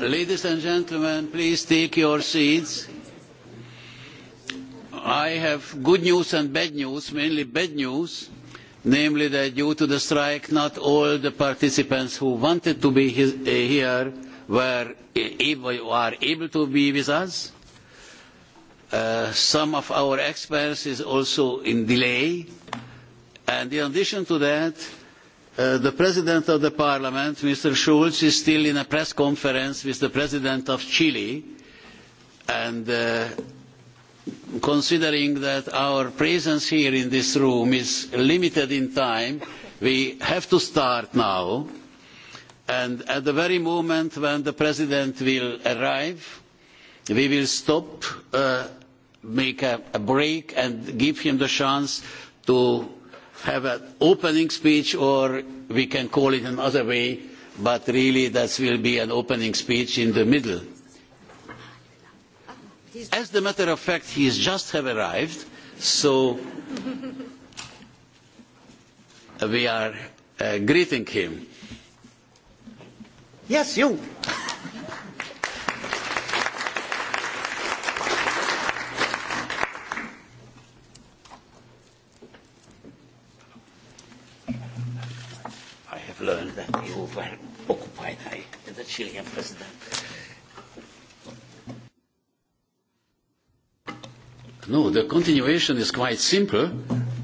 Ladies and gentlemen, please take your seats. I have good news and bad news, mainly bad news, namely that due to the strike not all the participants who wanted to be here were able to be with us. Some of our experts is also in delay. And in addition to that, the president of the parliament mr schulz is still in a press conference with the president of chile and considering that our presence here in this room is limited in time we have to start now and at the very moment when the president will arrive we will stop make a break and give him the chance to have an opening speech or we can call it another way, but really that will be an opening speech in the middle. As a matter of fact, he just have arrived, so we are greeting him. Yes, you. occupy the Chilean president. No, the continuation is quite simple.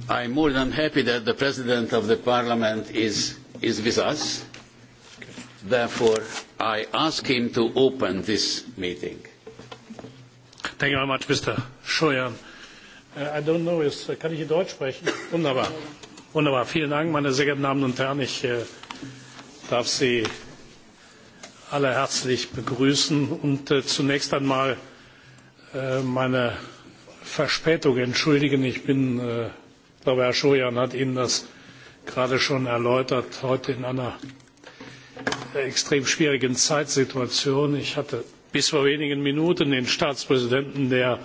I'm more than happy that the President of the Parliament is is with us. Therefore, I ask him to open this meeting. Thank you very much, Mr. Scheuer. I don't know, kann ich in Deutsch sprechen? Wunderbar. Wunderbar. Vielen Dank, meine sehr geehrten Damen und Herren. Ich Ich darf Sie alle herzlich begrüßen und zunächst einmal meine Verspätung entschuldigen. Ich bin, ich glaube, Herr Schojan hat Ihnen das gerade schon erläutert, heute in einer extrem schwierigen Zeitsituation. Ich hatte bis vor wenigen Minuten den Staatspräsidenten der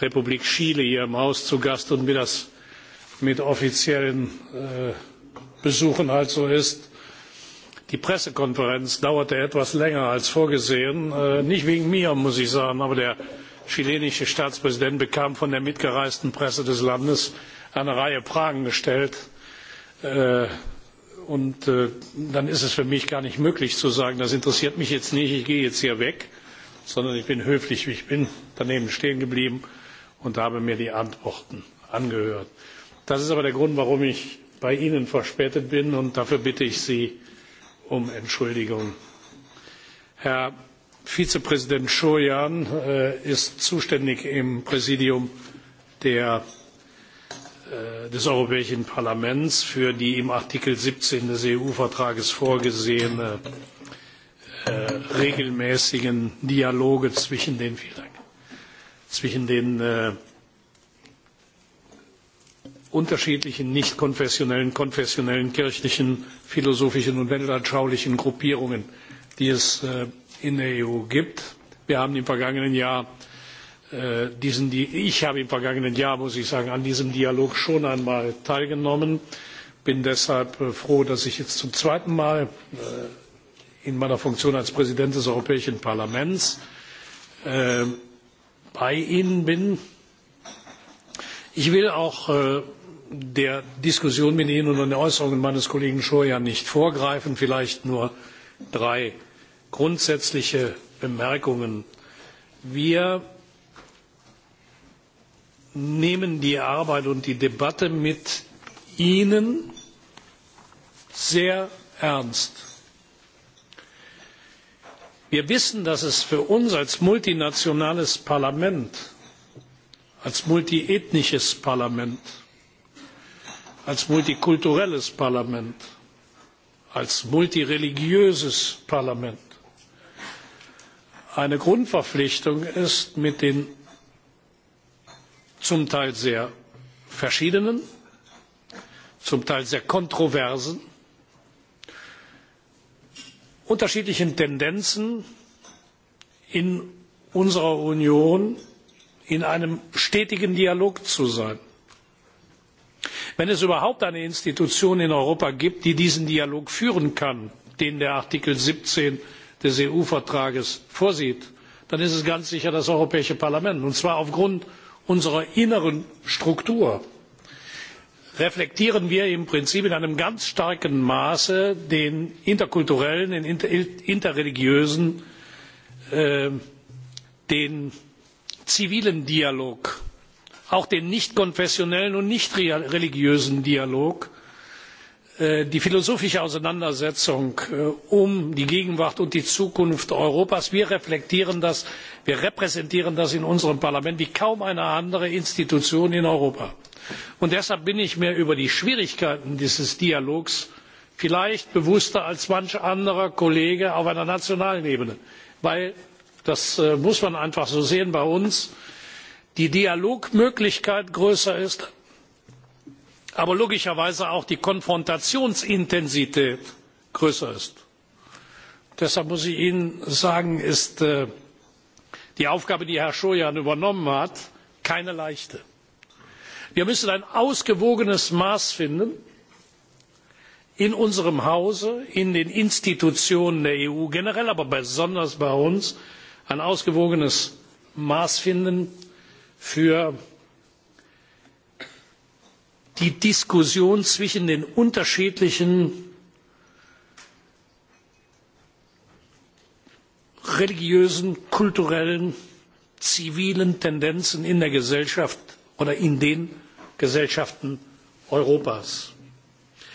Republik Chile hier im Haus zu Gast und wie das mit offiziellen Besuchen halt so ist, die pressekonferenz dauerte etwas länger als vorgesehen nicht wegen mir muss ich sagen aber der chilenische staatspräsident bekam von der mitgereisten presse des landes eine reihe fragen gestellt und dann ist es für mich gar nicht möglich zu sagen das interessiert mich jetzt nicht ich gehe jetzt hier weg sondern ich bin höflich wie ich bin daneben stehen geblieben und habe mir die antworten angehört. das ist aber der grund warum ich bei ihnen verspätet bin und dafür bitte ich sie um Entschuldigung. Herr Vizepräsident Shoyan ist zuständig im Präsidium des Europäischen Parlaments für die im Artikel 17 des EU-Vertrages vorgesehenen regelmäßigen Dialoge zwischen den unterschiedlichen nicht konfessionellen, konfessionellen, kirchlichen, philosophischen und weltanschaulichen Gruppierungen, die es in der EU gibt. Wir haben im vergangenen Jahr ich habe im vergangenen Jahr, muss ich sagen, an diesem Dialog schon einmal teilgenommen. Bin deshalb froh, dass ich jetzt zum zweiten Mal in meiner Funktion als Präsident des Europäischen Parlaments bei Ihnen bin. Ich will auch der Diskussion mit Ihnen und den Äußerungen meines Kollegen Scheuer nicht vorgreifen, vielleicht nur drei grundsätzliche Bemerkungen. Wir nehmen die Arbeit und die Debatte mit Ihnen sehr ernst. Wir wissen, dass es für uns als multinationales Parlament, als multiethnisches Parlament als multikulturelles parlament als multireligiöses parlament eine grundverpflichtung ist mit den zum teil sehr verschiedenen zum teil sehr kontroversen unterschiedlichen tendenzen in unserer union in einem stetigen dialog zu sein wenn es überhaupt eine institution in europa gibt die diesen dialog führen kann den der artikel siebzehn des eu vertrags vorsieht dann ist es ganz sicher das europäische parlament und zwar aufgrund unserer inneren struktur reflektieren wir im prinzip in einem ganz starken maße den interkulturellen den interreligiösen den zivilen dialog auch den nicht konfessionellen und nicht religiösen dialog die philosophische auseinandersetzung um die gegenwart und die zukunft europas. wir reflektieren das wir repräsentieren das in unserem parlament wie kaum eine andere institution in europa. deshalb bin ich mir über die schwierigkeiten dieses dialogs vielleicht bewusster als manch anderer kollege auf einer nationalen ebene weil das muss man einfach so sehen bei uns die dialogmöglichkeit größer ist aber logischerweise auch die konfrontationsintensität größer ist. deshalb muss ich ihnen sagen ist die aufgabe die herr surjn übernommen hat keine leichte. wir müssen ein ausgewogenes maß finden in unserem hause in den institutionen der eu generell aber besonders bei uns ein ausgewogenes maß finden für die diskussion zwischen den unterschiedlichen religiösen kulturellen zivilen tendenzen in der gesellschaft oder in den gesellschaften europas.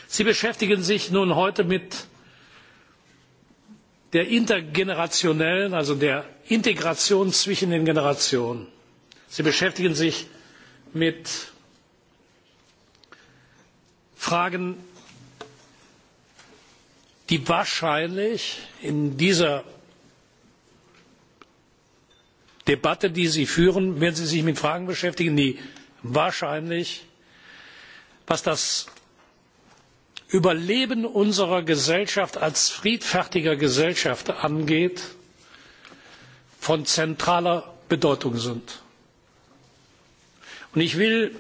sie beschäftigen sich nun heute mit der intergenerationellen also der integration zwischen den generationen sie beschäftigen sich mit fragen die wahrscheinlich in dieser debatte die sie führen wenn sie sich mit fragen beschäftigen die wahrscheinlich was das überleben unserer gesellschaft als friedfertiger gesellschaft angeht von zentraler bedeutung sind und ich will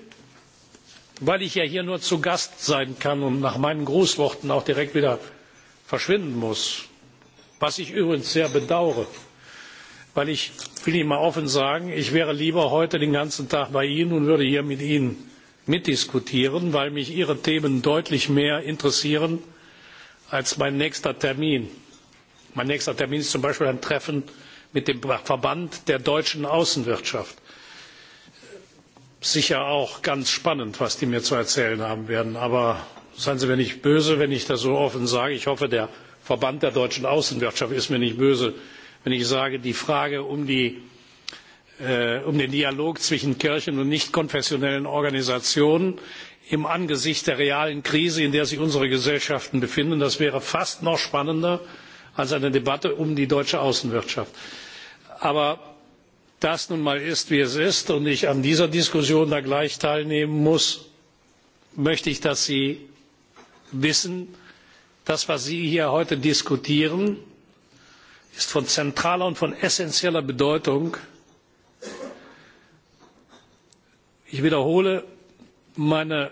weil ich ja hier nur zu gast sein kann und nach meinen grußworten auch direkt wieder verschwinden muss was ich übrigens sehr bedaure weil ich will ihnen mal offen sagen ich wäre lieber heute den ganzen tag bei ihnen und würde hier mit ihnen mitdiskutieren weil mich ihre themen deutlich mehr interessieren als mein nächster termin. mein nächster termin ist zum beispiel ein treffen mit dem verband der deutschen außenwirtschaft sicher auch ganz spannend was die mir zu erzählen haben werden. aber seien sie mir nicht böse wenn ich das so offen sage ich hoffe der verband der deutschen außenwirtschaft ist mir nicht böse wenn ich sage die frage um den dialog zwischen kirchen und nicht konfessionellen organisationen im angesicht der realen krise in der sich unsere gesellschaften befinden das wäre fast noch spannender als eine debatte um die deutsche außenwirtschaft. aber das nun mal ist wie es ist und ich an dieser diskussion da gleich teilnehmen muss möchte ich dass sie wissen das was sie hier heute diskutieren ist von zentraler und von essenzieller bedeutung. ich wiederhole meine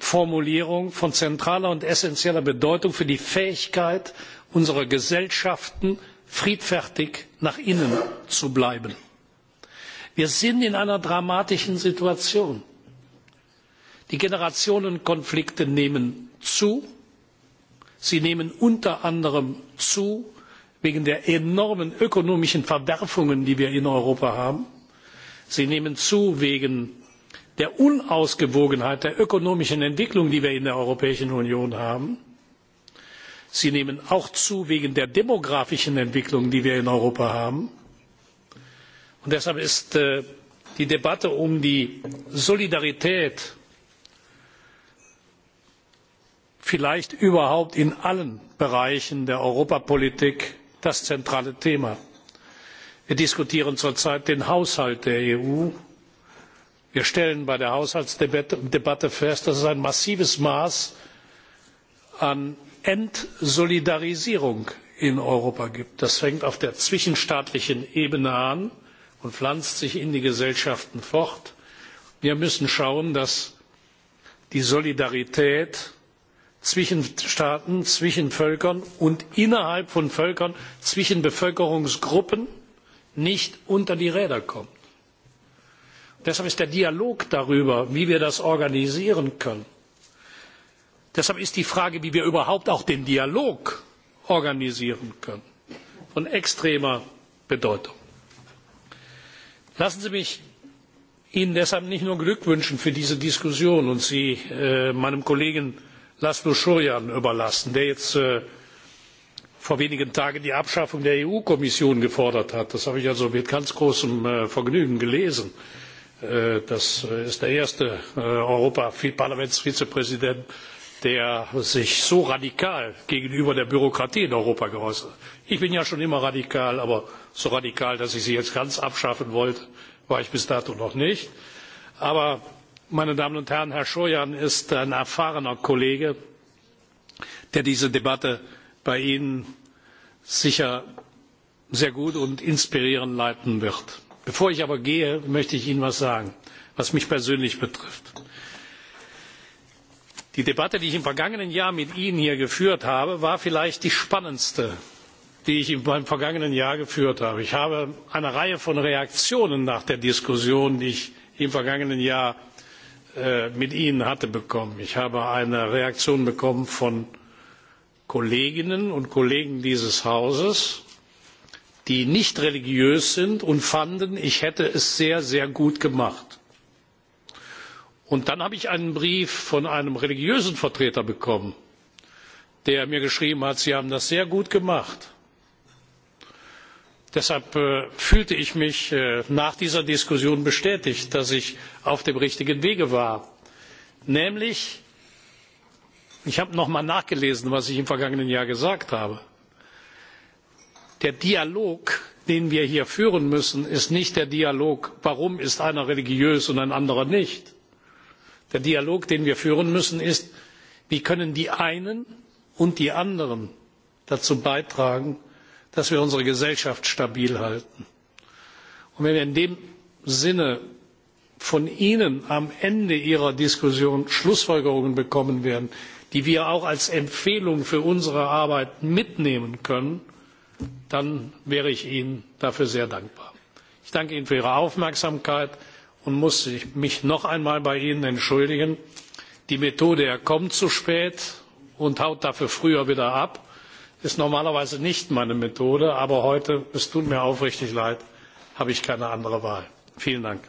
formulierung von zentraler und essenzieller bedeutung für die fähigkeit unserer gesellschaften friedfertig nach innen zu bleiben wir sind in einer dramatischen situation. die generationenkonflikte nehmen zu sie nehmen unter anderem zu wegen der enormen ökonomischen verwerfungen die wir in europa haben sie nehmen zu wegen der unausgewogenheit der ökonomischen entwicklung die wir in der europäischen union haben sie nehmen auch zu wegen der demografischen entwicklung die wir in europa haben deshalb ist die debatte um die solidarität vielleicht überhaupt in allen bereichen der europapolitik das zentrale thema. wir diskutieren zurzeit den haushalt der eu. wir stellen bei der haushaltsdebatte fest dass es ein massives maß an entsolidarisierung in europa gibt. das fängt auf der zwischenstaatlichen ebene an und pflanzt sich in die gesellschaften fort. wir müssen schauen dass die solidarität zwischen staaten zwischen völkern und innerhalb von völkern zwischen bevölkerungsgruppen nicht unter die räder kommt. deshalb ist der dialog darüber wie wir das organisieren können deshalb ist die frage wie wir überhaupt auch den dialog organisieren können von extremer bedeutung lassen sie mich ihnen deshalb nicht nur Glückwünschen für diese diskussion und sie meinem kollegen lszl surjn überlassen der jetzt vor wenigen tagen die abschaffung der eu kommission gefordert hat. das habe ich also mit ganz großem vergnügen gelesen. das ist der erste europaparlamentsvizepräsident der sich so radikal gegenüber der Bürokratie in Europa geäußert hat. Ich bin ja schon immer radikal, aber so radikal, dass ich sie jetzt ganz abschaffen wollte, war ich bis dato noch nicht. Aber, meine Damen und Herren, Herr Shoyan ist ein erfahrener Kollege, der diese Debatte bei Ihnen sicher sehr gut und inspirierend leiten wird. Bevor ich aber gehe, möchte ich Ihnen etwas sagen, was mich persönlich betrifft die debatte die ich im vergangenen jahr mit ihnen hier geführt habe war vielleicht die spannendste die ich im vergangenen jahr geführt habe. ich habe eine reihe von reaktionen nach der diskussion die ich im vergangenen jahr mit ihnen hatte bekommen. ich habe eine reaktion bekommen von kolleginnen und kollegen dieses hauses die nicht religiös sind und fanden ich hätte es sehr sehr gut gemacht und dann habe ich einen brief von einem religiösen vertreter bekommen der mir geschrieben hat sie haben das sehr gut gemacht. deshalb fühlte ich mich nach dieser diskussion bestätigt dass ich auf dem richtigen wege war. nämlich ich habe noch einmal nachgelesen was ich im vergangenen jahr gesagt habe der dialog den wir hier führen müssen ist nicht der dialog warum ist einer religiös und ein anderer nicht der dialog den wir führen müssen ist wie können die einen und die anderen dazu beitragen dass wir unsere gesellschaft stabil halten? wenn wir in dem sinne von ihnen am ende ihrer diskussion schlussfolgerungen bekommen werden die wir auch als empfehlung für unsere arbeit mitnehmen können dann wäre ich ihnen dafür sehr dankbar. ich danke ihnen für ihre aufmerksamkeit und muss mich noch einmal bei Ihnen entschuldigen. Die Methode, er kommt zu spät und haut dafür früher wieder ab, ist normalerweise nicht meine Methode, aber heute, es tut mir aufrichtig leid, habe ich keine andere Wahl. Vielen Dank.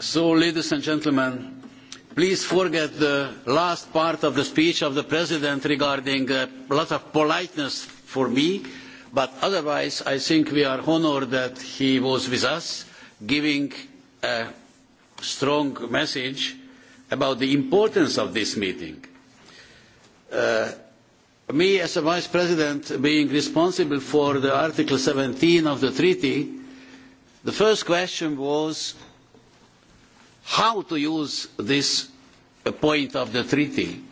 So, ladies and gentlemen, please forget the last part of the speech of the President regarding a lot of politeness for me, but otherwise I think we are honoured that he was with us, giving a strong message about the importance of this meeting. Me, as a Vice President, being responsible for the Article 17 of the Treaty, the first question was how to use this point of the treaty.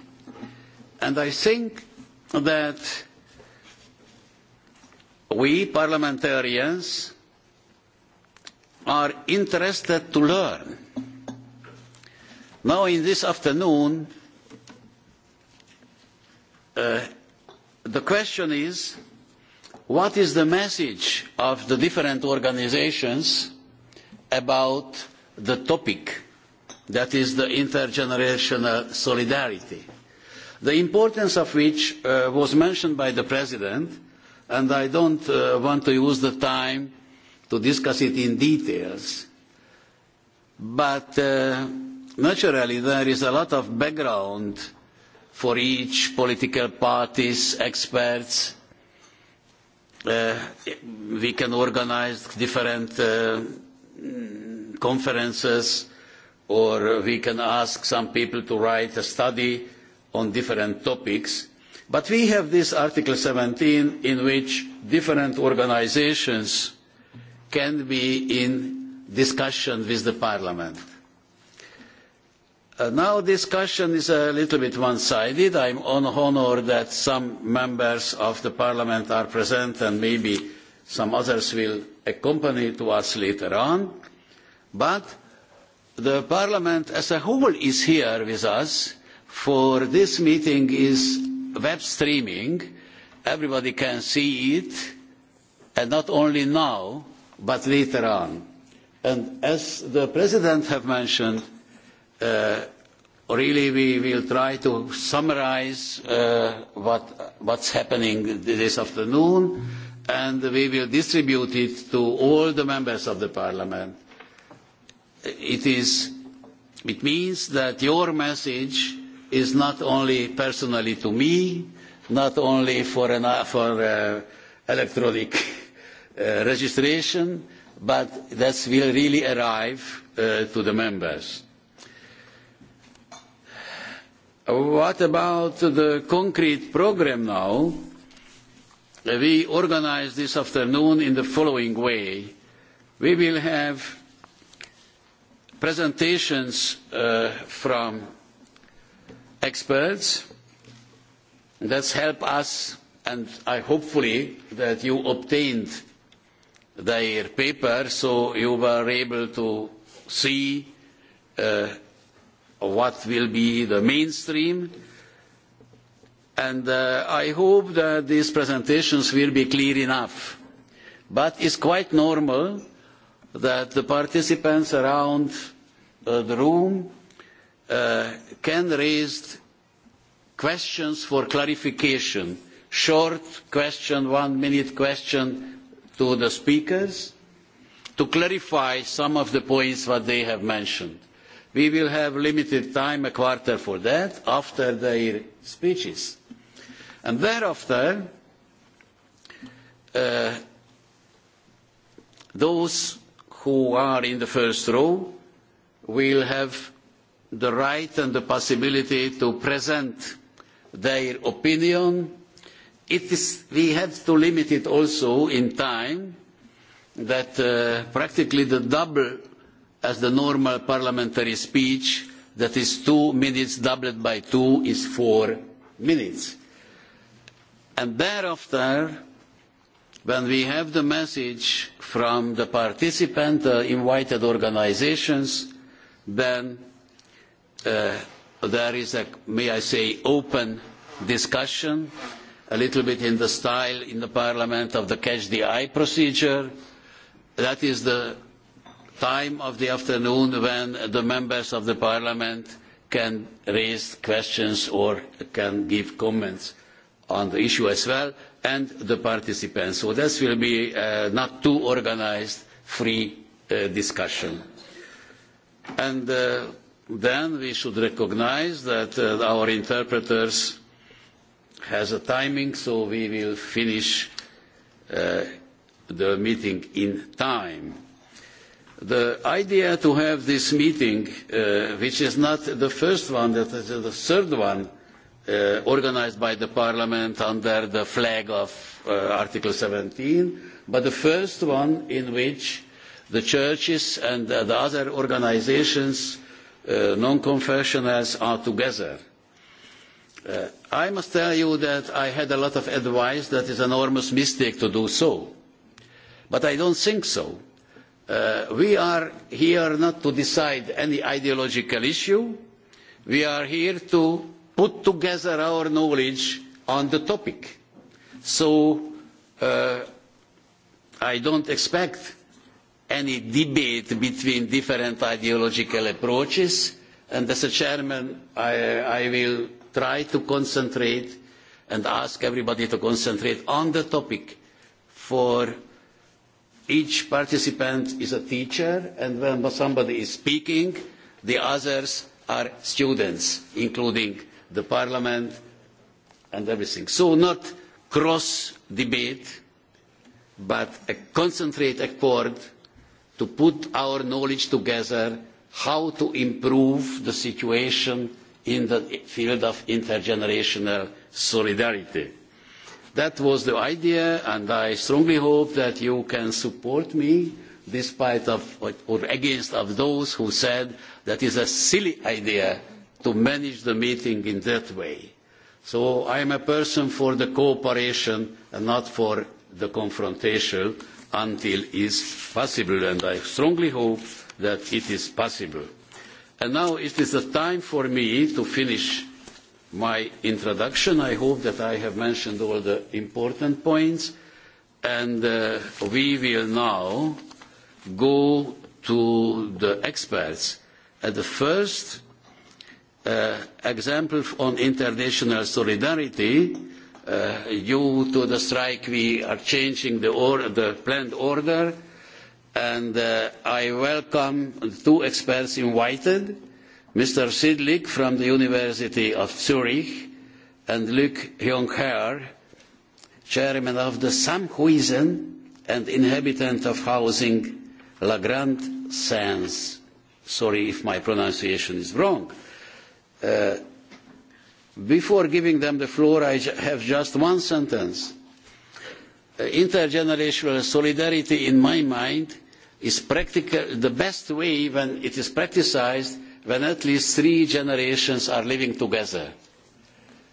And I think that we parliamentarians are interested to learn. Now in this afternoon the question is what is the message of the different organisations about the topic that is the intergenerational solidarity, the importance of which was mentioned by the President, and I don't want to use the time to discuss it in details, but naturally there is a lot of background for each political parties, experts. We can organise different conferences or we can ask some people to write a study on different topics. But we have this Article 17 in which different organisations can be in discussion with the Parliament. Now discussion is a little bit one-sided. I am honoured that some members of the Parliament are present and maybe some others will accompany to us later on. But the Parliament as a whole is here with us for this meeting is web streaming. Everybody can see it, and not only now, but later on. And as the President has mentioned, really we will try to summarize what's happening this afternoon, and we will distribute it to all the members of the Parliament it means that your message is not only personally to me not only for electronic registration but that will really arrive to the members. What about the concrete program now? We organise this afternoon in the following way. We will have presentations from experts that help us and I hopefully that you obtained their paper so you were able to see what will be the mainstream and I hope that these presentations will be clear enough but it's quite normal that the participants around the room can raise questions for clarification, short question, one minute question to the speakers to clarify some of the points that they have mentioned. We will have limited time, a quarter for that, after their speeches. And thereafter, those who are in the first row will have the right and the possibility to present their opinion. We have to limit it also in time that practically the double as the normal parliamentary speech that is two minutes doubled by two is four minutes. And thereafter when we have the message from the participant invited organisations then there is a may i say open discussion a little bit in the style in the parliament of the catch the eye procedure that is the time of the afternoon when the members of the parliament can raise questions or can give comments on the issue as well and the participants. So this will be not too organised, free discussion. And then we should recognise that our interpreters has a timing, so we will finish the meeting in time. The idea to have this meeting, which is not the first one, that is the third one organised by the Parliament under the flag of Article 17, but the first one in which the churches and the other organisations, non-confessionals, are together. I must tell you that I had a lot of advice that is an enormous mistake to do so, but I don't think so. We are here not to decide any ideological issue. We are here to put together our knowledge on the topic. So I don't expect any debate between different ideological approaches and as a chairman I will try to concentrate and ask everybody to concentrate on the topic for each participant is a teacher and when somebody is speaking the others are students including the Parliament and everything. So not cross debate, but a concentrated accord to put our knowledge together how to improve the situation in the field of intergenerational solidarity. That was the idea, and I strongly hope that you can support me, despite of or against of those who said that is a silly idea to manage the meeting in that way. So I am a person for the cooperation and not for the confrontation until it is possible, and I strongly hope that it is possible. And now it is the time for me to finish my introduction. I hope that I have mentioned all the important points, and we will now go to the experts. At the first example on international solidarity due to the strike we are changing the planned order and I welcome two experts invited Mr. Sidlik from the University of Zurich and Luc Jonker, chairman of the Samhuisen and inhabitant of housing La Grande Sans. Sorry if my pronunciation is wrong Before giving them the floor, I have just one sentence. Intergenerational solidarity, in my mind, is the best way when it is practiced when at least three generations are living together.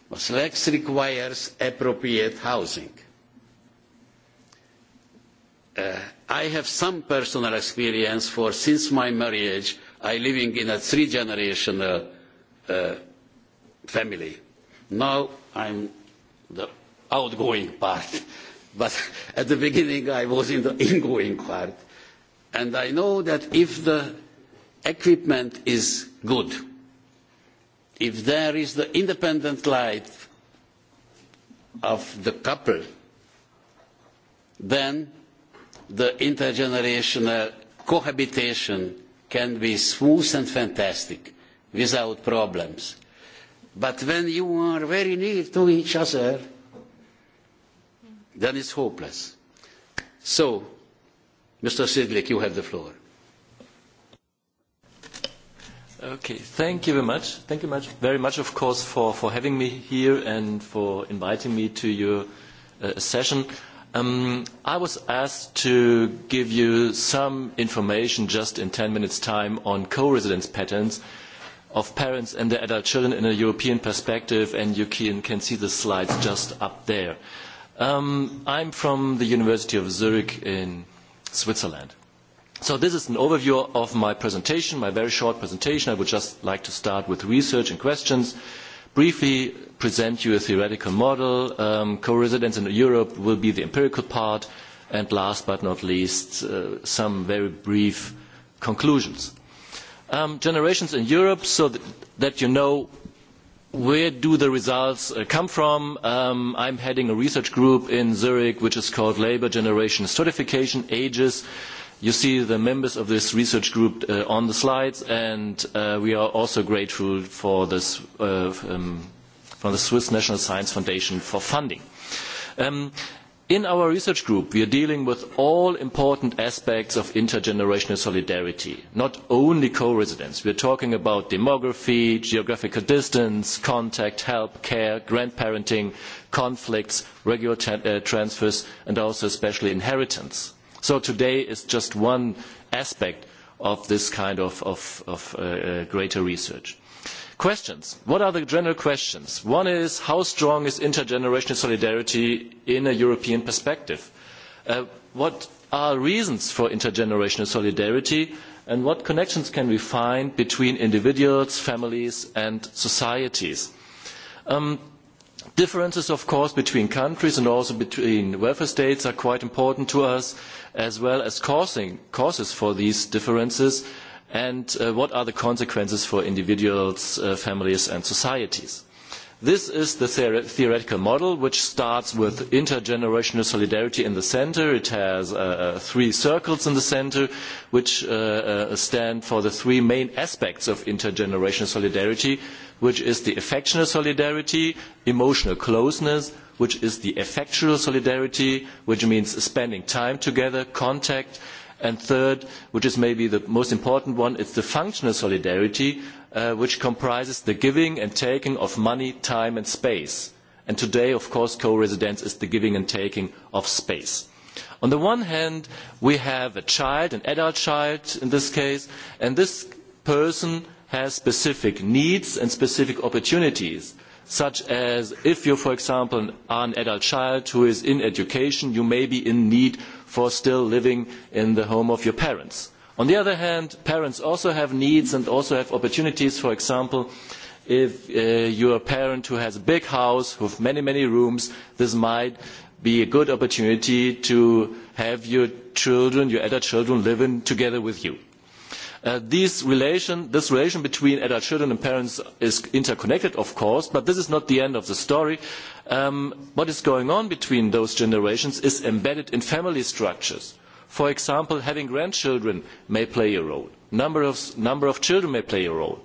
But requires appropriate housing. I have some personal experience, for since my marriage, I living in a three-generational family. Now I'm the outgoing part, but at the beginning I was in the ingoing part. And I know that if the equipment is good, if there is the independent life of the couple, then the intergenerational cohabitation can be smooth and fantastic without problems. But when you are very near to each other, then it's hopeless. So, Mr. Sidlik, you have the floor. Okay, thank you very much. Thank you very much, of course, for for having me here and for inviting me to your session. I was asked to give you some information just in 10 minutes' time on co-residence patterns of parents and their adult children in a European perspective, and you can see the slides just up there. I'm from the University of Zurich in Switzerland. So this is an overview of my presentation, my very short presentation. I would just like to start with research and questions, briefly present you a theoretical model, co-residence in Europe will be the empirical part, and last but not least, some very brief conclusions generations in Europe, so that you know where do the results come from. I'm heading a research group in Zurich which is called Labour Generation Stratification, Ages. You see the members of this research group on the slides, and we are also grateful for the Swiss National Science Foundation for funding. In our research group, we are dealing with all important aspects of intergenerational solidarity, not only co-residence. We are talking about demography, geographical distance, contact, help, care, grandparenting, conflicts, regular transfers, and also especially inheritance. So today is just one aspect of this kind of greater research. Questions. What are the general questions? One is how strong is intergenerational solidarity in a European perspective? What are reasons for intergenerational solidarity and what connections can we find between individuals, families and societies? Differences, of course, between countries and also between welfare states are quite important to us, as well as causes for these differences and what are the consequences for individuals, families and societies. This is the theoretical model, which starts with intergenerational solidarity in the centre. It has three circles in the centre, which stand for the three main aspects of intergenerational solidarity, which is the affectional solidarity, emotional closeness, which is the effectual solidarity, which means spending time together, contact, and third which is maybe the most important one it's the functional solidarity which comprises the giving and taking of money time and space and today of course co-residence is the giving and taking of space on the one hand we have a child an adult child in this case and this person has specific needs and specific opportunities such as if you for example are an adult child who is in education you may be in need for still living in the home of your parents. On the other hand, parents also have needs and also have opportunities. For example, if you are a parent who has a big house with many, many rooms, this might be a good opportunity to have your children, your adult children, living together with you. This relation between adult children and parents is interconnected, of course, but this is not the end of the story. What is going on between those generations is embedded in family structures. For example, having grandchildren may play a role. Number of children may play a role.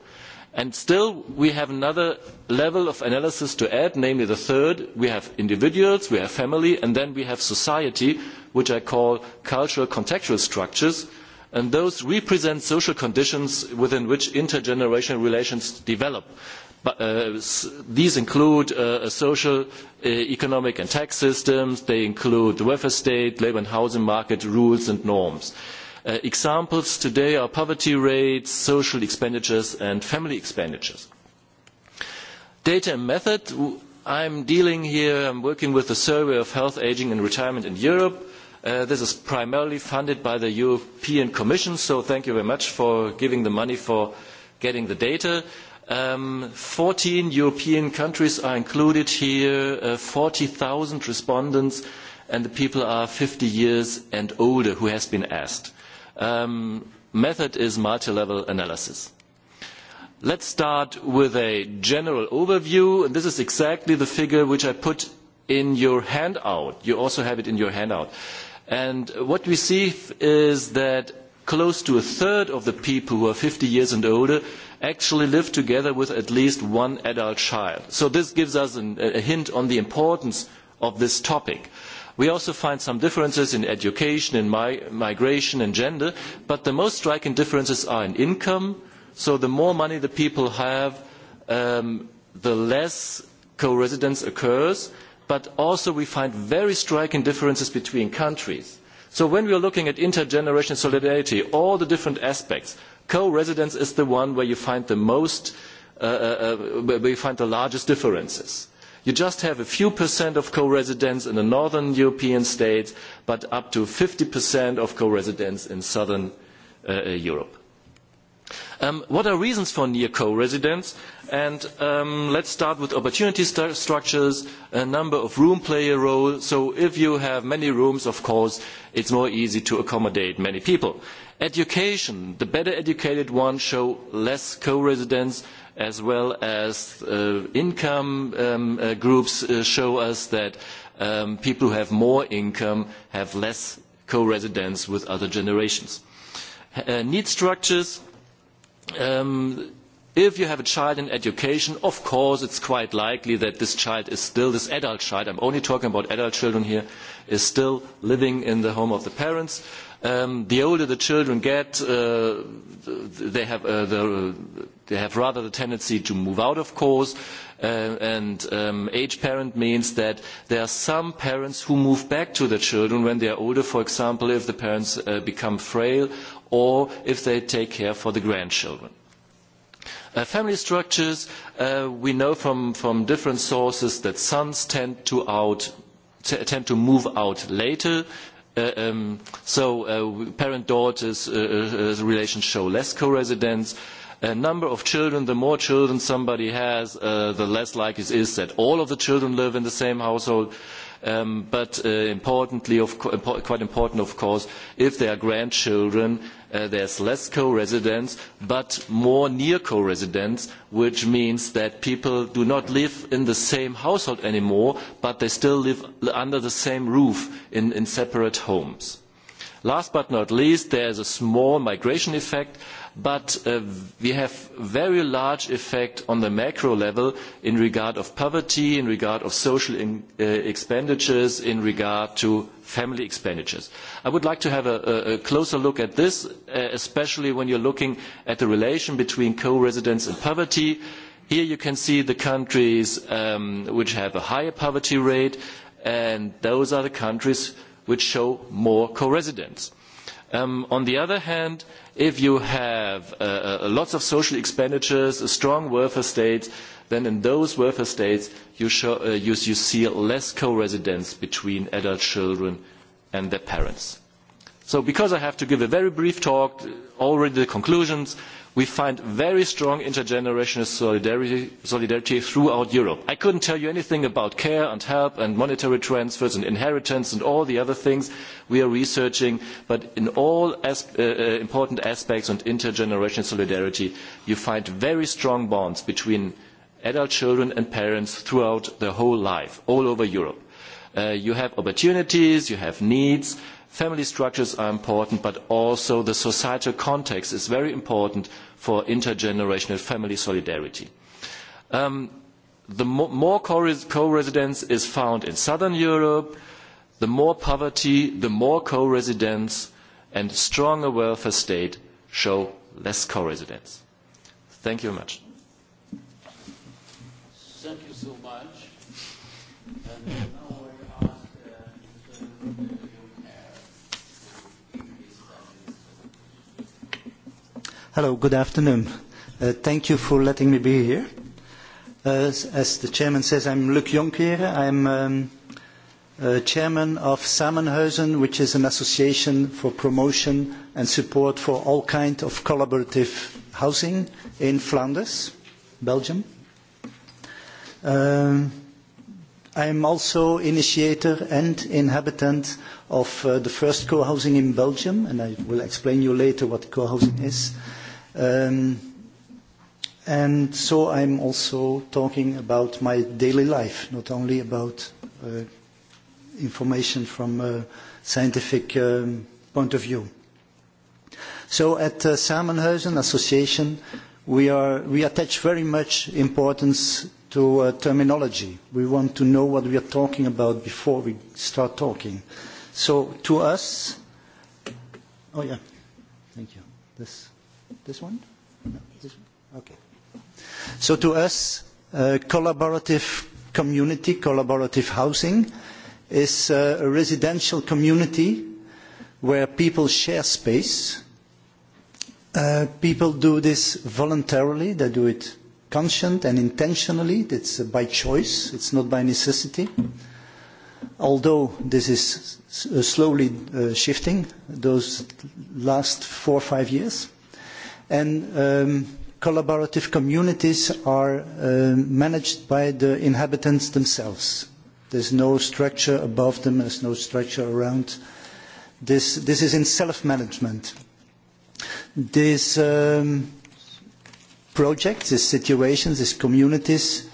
And still, we have another level of analysis to add, namely the third. We have individuals, we have family, and then we have society, which I call cultural contextual structures and those represent social conditions within which intergenerational relations develop. These include social, economic and tax systems, they include the welfare state, labour and housing market rules and norms. Examples today are poverty rates, social expenditures and family expenditures. Data and method. am dealing here, I am working with the Survey of Health, Ageing and Retirement in Europe This is primarily funded by the European Commission, so thank you very much for giving the money for getting the data. 14 European countries are included here, 40,000 respondents, and the people are 50 years and older who has been asked. Method is multi-level analysis. Let's start with a general overview, and this is exactly the figure which I put in your handout. You also have it in your handout. And what we see is that close to a third of the people who are 50 years and older actually live together with at least one adult child. So this gives us a hint on the importance of this topic. We also find some differences in education, in migration and gender, but the most striking differences are in income. So the more money the people have, the less co-residence occurs but also we find very striking differences between countries. So when we are looking at intergenerational solidarity, all the different aspects, co-residence is the one where you find the most, find the largest differences. You just have a few percent of co residence in the northern European states, but up to 50% of co residence in southern Europe. What are reasons for near co-residence? And let's start with opportunity structures. A number of rooms play a role. So if you have many rooms, of course, it's more easy to accommodate many people. Education. The better educated ones show less co-residence as well as income groups show us that people who have more income have less co-residence with other generations. Need structures if you have a child in education of course it's quite likely that this child is still this adult child i'm only talking about adult children here is still living in the home of the parents the older the children get they have they have rather the tendency to move out of course and age parent means that there are some parents who move back to the children when they are older for example if the parents become frail or if they take care for the grandchildren. Family structures, we know from different sources that sons tend to to move out later, so parent daughters relations show less co-residence. A Number of children, the more children somebody has, the less likely it is that all of the children live in the same household. But importantly, quite important of course, if they are grandchildren, there's less co-residence, but more near co-residence, which means that people do not live in the same household anymore, but they still live under the same roof in separate homes. Last but not least, there is a small migration effect but we have a very large effect on the macro level in regard to poverty, in regard of social expenditures, in regard to family expenditures. I would like to have a closer look at this, especially when you are looking at the relation between co-residence and poverty. Here you can see the countries which have a higher poverty rate, and those are the countries which show more co-residence. On the other hand, if you have lots of social expenditures, a strong welfare state, then in those welfare states you see less co-residence between adult children and their parents. So because I have to give a very brief talk, already the conclusions, we find very strong intergenerational solidarity throughout Europe. I couldn't tell you anything about care and help and monetary transfers and inheritance and all the other things we are researching, but in all important aspects of intergenerational solidarity, you find very strong bonds between adult children and parents throughout their whole life, all over Europe you have opportunities you have needs family structures are important but also the societal context is very important for intergenerational family solidarity. the more co residence is found in southern europe the more poverty the more co residence and stronger welfare state show less co residence. thank you very much. thank you so much. Hello, good afternoon. Thank you for letting me be here. As the chairman says, I'm Luc Jonker. I'm chairman of Samenhuizen, which is an association for promotion and support for all kinds of collaborative housing in Flanders, Belgium. I am also initiator and inhabitant of the first co-housing in Belgium, and I will explain you later what co-housing is. And so I'm also talking about my daily life, not only about information from a scientific point of view. So at Samenhuizen Association, we attach very much importance to terminology. We want to know what we are talking about before we start talking. So to us, oh yeah, thank you. This, this one, this okay. So to us, collaborative community, collaborative housing, is a residential community where people share space. People do this voluntarily. They do it conscient and intentionally. It's by choice. It's not by necessity. Although this is slowly shifting those last four or five years. And collaborative communities are managed by the inhabitants themselves. There's no structure above them. There's no structure around. This is in self-management. This projects, these situations, these communities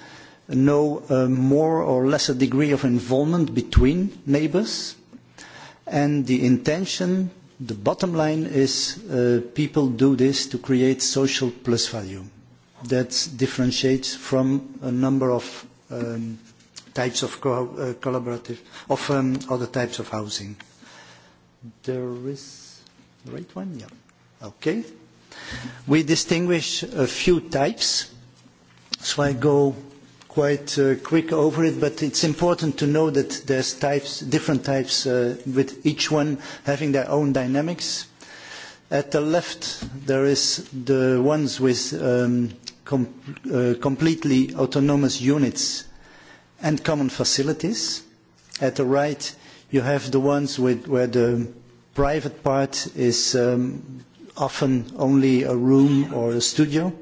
know more or less a degree of involvement between neighbours. And the intention, the bottom line is people do this to create social plus value. That differentiates from a number of types of collaborative, of other types of housing. There is the right one? Yeah. Okay. We distinguish a few types, so I go quite quick over it, but it's important to know that there's types, different types, with each one having their own dynamics. At the left, there is the ones with completely autonomous units and common facilities. At the right, you have the ones where the private part is often only a room or a studio.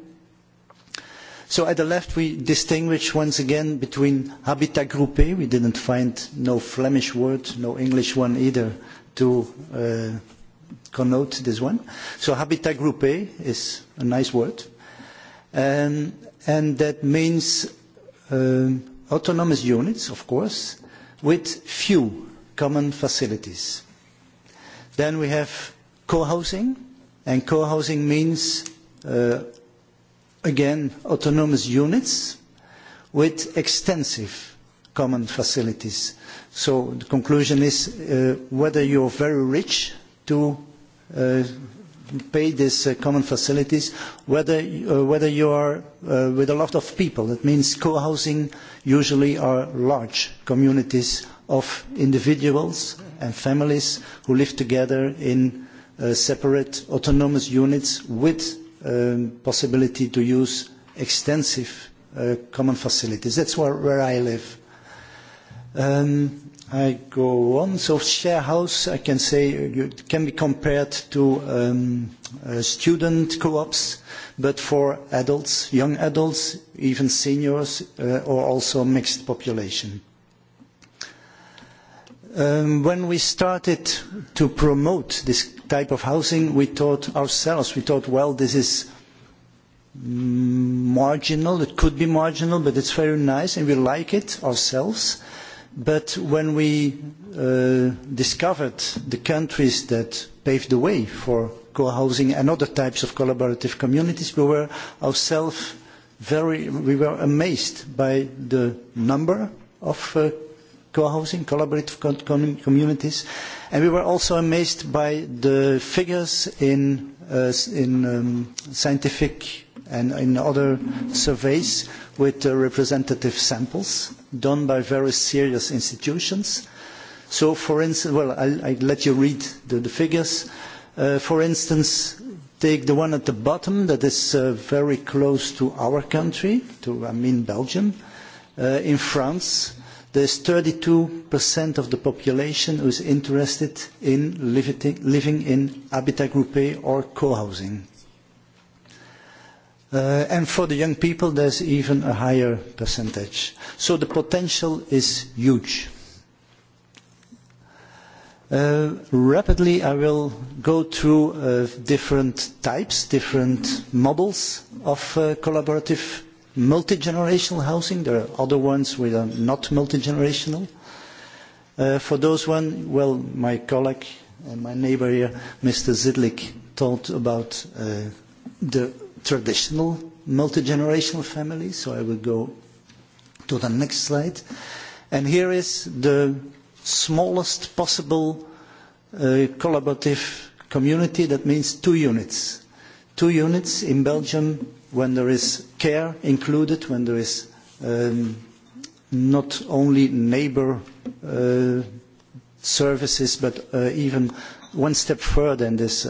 So at the left we distinguish once again between habitat groupé, we didn't find no Flemish word, no English one either to connote this one. So habitat groupé is a nice word. And that means autonomous units, of course, with few common facilities. Then we have co-housing And co-housing means, again, autonomous units with extensive common facilities. So the conclusion is whether you are very rich to pay these common facilities, whether you are with a lot of people. That means co-housing usually are large communities of individuals and families who live together in separate autonomous units with possibility to use extensive common facilities. That's where I live. I go on. So share house, I can say, can be compared to student co-ops, but for adults, young adults, even seniors, or also mixed population. When we started to promote this type of housing, we thought ourselves, we thought, well, this is marginal, it could be marginal, but it's very nice and we like it ourselves. But when we discovered the countries that paved the way for co-housing and other types of collaborative communities, we were ourselves very, we were amazed by the number of co-housing, collaborative communities. And we were also amazed by the figures in scientific and in other surveys with representative samples done by very serious institutions. So, for instance, well, I let you read the figures. For instance, take the one at the bottom that is very close to our country, to, I mean, Belgium. In France, There is 32% of the population who is interested in living in habitat groupé or co-housing. And for the young people, there's even a higher percentage. So the potential is huge. Rapidly, I will go through different types, different models of collaborative multi-generational housing. There are other ones which are not multi-generational. For those one, well, my colleague and my neighbor here, Mr. Zidlik, talked about the traditional multi-generational family. So I will go to the next slide. And here is the smallest possible collaborative community. That means two units. Two units in Belgium when there is care included, when there is not only neighbor services, but even one step further in this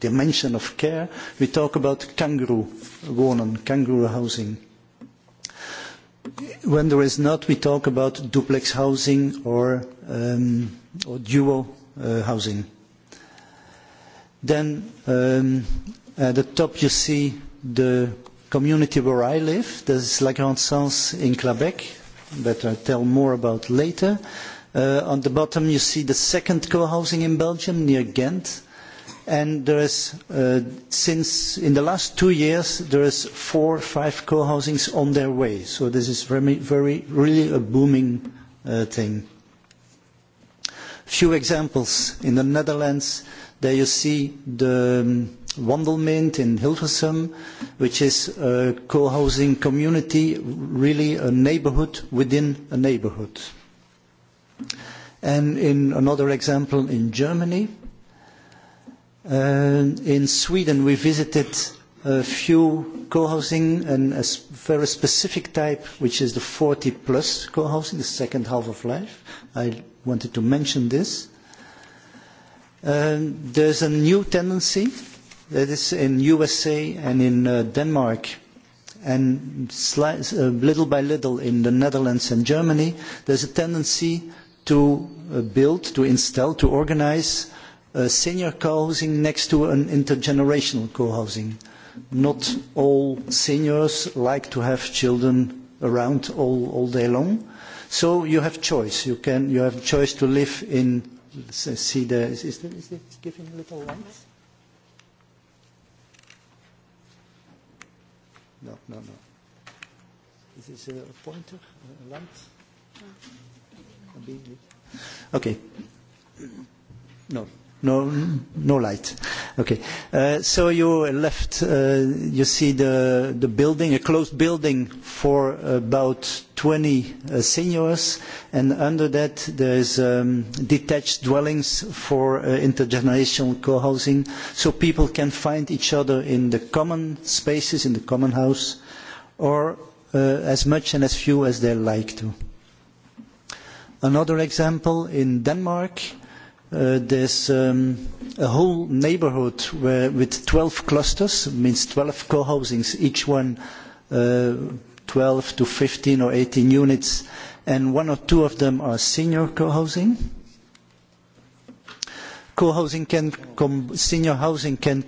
dimension of care, we talk about kangaroo on kangaroo housing. When there is not, we talk about duplex housing or duo housing. Then at the top you see the community where I live, is La Grande Sens in Quebec, that I'll tell more about later. On the bottom you see the second co-housing in Belgium near Ghent, and there is, since in the last two years, there is four or five co-housings on their way. So this is very, very, really a booming thing. Few examples in the Netherlands. There you see the Wandelmint in Hilversum, which is a co-housing community, really a neighborhood within a neighborhood. And in another example in Germany, in Sweden we visited a few co-housing and a very specific type, which is the 40 plus co-housing, the second half of life. I wanted to mention this. There's a new tendency that is in USA and in Denmark and little by little in the Netherlands and Germany, there's a tendency to build, to install, to organize senior co-housing next to an intergenerational co-housing. Not all seniors like to have children around all day long. So you have choice. You have choice to live in, see, is it giving little lights? no, no, no. Is this a pointer, a light? Okay. No. No, no light. Okay. So you left, you see the the building, a closed building for about 20 seniors, and under that there is detached dwellings for intergenerational co-housing, so people can find each other in the common spaces, in the common house, or as much and as few as they like to. Another example in Denmark there's a whole neighborhood with 12 clusters, means 12 co-housings, each one 12 to 15 or 18 units, and one or two of them are senior co-housing. Co-housing can, senior housing can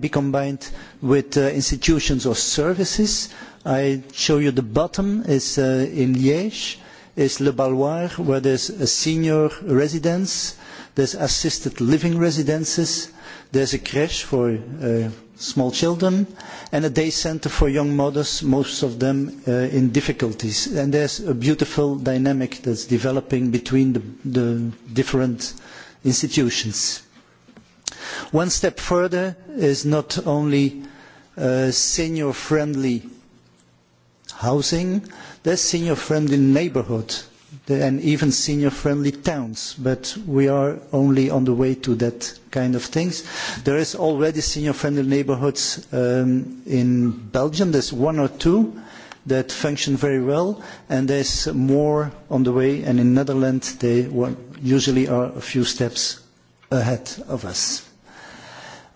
be combined with institutions or services. I show you the bottom is in Liège, is Le Balloir, where there's a senior residence There's assisted living residences. There's a crèche for small children and a day centre for young mothers, most of them in difficulties. And there's a beautiful dynamic that's developing between the different institutions. One step further is not only senior-friendly housing, there's senior-friendly neighbourhood and even senior-friendly towns, but we are only on the way to that kind of things. There is already senior-friendly neighborhoods in Belgium. There's one or two that function very well, and there's more on the way. And in Netherlands, they usually are a few steps ahead of us.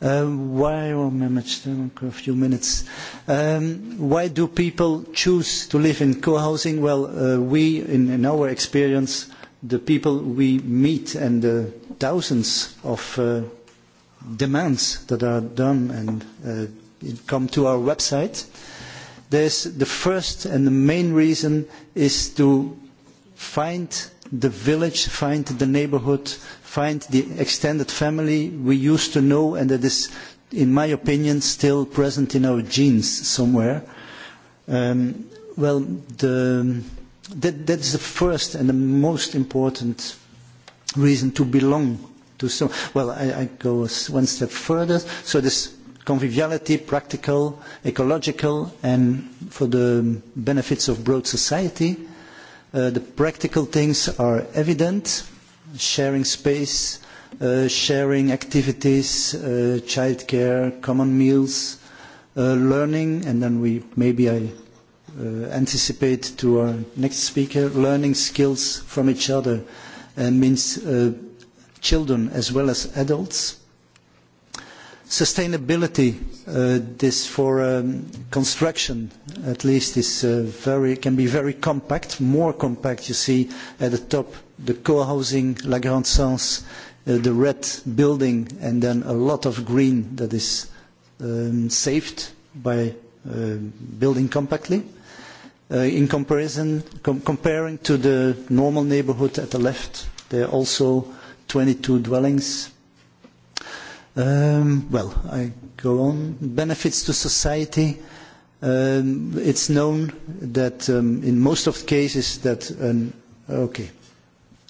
Why, a few minutes. Why do people choose to live in co-housing? Well, we, in our experience, the people we meet and the thousands of demands that are done and come to our website, the first and the main reason is to find the village, find the neighbourhood, find the extended family we used to know and that is in my opinion still present in our genes somewhere well the that is the first and the most important reason to belong to some well i go one step further so this conviviality practical ecological and for the benefits of broad society the practical things are evident sharing space, sharing activities, childcare, common meals, learning, and then we maybe I anticipate to our next speaker, learning skills from each other means children as well as adults. Sustainability, this for construction at least, is very can be very compact, more compact you see at the top the co-housing, La Grande Sens, the red building, and then a lot of green that is saved by building compactly. In comparison, comparing to the normal neighborhood at the left, there are also 22 dwellings. Well, I go on. Benefits to society. It's known that in most of the cases that, okay,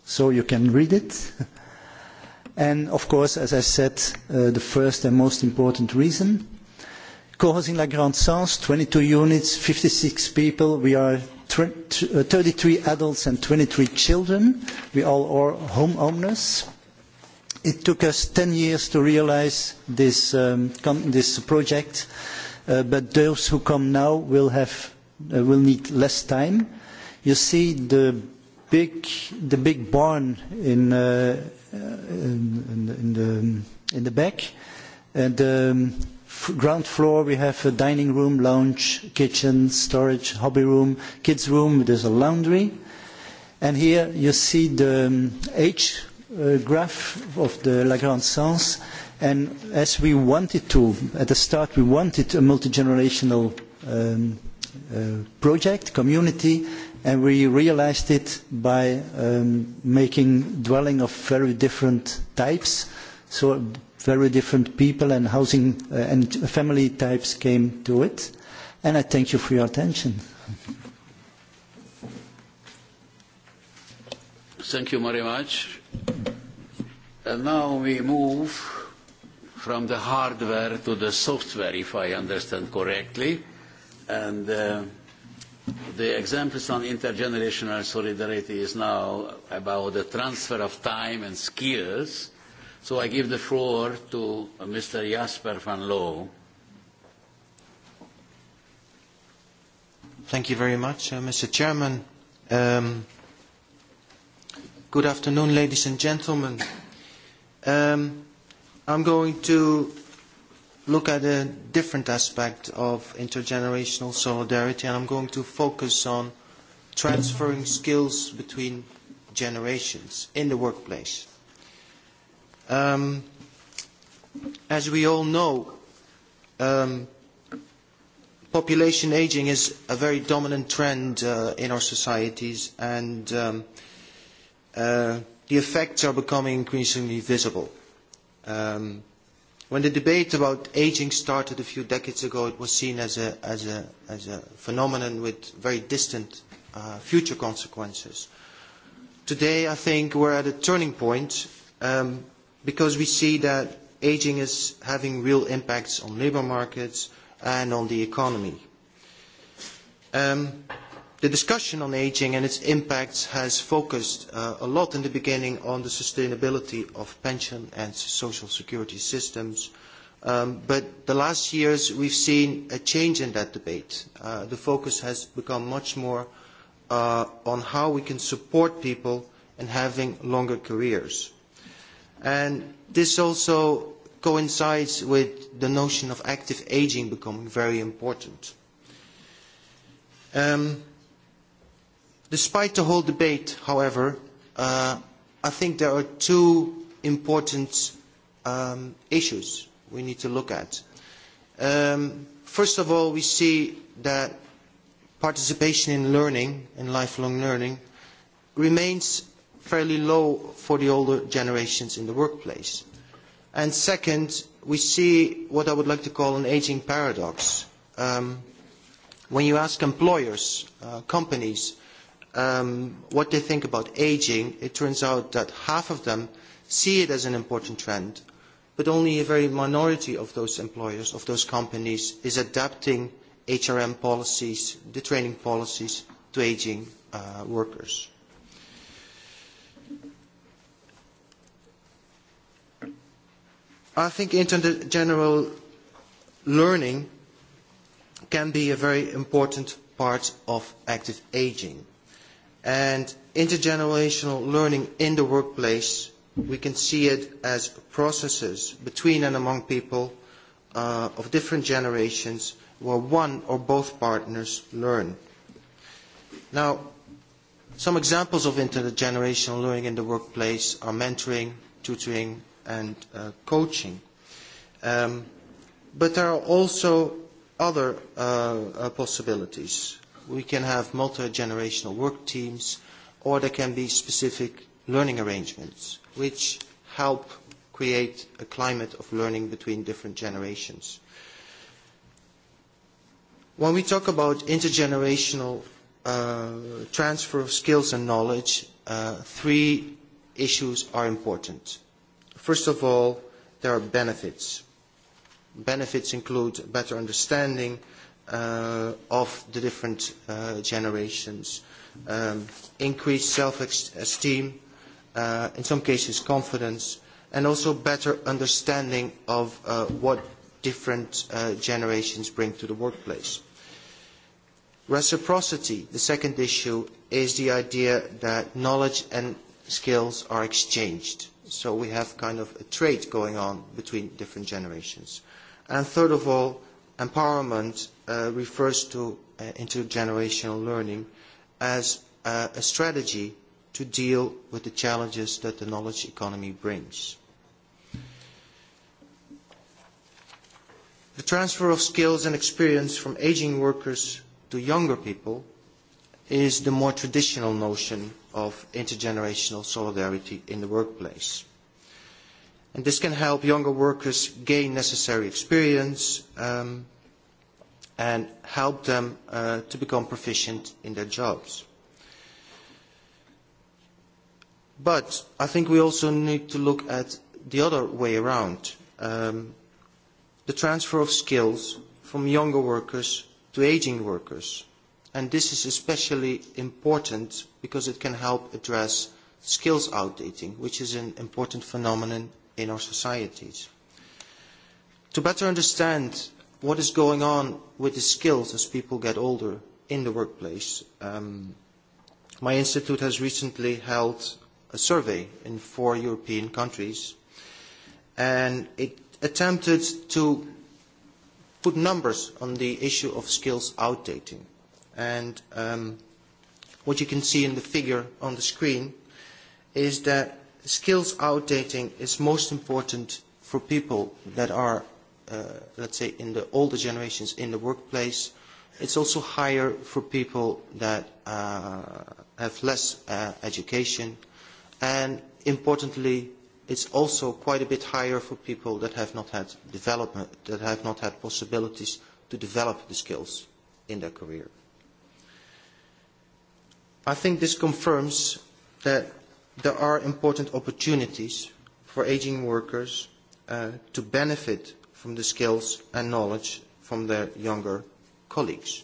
so you can read it. And of course, as I said, the first and most important reason. Cohos in La Grande twenty 22 units, 56 people. We are 33 adults and 23 children. We all are homeowners. It took us 10 years to realize this project, but those who come now will need less time. You see, the big the big barn in in the in the back and ground floor we have a dining room lounge kitchen storage hobby room kids room there's a laundry and here you see the age graph of the Grande sense and as we wanted to at the start we wanted a multi-generational project community and we realized it by making dwelling of very different types so very different people and housing and family types came to it and i thank you for your attention thank you very much and now we move from the hardware to the software if i understand correctly and The examples on intergenerational solidarity is now about the transfer of time and skills. So I give the floor to Mr. Jasper van Loo. Thank you very much, Mr. Chairman. Good afternoon, ladies and gentlemen. I'm going to look at a different aspect of intergenerational solidarity, and I'm going to focus on transferring skills between generations in the workplace. As we all know, population aging is a very dominant trend in our societies, and the effects are becoming increasingly visible. When the debate about aging started a few decades ago, it was seen as a phenomenon with very distant future consequences. Today, I think we are at a turning point because we see that aging is having real impacts on labour markets and on the economy. The discussion on ageing and its impacts has focused a lot in the beginning on the sustainability of pension and social security systems, but the last years we've seen a change in that debate. The focus has become much more on how we can support people in having longer careers. And this also coincides with the notion of active ageing becoming very important. Despite the whole debate, however, I think there are two important issues we need to look at. First of all, we see that participation in learning in lifelong learning remains fairly low for the older generations in the workplace. And second, we see what I would like to call an aging paradox. When you ask employers, companies, what they think about aging, it turns out that half of them see it as an important trend, but only a very minority of those employers, of those companies, is adapting HRM policies, the training policies, to aging workers. I think intergeneral learning can be a very important part of active aging and intergenerational learning in the workplace we can see it as processes between and among people of different generations where one or both partners learn. Now, some examples of intergenerational learning in the workplace are mentoring, tutoring and coaching. But there are also other possibilities we can have multi-generational work teams, or there can be specific learning arrangements, which help create a climate of learning between different generations. When we talk about intergenerational transfer of skills and knowledge, three issues are important. First of all, there are benefits. Benefits include better understanding, of the different generations. Increased self-esteem, in some cases confidence, and also better understanding of what different generations bring to the workplace. Reciprocity, the second issue, is the idea that knowledge and skills are exchanged. So we have kind of a trade going on between different generations. And third of all, empowerment refers to intergenerational learning as a strategy to deal with the challenges that the knowledge economy brings. The transfer of skills and experience from aging workers to younger people is the more traditional notion of intergenerational solidarity in the workplace. And this can help younger workers gain necessary experience, and help them to become proficient in their jobs. But I think we also need to look at the other way around, the transfer of skills from younger workers to aging workers. And this is especially important because it can help address skills outdating, which is an important phenomenon in our societies. To better understand what is going on with the skills as people get older in the workplace. My institute has recently held a survey in four European countries, and it attempted to put numbers on the issue of skills outdating. And what you can see in the figure on the screen is that skills outdating is most important for people that are let's say, in the older generations in the workplace. It's also higher for people that have less education. And importantly, it's also quite a bit higher for people that have not had development, that have not had possibilities to develop the skills in their career. I think this confirms that there are important opportunities for aging workers to benefit from the skills and knowledge from their younger colleagues.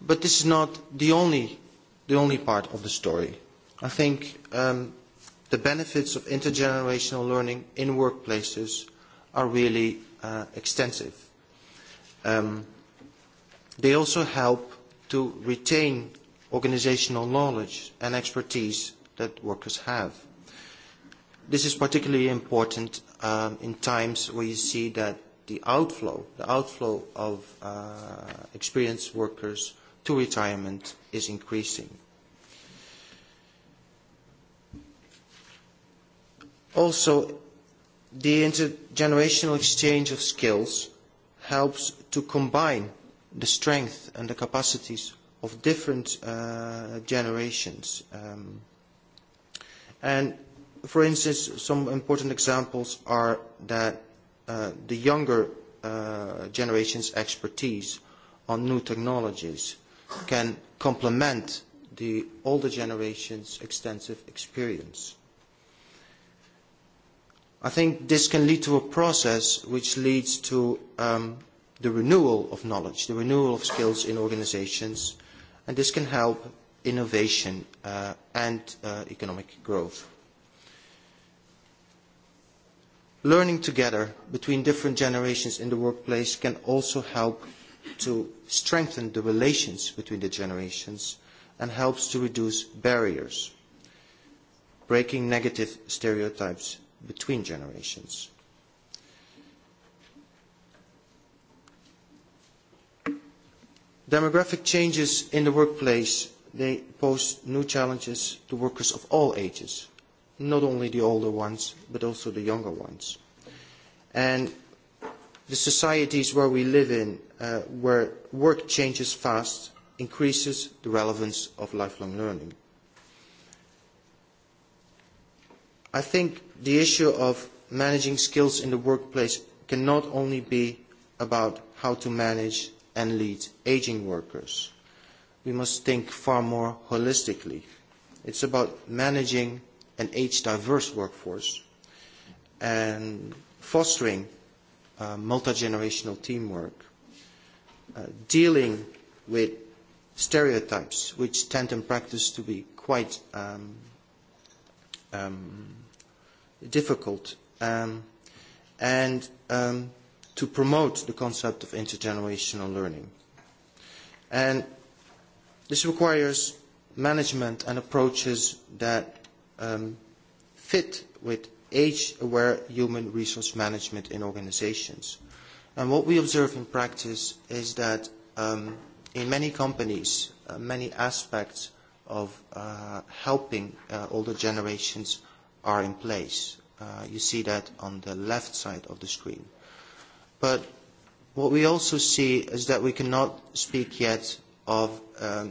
But this is not the only part of the story. I think the benefits of intergenerational learning in workplaces are really extensive. They also help to retain organisational knowledge and expertise that workers have. This is particularly important in times where you see that the outflow, the outflow of experienced workers to retirement is increasing. Also, the intergenerational exchange of skills helps to combine the strength and the capacities of different generations. And For instance, some important examples are that the younger generation's expertise on new technologies can complement the older generation's extensive experience. I think this can lead to a process which leads to the renewal of knowledge, the renewal of skills in organizations, and this can help innovation and economic growth. learning together between different generations in the workplace can also help to strengthen the relations between the generations and helps to reduce barriers, breaking negative stereotypes between generations. Demographic changes in the workplace, they pose new challenges to workers of all ages not only the older ones, but also the younger ones. And the societies where we live in, where work changes fast, increases the relevance of lifelong learning. I think the issue of managing skills in the workplace cannot only be about how to manage and lead aging workers. We must think far more holistically. It's about managing an age-diverse workforce and fostering multi-generational teamwork, dealing with stereotypes which tend in practice to be quite difficult, and to promote the concept of intergenerational learning. And this requires management and approaches that fit with age-aware human resource management in organizations. And what we observe in practice is that in many companies, many aspects of helping older generations are in place. You see that on the left side of the screen. But what we also see is that we cannot speak yet of a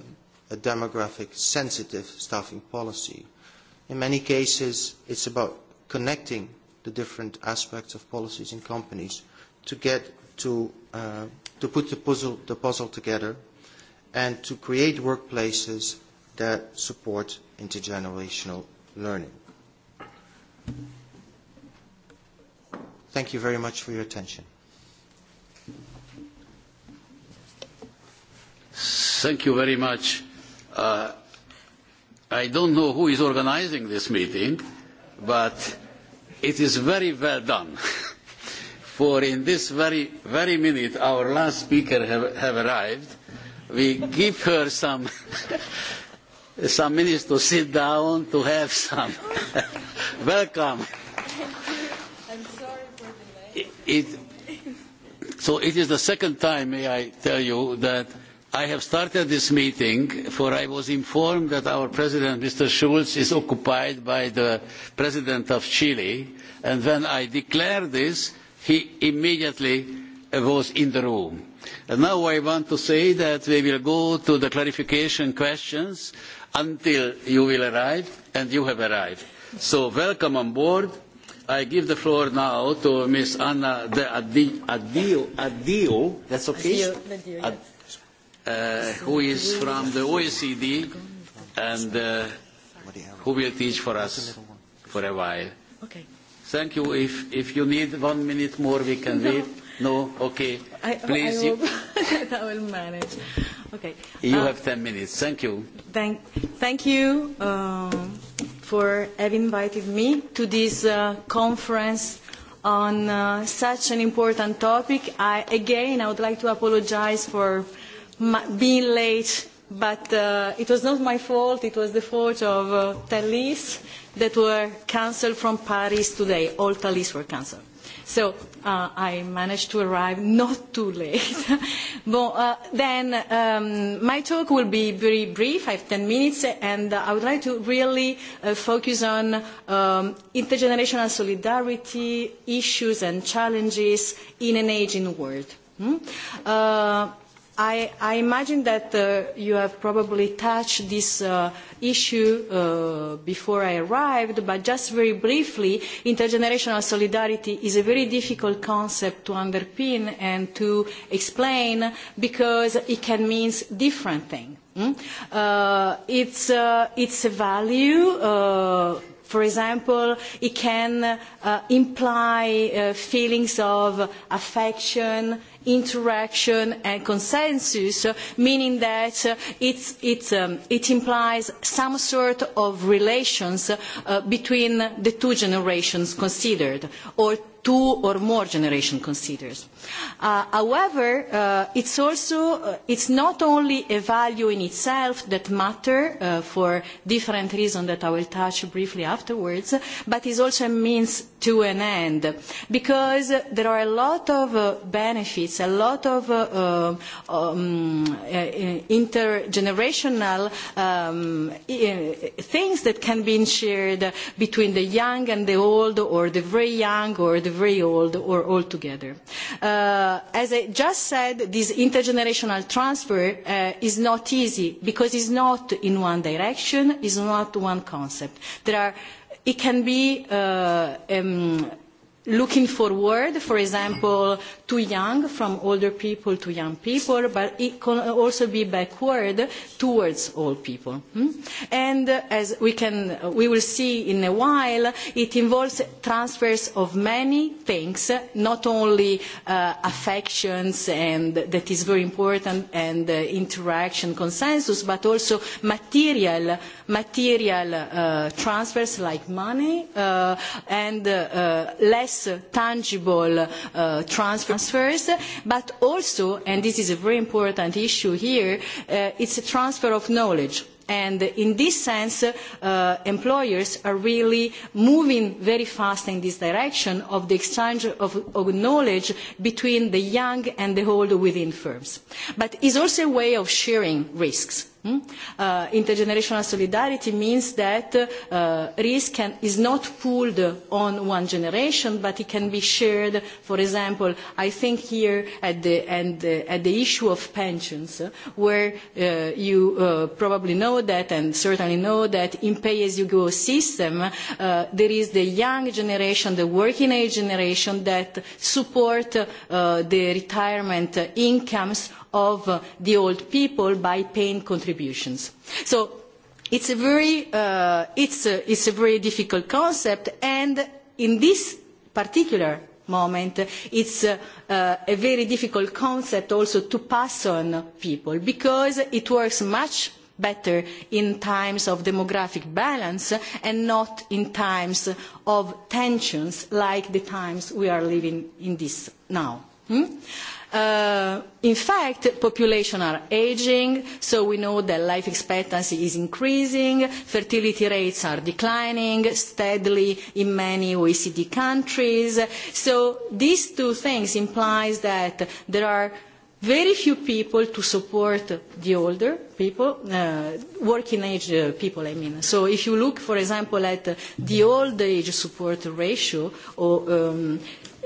demographic-sensitive staffing policy. In many cases, it's about connecting the different aspects of policies in companies to get to put the puzzle the puzzle together and to create workplaces that support intergenerational learning. Thank you very much for your attention. Thank you very much. I don't know who is organising this meeting, but it is very well done. For in this very very minute our last speaker have arrived, we give her some some minutes to sit down to have some welcome. I'm sorry for the So it is the second time, may I tell you, that I have started this meeting, for I was informed that our President, Mr. Schulz, is occupied by the President of Chile, and when I declared this, he immediately was in the room. And now I want to say that we will go to the clarification questions until you will arrive, and you have arrived. So welcome on board. I give the floor now to Ms. Anna De Adio. That's okay? who is from the OECD and who will teach for us for a while. Okay. Thank you. If if you need one minute more, we can wait. No, okay. Please. I will manage. Okay. You have 10 minutes. Thank you. Thank thank you for having invited me to this conference on such an important topic. I again I would like to apologize for being late, but it was not my fault. It was the fault of thalis that were cancelled from Paris today. All thalis were cancelled. So I managed to arrive not too late. Then my talk will be very brief. I have 10 minutes, and I would like to really focus on intergenerational solidarity issues and challenges in an aging world. I imagine that you have probably touched this issue before I arrived, but just very briefly, intergenerational solidarity is a very difficult concept to underpin and to explain because it can mean different things. It's a value For example, it can imply feelings of affection, interaction and consensus, meaning that it implies some sort of relations between the two generations considered, or two or more generations considered. However, it's also it's not only a value in itself that matter for different reasons that I will touch briefly afterwards, but is also a means to an end, because there are a lot of benefits, a lot of intergenerational things that can be shared between the young and the old, or the very young or the very old, or all together as I just said, this intergenerational transfer is not easy because it's not in one direction, it's not one concept. There are, it can be looking forward, for example, to young, from older people to young people, but it can also be backward towards old people. And as we will see in a while, it involves transfers of many things, not only affections, and that is very important, and interaction consensus, but also material material transfers like money and less tangible transfers, but also, and this is a very important issue here, it's a transfer of knowledge. And in this sense, employers are really moving very fast in this direction of the exchange of knowledge between the young and the old within firms. But it's also a way of sharing risks Intergenerational solidarity means that risk is not pooled on one generation, but it can be shared. For example, I think here at the issue of pensions, where you probably know that and certainly know that in pay-as-you-go system, there is the young generation, the working-age generation that support the retirement incomes of the old people by paying contributions. So it's a very it's a very difficult concept and in this particular moment it's a very difficult concept also to pass on people because it works much better in times of demographic balance and not in times of tensions like the times we are living in this now In fact, population are aging, so we know that life expectancy is increasing, fertility rates are declining steadily in many OECD countries. So these two things implies that there are very few people to support the older people, working age people, I mean. So if you look, for example, at the old age support ratio or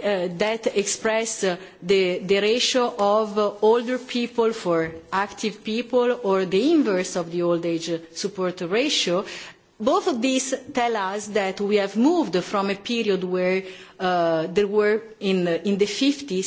that express the ratio of older people for active people or the inverse of the old age support ratio both of these tell us that we have moved from a period where there were in the 50s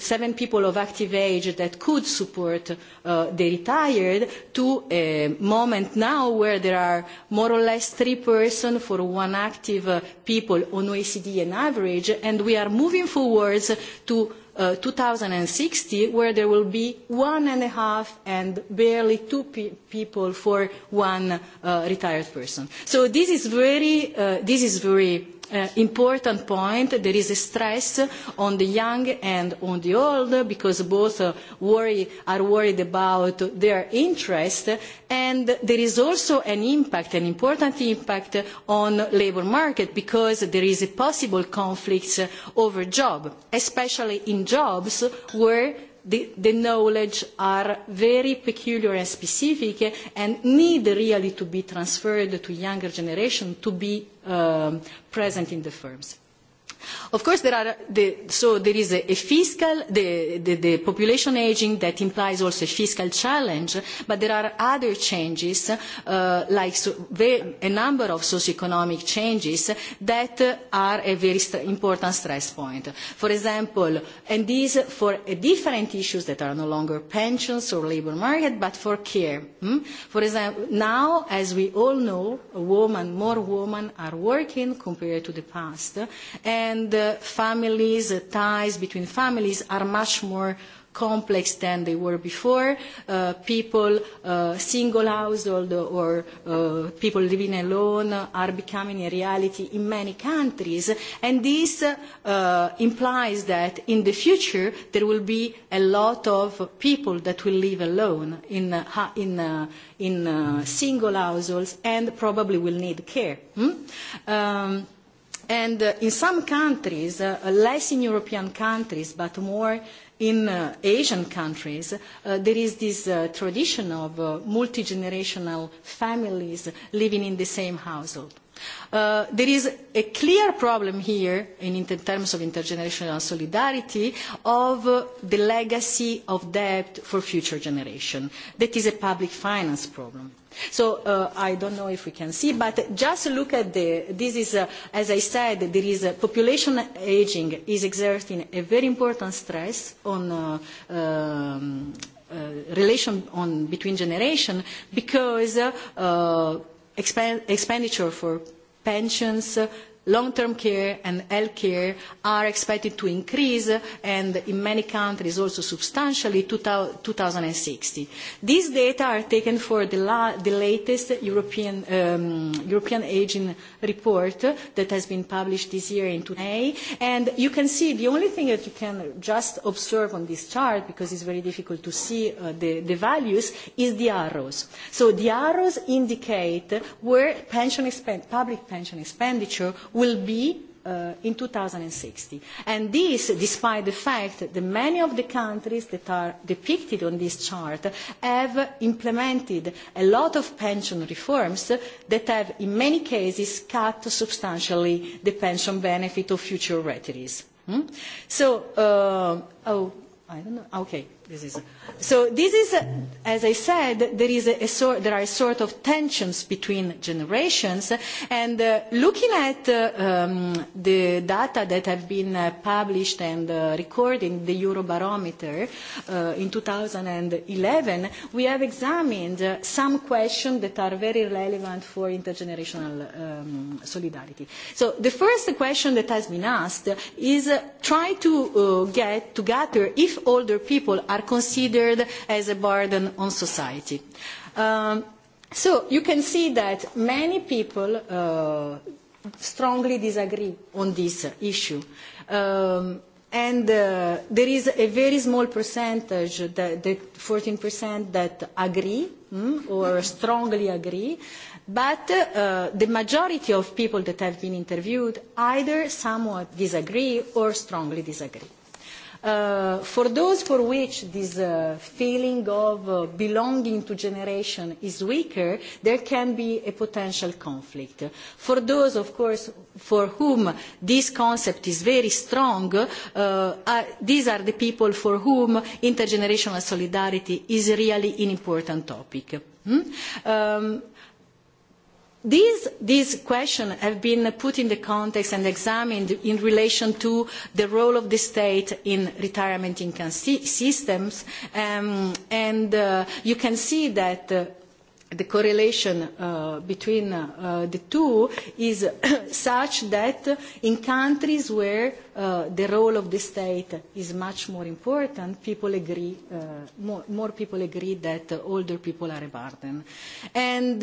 seven people of active age that could support the retired to a moment now where there are more or less three persons for one active people on oecd on average and we are moving forwards to 2060, where there will be one and a half and barely two people for one retired person. So this is very this is very important point. There is a stress on the young and on the old because both are worried about their interest and there is also an impact, an important impact on the labour market because there is a possible conflict over jobs, especially in jobs where the knowledge are very peculiar and specific and need really to be transferred to younger generation to be present in the firms. Of course, there are so there is a fiscal, the population aging that implies also a fiscal challenge, but there are other changes, like a number of socioeconomic changes that are a very important stress point. For example, and these for different issues that are no longer pensions or labour market, but for care. For example, now, as we all know, more women are working compared to the past, and and families, ties between families are much more complex than they were before. People, single household or people living alone are becoming a reality in many countries and this implies that in the future there will be a lot of people that will live alone in single households and probably will need care and in some countries less in european countries but more in asian countries there is this tradition of multi generational families living in the same household There is a clear problem here in terms of intergenerational solidarity of the legacy of debt for future generations. That is a public finance problem. So I don't know if we can see, but just look at the this is as I said, there is population aging is exerting a very important stress on relation between generations because expenditure for pensions long term care and health care are expected to increase and in many countries also substantially to 2060. These data are taken for the latest European European Aging report that has been published this year in May and you can see the only thing that you can just observe on this chart because it's very difficult to see the values is the arrows. So the arrows indicate where public pension expenditure will be in 2060. And this, despite the fact that many of the countries that are depicted on this chart have implemented a lot of pension reforms that have, in many cases, cut substantially the pension benefit of future retirees. So, oh, I don't know. Okay. So this is, as I said, there are sort of tensions between generations. And looking at the data that have been published and recorded in the Eurobarometer in 2011, we have examined some questions that are very relevant for intergenerational solidarity. So the first question that has been asked is try to get together if older people are are considered as a burden on society. So you can see that many people strongly disagree on this issue. And there is a very small percentage, the 14%, that agree or strongly agree. But the majority of people that have been interviewed either somewhat disagree or strongly disagree. For those for which this feeling of belonging to generation is weaker, there can be a potential conflict. For those, of course, for whom this concept is very strong, these are the people for whom intergenerational solidarity is really an important topic. These questions have been put in the context and examined in relation to the role of the state in retirement income systems, and you can see that the correlation between the two is such that in countries where the role of the state is much more important, people agree, more people agree that older people are a burden. And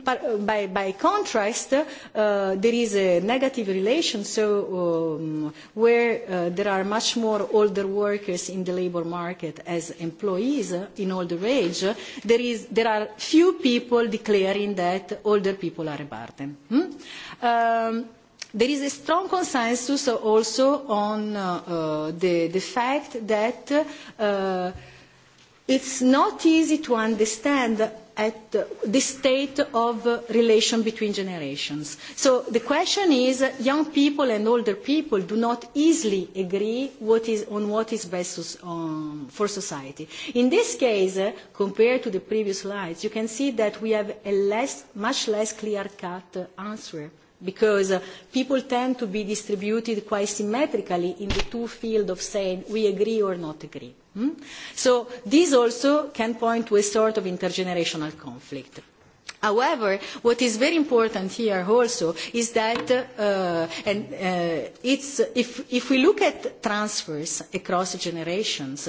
by contrast, there is a negative relation, so where there are much more older workers in the labor market as employees in older age, there is there are few people declaring that older people are a burden. There is a strong consensus also on the fact that it's not easy to understand at the state of relation between generations. So the question is, young people and older people do not easily agree on what is best for society. In this case, compared to the previous slides, you can see that we have a less much less clear-cut answer because people tend to be distributed quite symmetrically in the two fields of saying we agree or not agree. So this also can point to a sort of intergenerational conflict. However, what is very important here also is that if we look at transfers across generations,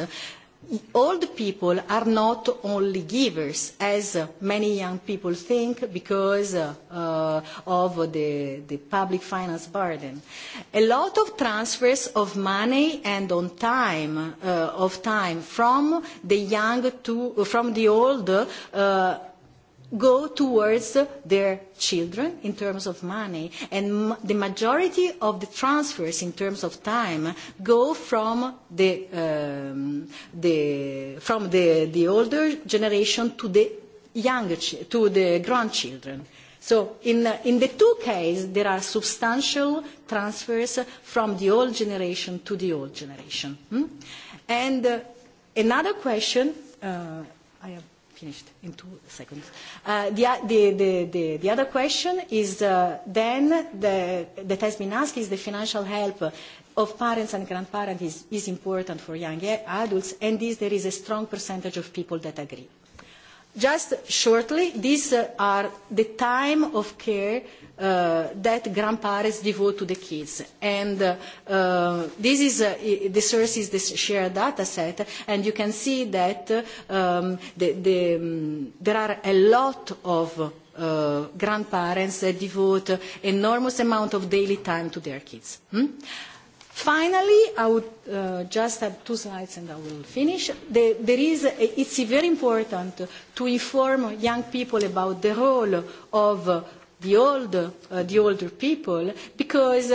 Old people are not only givers, as many young people think, because of the public finance burden. A lot of transfers of money and on time, of time from the young to from the old go towards their children in terms of money and the majority of the transfers in terms of time go from the from the the older generation to the younger to the grandchildren so in the two cases there are substantial transfers from the old generation to the old generation and another question i have finished in two seconds. The other question is then that has been asked is the financial help of parents and grandparents is important for young adults, and this there is a strong percentage of people that agree. Just shortly, these are the time of care that grandparents devote to the kids. And this is the source is the shared data set, and you can see that there are a lot of grandparents that devote enormous amount of daily time to their kids. Finally, I would just have two slides and I will finish. There is, it's very important to inform young people about the role of the older people, because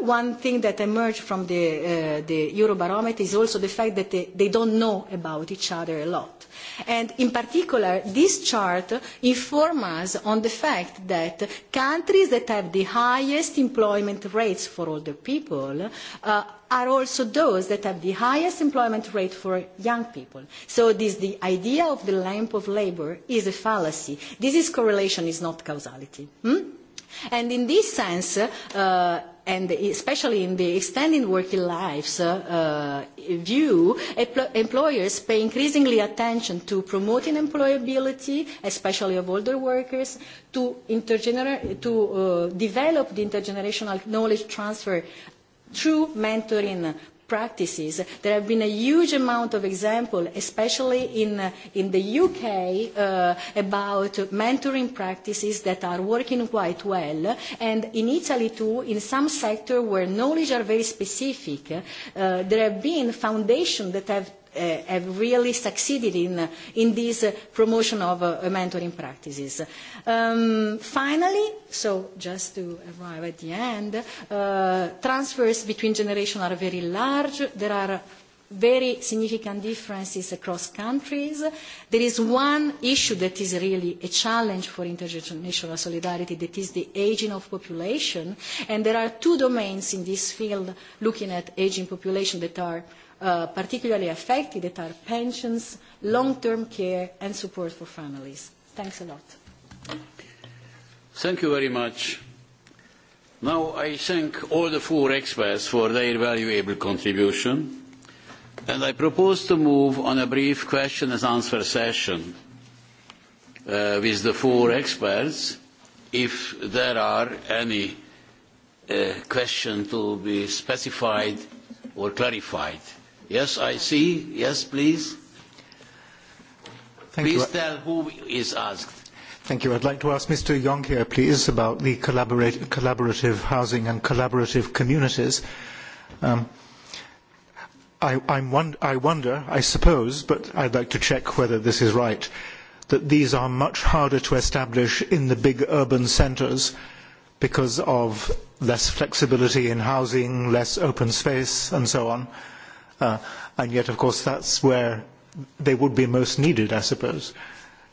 one thing that emerged from the Eurobarometer is also the fact that they don't know about each other a lot. And in particular, this chart informs us on the fact that countries that have the highest employment rates for older people are also those that have the highest employment rate for young people. So this the idea of the lamp of labour is a fallacy. This is correlation, is not causality. And in this sense, and especially in the extending working lives view, employers pay increasingly attention to promoting employability, especially of older workers, to develop the intergenerational knowledge transfer through mentoring practices. There have been a huge amount of examples, especially in the UK, about mentoring practices that are working quite well. And in Italy, too, in some sectors where knowledge are very specific, there have been foundations that have have really succeeded in this promotion of mentoring practices. Finally, so just to arrive at the end, transfers between generations are very large. There are very significant differences across countries. There is one issue that is really a challenge for intergenerational solidarity, that is the aging of population. And there are two domains in this field looking at aging population that are particularly affected, that are pensions, long-term care and support for families. Thanks a lot. Thank you very much. Now I thank all the four experts for their valuable contribution and I propose to move on a brief question and answer session with the four experts if there are any questions to be specified or clarified. Yes, I see. Yes, please. Please tell who is asked. Thank you. I'd like to ask Mr. Yong here, please, about the collaborative housing and collaborative communities. I wonder, I suppose, but I'd like to check whether this is right, that these are much harder to establish in the big urban centres because of less flexibility in housing, less open space, and so on and yet of course that's where they would be most needed i suppose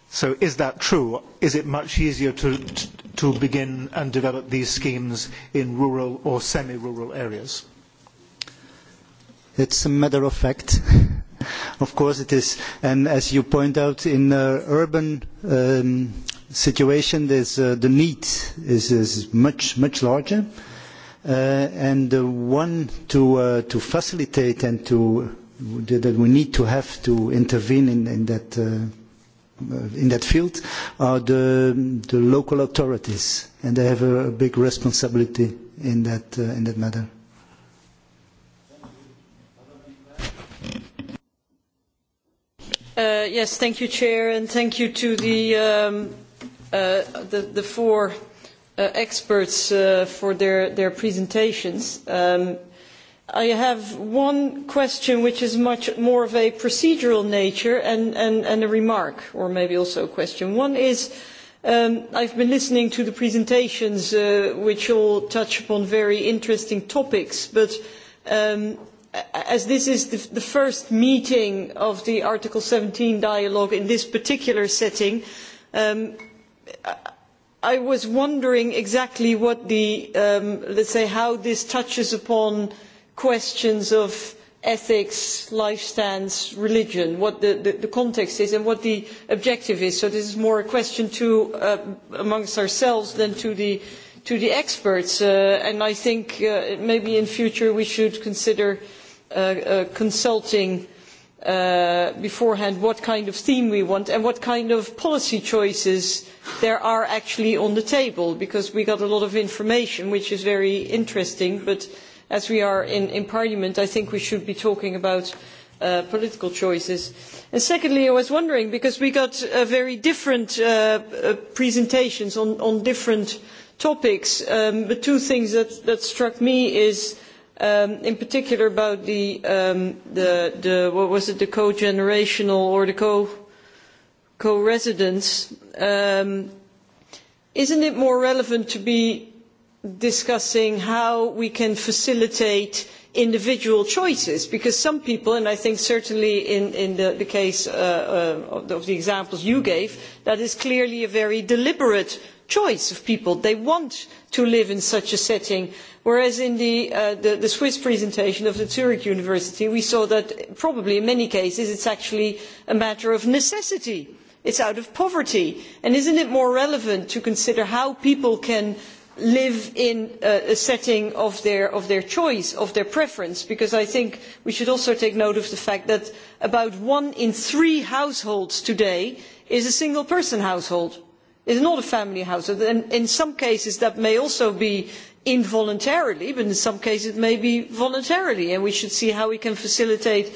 so is that true is it much easier to to begin and develop these schemes in rural or semi rural areas it's a matter of fact of course it is and as you point out in urban situation the need is much much larger and the one to facilitate and to that we need to have to intervene in that in that field are the local authorities and they have a big responsibility in that in that matter. Yes, thank you, Chair, and thank you to the the four experts for their presentations. I have one question which is much more of a procedural nature and a remark, or maybe also a question. One is, I've been listening to the presentations which all touch upon very interesting topics, but as this is the first meeting of the Article 17 dialogue in this particular setting, I was wondering exactly what the, say, how this touches upon questions of ethics, life stance, religion, what the context is and what the objective is. So this is more a question to amongst ourselves than to the experts. And I think maybe in future we should consider consulting beforehand what kind of theme we want and what kind of policy choices there are actually on the table because we got a lot of information which is very interesting but as we are in parliament i think we should be talking about political choices. secondly i was wondering because we got very different presentations on different topics but two things that struck me is in particular about the the what was it the co-generational or the co co-residence isn't it more relevant to be discussing how we can facilitate individual choices because some people and I think certainly in the case of the examples you gave that is clearly a very deliberate choice of people they want to live in such a setting whereas in the swiss presentation of the zurich university we saw that probably in many cases it is actually a matter of necessity it is out of poverty and is it more relevant to consider how people can live in a setting of their choice of their preference because i think we should also take note of the fact that about one in three households today is a single person household is not a family house, and in some cases that may also be involuntarily but in some cases it may be voluntarily and we should see how we can facilitate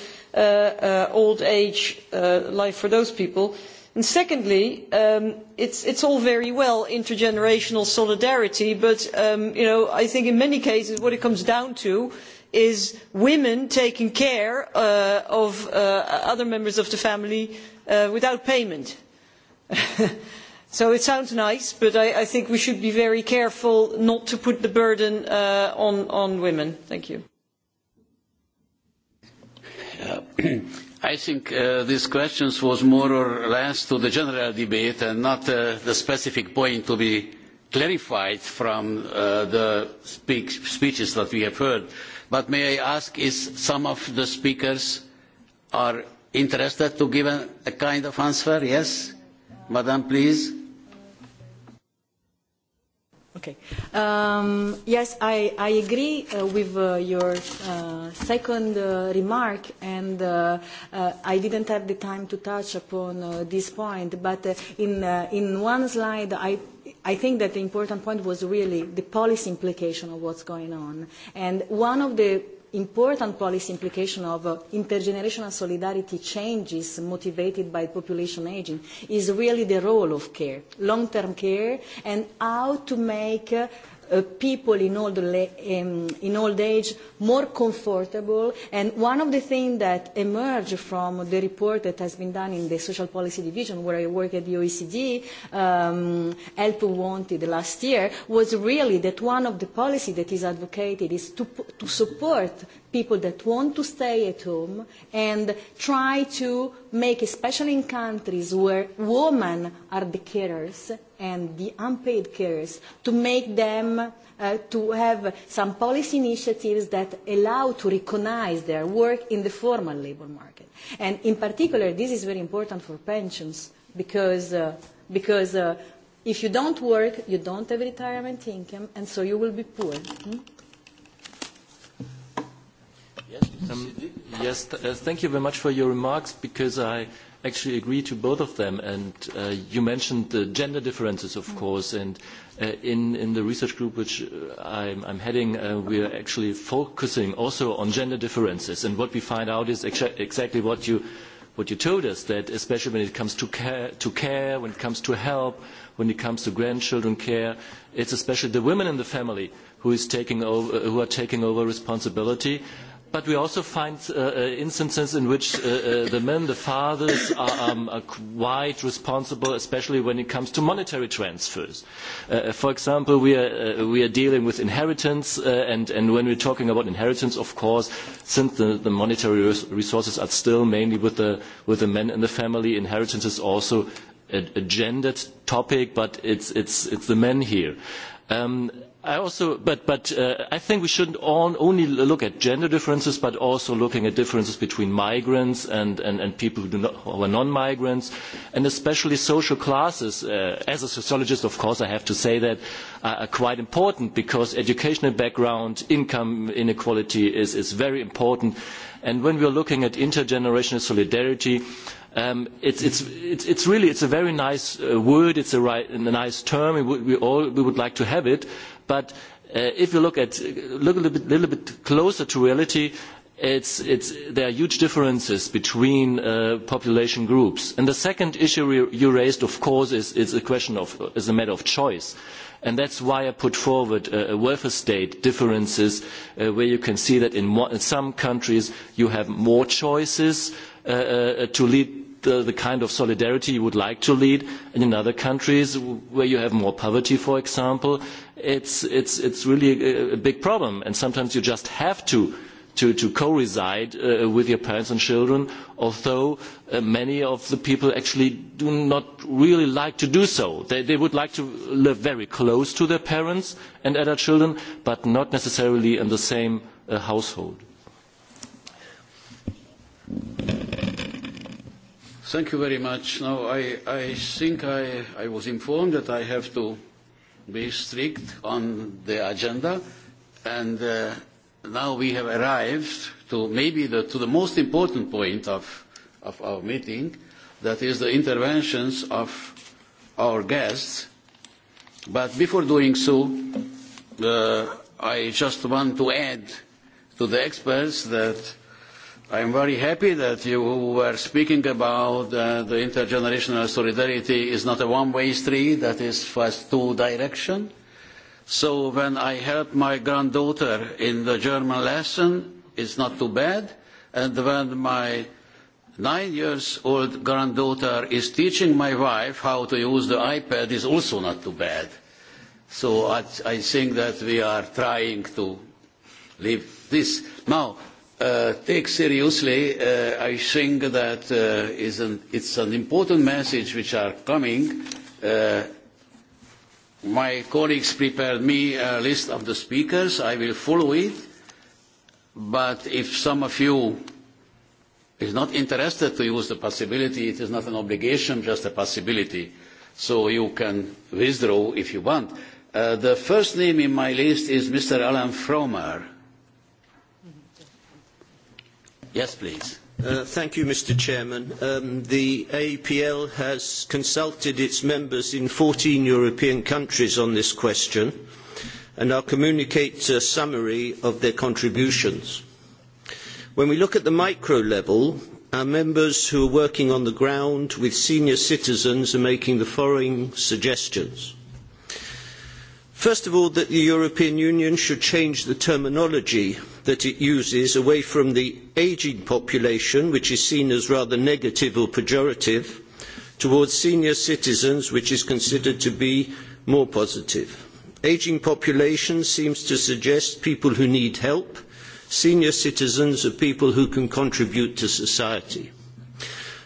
old age life for those people. secondly it is all very well intergenerational solidarity but i think in many cases what it comes down to is women taking care of other members of the family without payment So it sounds nice, but I think we should be very careful not to put the burden on women. Thank you. I think these questions was more or less to the general debate and not the specific point to be clarified from the speeches that we have heard. But may I ask, is some of the speakers are interested to give a kind of answer? Yes, Madam, please. Okay. Yes, I agree with your second remark, and I didn't have the time to touch upon this point, but in one slide, I I think that the important point was really the policy implication of what's going on. And one of the important policy implication of intergenerational solidarity changes motivated by population ageing is really the role of care, long-term care, and how to make people in old age more comfortable. And one of the things that emerged from the report that has been done in the Social Policy Division, where I work at the OECD, Help Wanted last year, was really that one of the policies that is advocated is to support people that want to stay at home and try to make, especially in countries where women are the carers, and the unpaid carers to make them to have some policy initiatives that allow to recognize their work in the formal labor market. And in particular, this is very important for pensions because because if you don't work, you don't have retirement income, and so you will be poor. Yes, thank you very much for your remarks because I actually agree to both of them. And you mentioned the gender differences, of course. And in in the research group which I'm heading, we are actually focusing also on gender differences. And what we find out is exactly what you what you told us, that especially when it comes to care, when it comes to help, when it comes to grandchildren care, it's especially the women in the family who are taking over responsibility But we also find instances in which the men, the fathers, are quite responsible, especially when it comes to monetary transfers. For example, we are dealing with inheritance, and when we are talking about inheritance, of course, since the monetary resources are still mainly with the men in the family, inheritance is also a gendered topic, but it's the men here But I think we shouldn't only look at gender differences, but also looking at differences between migrants and people who are non-migrants, and especially social classes. As a sociologist, of course, I have to say that are quite important because educational background, income inequality is very important. And when we are looking at intergenerational solidarity, it's really a very nice word, it's a nice term, we would like to have it But if you look a little bit closer to reality, there are huge differences between population groups. And the second issue you raised, of course, is a question of is a matter of choice. And that's why I put forward welfare state differences, where you can see that in some countries you have more choices to lead the kind of solidarity you would like to lead. And in other countries where you have more poverty, for example, it's really a big problem. And sometimes you just have to to co-reside with your parents and children, although many of the people actually do not really like to do so. They would like to live very close to their parents and other children, but not necessarily in the same household. Thank you very much. Now, I, I think I, I was informed that I have to be strict on the agenda, and now we have arrived to maybe the, to the most important point of, of our meeting, that is the interventions of our guests. But before doing so, I just want to add to the experts that I am very happy that you were speaking about the intergenerational solidarity is not a one-way street, that is first two-direction. So when I help my granddaughter in the German lesson, it's not too bad. And when my nine years old granddaughter is teaching my wife how to use the iPad is also not too bad. So I think that we are trying to live this. Now, take seriously. I think that it's an important message which are coming. My colleagues prepared me a list of the speakers. I will follow it. But if some of you is not interested to use the possibility, it is not an obligation, just a possibility. So you can withdraw if you want. The first name in my list is Mr. Alan Fromer. Yes, please. Thank you, Mr. Chairman. The AEPL has consulted its members in 14 European countries on this question, and I'll communicate a summary of their contributions. When we look at the micro level, our members who are working on the ground with senior citizens are making the following suggestions. First of all, that the European Union should change the terminology that it uses away from the aging population, which is seen as rather negative or pejorative, towards senior citizens, which is considered to be more positive. Aging population seems to suggest people who need help. Senior citizens are people who can contribute to society.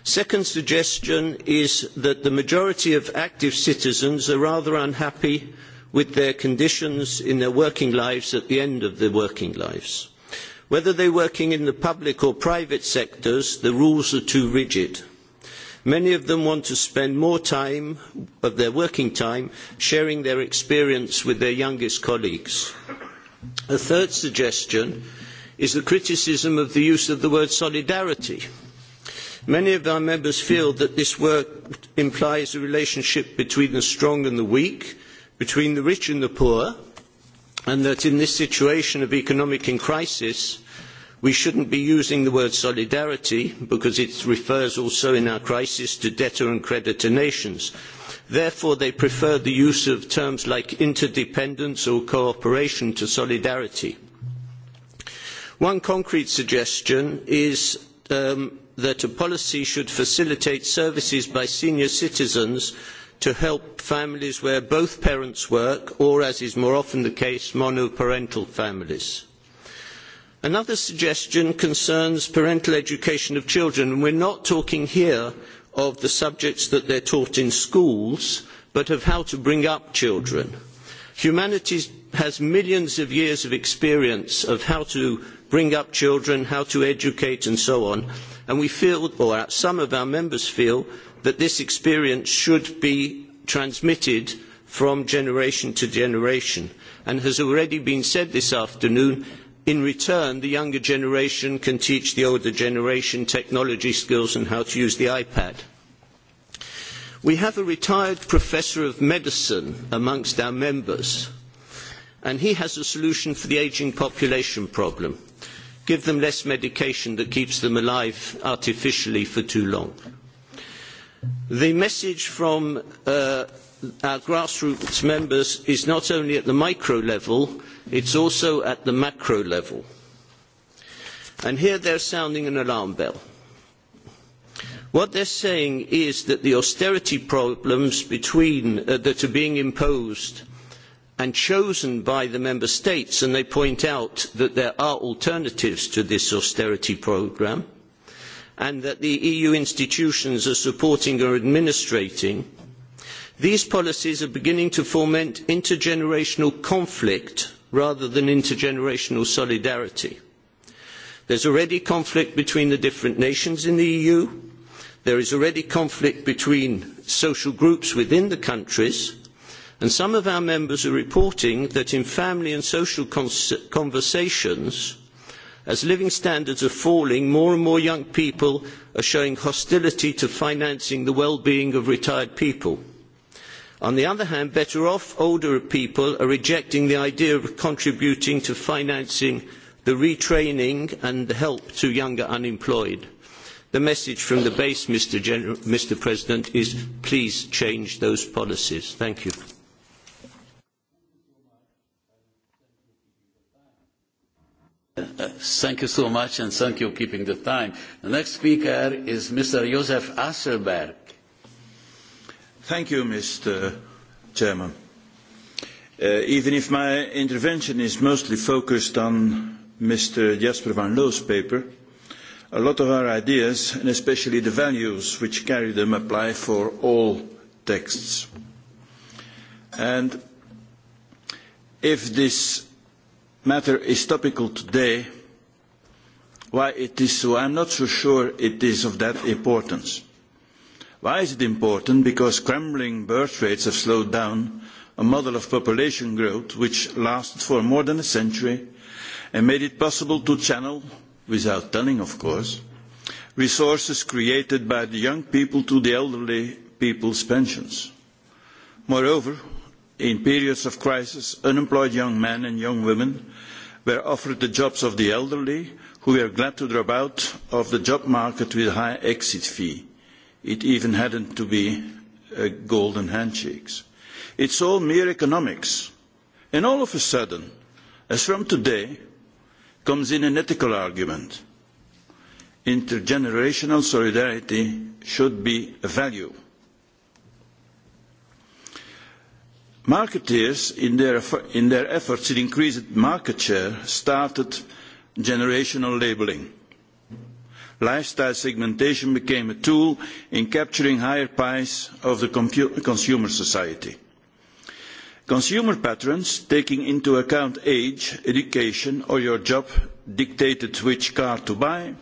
Second suggestion is that the majority of active citizens are rather unhappy with their conditions in their working lives at the end of their working lives. Whether they are working in the public or private sectors, the rules are too rigid. Many of them want to spend more time of their working time sharing their experience with their youngest colleagues. A third suggestion is the criticism of the use of the word solidarity. Many of our members feel that this word implies a relationship between the strong and the weak between the rich and the poor and that in this situation of economic crisis we should not be using the word solidarity because it refers also in our crisis to debtor and creditor nations. therefore they prefer the use of terms like interdependence or cooperation to solidarity. one concrete suggestion is that a policy should facilitate services by senior citizens to help families where both parents work or, as is more often the case, monoparental families. Another suggestion concerns parental education of children, and we are not talking here of the subjects that they are taught in schools, but of how to bring up children. Humanity has millions of years of experience of how to bring up children, how to educate and so on, and we feel, or some of our members feel, that this experience should be transmitted from generation to generation and has already been said this afternoon in return the younger generation can teach the older generation technology skills and how to use the ipad. we have a retired professor of medicine amongst our members and he has a solution for the ageing population problem give them less medication that keeps them alive artificially for too long. The message from our grassroots members is not only at the micro level, it's also at the macro level. And here are sounding an alarm bell. What they're saying is that the austerity problems that are being imposed and chosen by the member states, and they point out that there are alternatives to this austerity programme, and that the eu institutions are supporting or administrating these policies are beginning to foment intergenerational conflict rather than intergenerational solidarity. there is already conflict between the different nations in the eu there is already conflict between social groups within the countries and some of our members are reporting that in family and social conversations As living standards are falling, more and more young people are showing hostility to financing the well-being of retired people. On the other hand, better off older people are rejecting the idea of contributing to financing the retraining and the help to younger unemployed. The message from the base, Mr. President, is please change those policies. Thank you. Thank you so much and thank you for keeping the time. The next speaker is Mr. Josef Asselberg. Thank you, Mr. Chairman. Even if my intervention is mostly focused on Mr. Jasper van Loo's paper, a lot of our ideas, and especially the values which carry them, apply for all texts. And if this matter is topical today, why it is so, am not so sure it is of that importance. Why is it important? Because crumbling birth rates have slowed down a model of population growth which lasted for more than a century and made it possible to channel, without telling of course, resources created by the young people to the elderly people's pensions. Moreover, In periods of crisis, unemployed young men and young women were offered the jobs of the elderly, who were glad to drop out of the job market with a high exit fee. It even hadn't to be golden handshakes. It's all mere economics. And all of a sudden, as from today, comes in an ethical argument. Intergenerational solidarity should be a value Marketeers, in their efforts to increase market share, started generational labelling. Lifestyle segmentation became a tool in capturing higher pies of the consumer society. Consumer patterns, taking into account age, education or your job, dictated which car to buy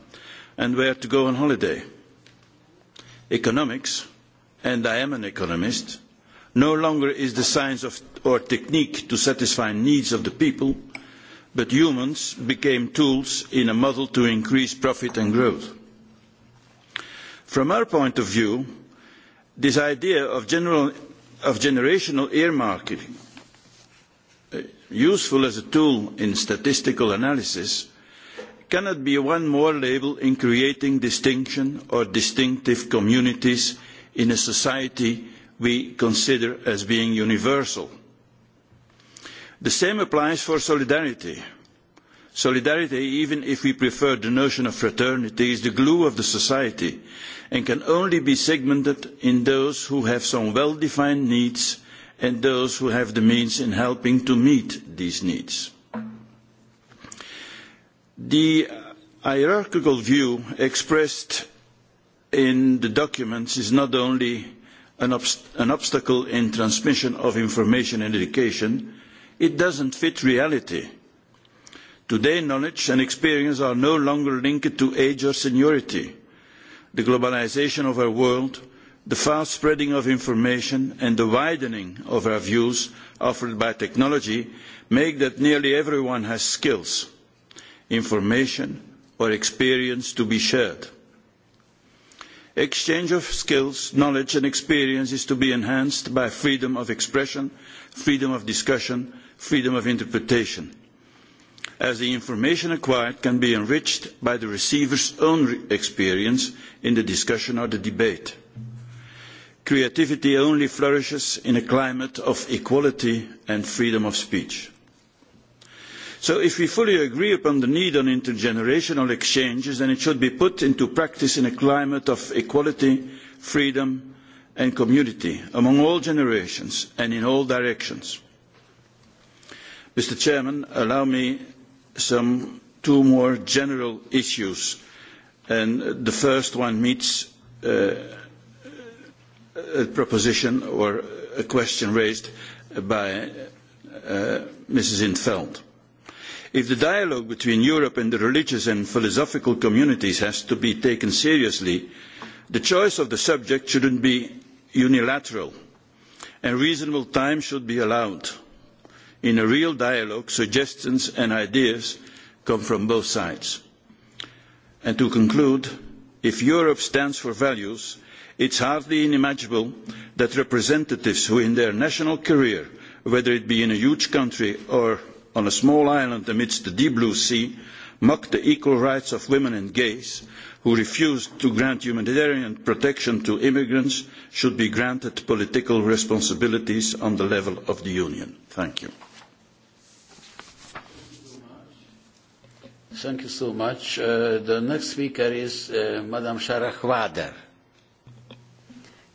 and where to go on holiday. Economics, and I am an economist, no longer is the science or technique to satisfy needs of the people but humans became tools in a model to increase profit and growth. from our point of view this idea of generational earmarking useful as a tool in statistical analysis cannot be one more label in creating distinction or distinctive communities in a society we consider as being universal. The same applies for solidarity. Solidarity, even if we prefer the notion of fraternity, is the glue of the society and can only be segmented in those who have some well-defined needs and those who have the means in helping to meet these needs. The hierarchical view expressed in the documents is not only an obstacle in transmission of information and education, it doesn't fit reality. Today, knowledge and experience are no longer linked to age or seniority. The globalisation of our world, the fast spreading of information and the widening of our views offered by technology make that nearly everyone has skills, information or experience to be shared exchange of skills knowledge and experience is to be enhanced by freedom of expression freedom of discussion freedom of interpretation as the information acquired can be enriched by the receiver's own experience in the discussion or the debate. creativity only flourishes in a climate of equality and freedom of speech so if we fully agree upon the need for intergenerational exchanges then it should be put into practice in a climate of equality freedom and community among all generations and in all directions. mr Chairman, allow me some two more general issues and the first one meets a proposition or a question raised by mrs in veld. If the dialogue between Europe and the religious and philosophical communities has to be taken seriously, the choice of the subject shouldn't be unilateral, and reasonable time should be allowed. In a real dialogue, suggestions and ideas come from both sides. And to conclude, if Europe stands for values, it is hardly unimaginable that representatives who in their national career, whether it be in a huge country or on a small island amidst the deep blue sea mock the equal rights of women and gays who refuse to grant humanitarian protection to immigrants should be granted political responsibilities on the level of the union. thank you. Thank you so much. The next speaker is Madam Sharah Wader.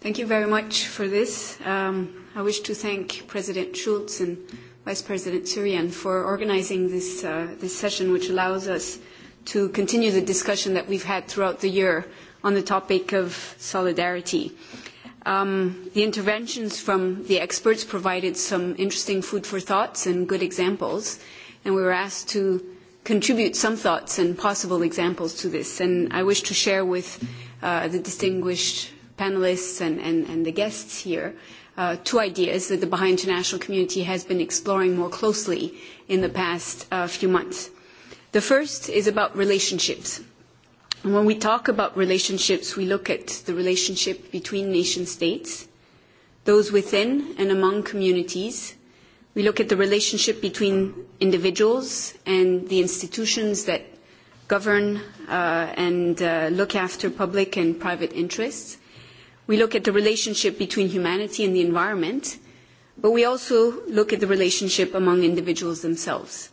Thank you very much for this. I wish to thank President Schulz and Vice President Turian, for organizing this this session, which allows us to continue the discussion that we've had throughout the year on the topic of solidarity. Um The interventions from the experts provided some interesting food for thoughts and good examples, and we were asked to contribute some thoughts and possible examples to this. And I wish to share with the distinguished panelists and and the guests here two ideas that the Baha'i international community has been exploring more closely in the past few months. The first is about relationships. When we talk about relationships, we look at the relationship between nation states, those within and among communities. We look at the relationship between individuals and the institutions that govern and look after public and private interests. We look at the relationship between humanity and the environment, but we also look at the relationship among individuals themselves.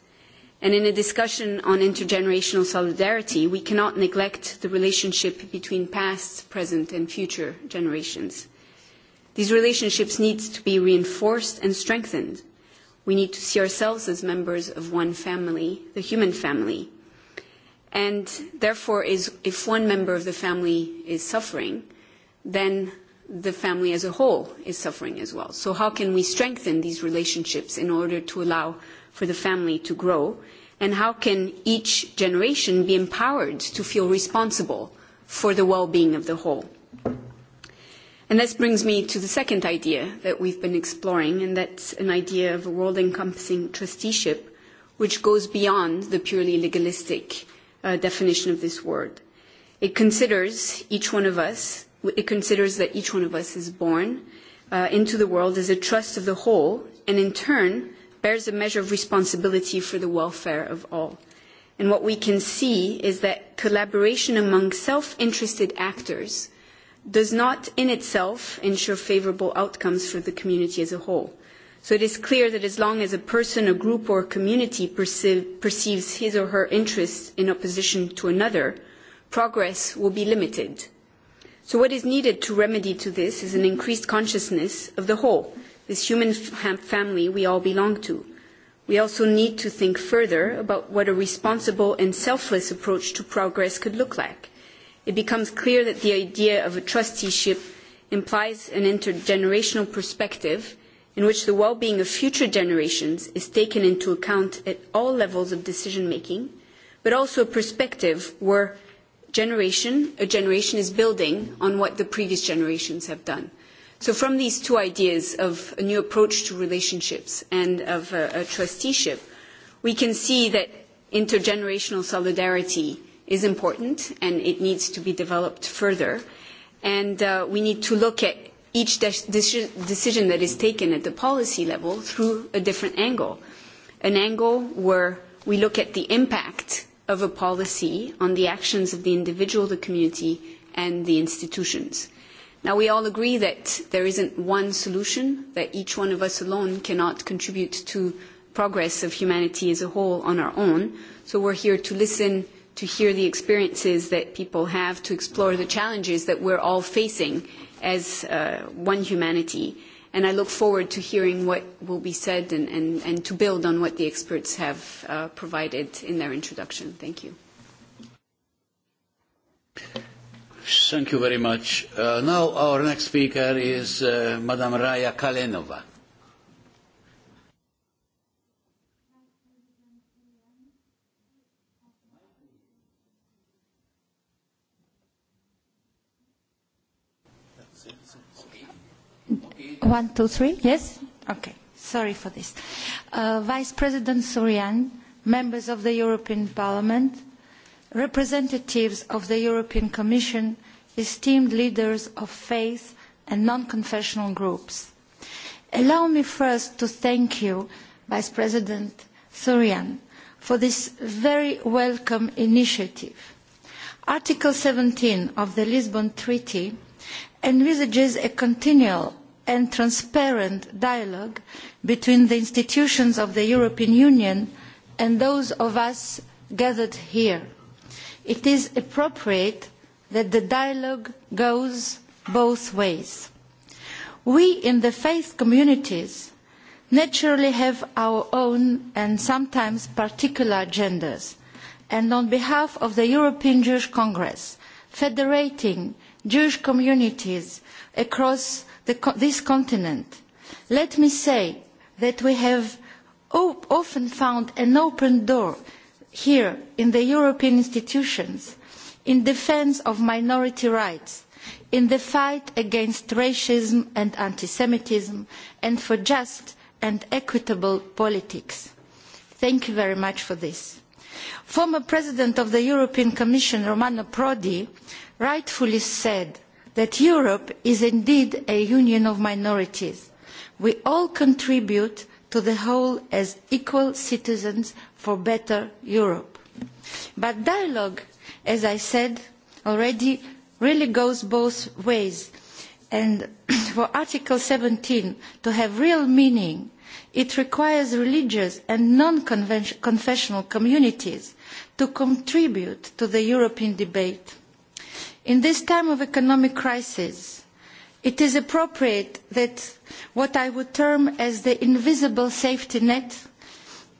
And in a discussion on intergenerational solidarity, we cannot neglect the relationship between past, present and future generations. These relationships need to be reinforced and strengthened. We need to see ourselves as members of one family, the human family. And therefore, if one member of the family is suffering, then the family as a whole is suffering as well. So how can we strengthen these relationships in order to allow for the family to grow? And how can each generation be empowered to feel responsible for the well-being of the whole? And this brings me to the second idea that we've been exploring, and that's an idea of a world-encompassing trusteeship, which goes beyond the purely legalistic definition of this word. It considers each one of us it considers that each one of us is born into the world as a trust of the whole and in turn bears a measure of responsibility for the welfare of all. And what we can see is that collaboration among self-interested actors does not in itself ensure favourable outcomes for the community as a whole. So it is clear that as long as a person, a group or a community perceives his or her interests in opposition to another, progress will be limited So what is needed to remedy to this is an increased consciousness of the whole, this human family we all belong to. We also need to think further about what a responsible and selfless approach to progress could look like. It becomes clear that the idea of a trusteeship implies an intergenerational perspective in which the well-being of future generations is taken into account at all levels of decision-making, but also a perspective where generation, a generation is building on what the previous generations have done. So from these two ideas of a new approach to relationships and of a trusteeship, we can see that intergenerational solidarity is important and it needs to be developed further. And we need to look at each decision that is taken at the policy level through a different angle, an angle where we look at the impact of a policy on the actions of the individual, the community and the institutions. Now we all agree that there isn't one solution, that each one of us alone cannot contribute to progress of humanity as a whole on our own. So we're here to listen, to hear the experiences that people have, to explore the challenges that we're all facing as one humanity and I look forward to hearing what will be said and to build on what the experts have provided in their introduction. Thank you. Thank you very much. Now our next speaker is Madame Raya Kalenova. One, two, three. Yes? Okay. Sorry for this. Vice President Surian, members of the European Parliament, representatives of the European Commission, esteemed leaders of faith and non-confessional groups. Allow me first to thank you, Vice President Surian, for this very welcome initiative. Article 17 of the Lisbon Treaty envisages a continual and transparent dialogue between the institutions of the European Union and those of us gathered here. It is appropriate that the dialogue goes both ways. We in the faith communities naturally have our own and sometimes particular agendas, and on behalf of the European Jewish Congress, federating Jewish communities across this continent. Let me say that we have often found an open door here in the European institutions in defence of minority rights, in the fight against racism and anti-Semitism, and for just and equitable politics. Thank you very much for this. Former President of the European Commission, Romano Prodi, rightfully said that Europe is indeed a union of minorities. We all contribute to the whole as equal citizens for better Europe. But dialogue, as I said already, really goes both ways. And for Article 17 to have real meaning, it requires religious and non-confessional communities to contribute to the European debate In this time of economic crisis, it is appropriate that what I would term as the invisible safety net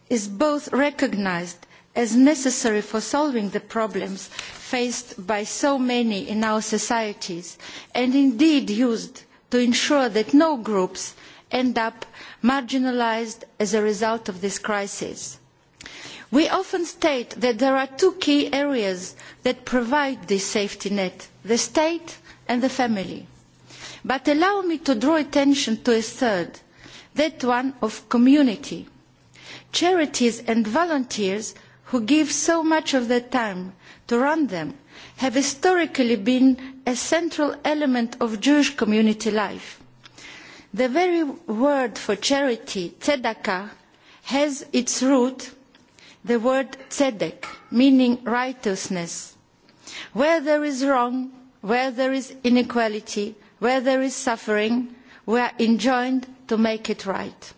is both recognised as necessary for solving the problems faced by so many in our societies and indeed used to ensure that no groups end up marginalised as a result of this crisis. We often state that there are two key areas that provide this safety net, the state and the family. But allow me to draw attention to a third, that one of community. Charities and volunteers who give so much of their time to run them have historically been a central element of Jewish community life. The very word for charity, tzedakah, has its root the word tzedek, meaning righteousness. Where there is wrong, where there is inequality, where there is suffering, we are enjoined to make it right.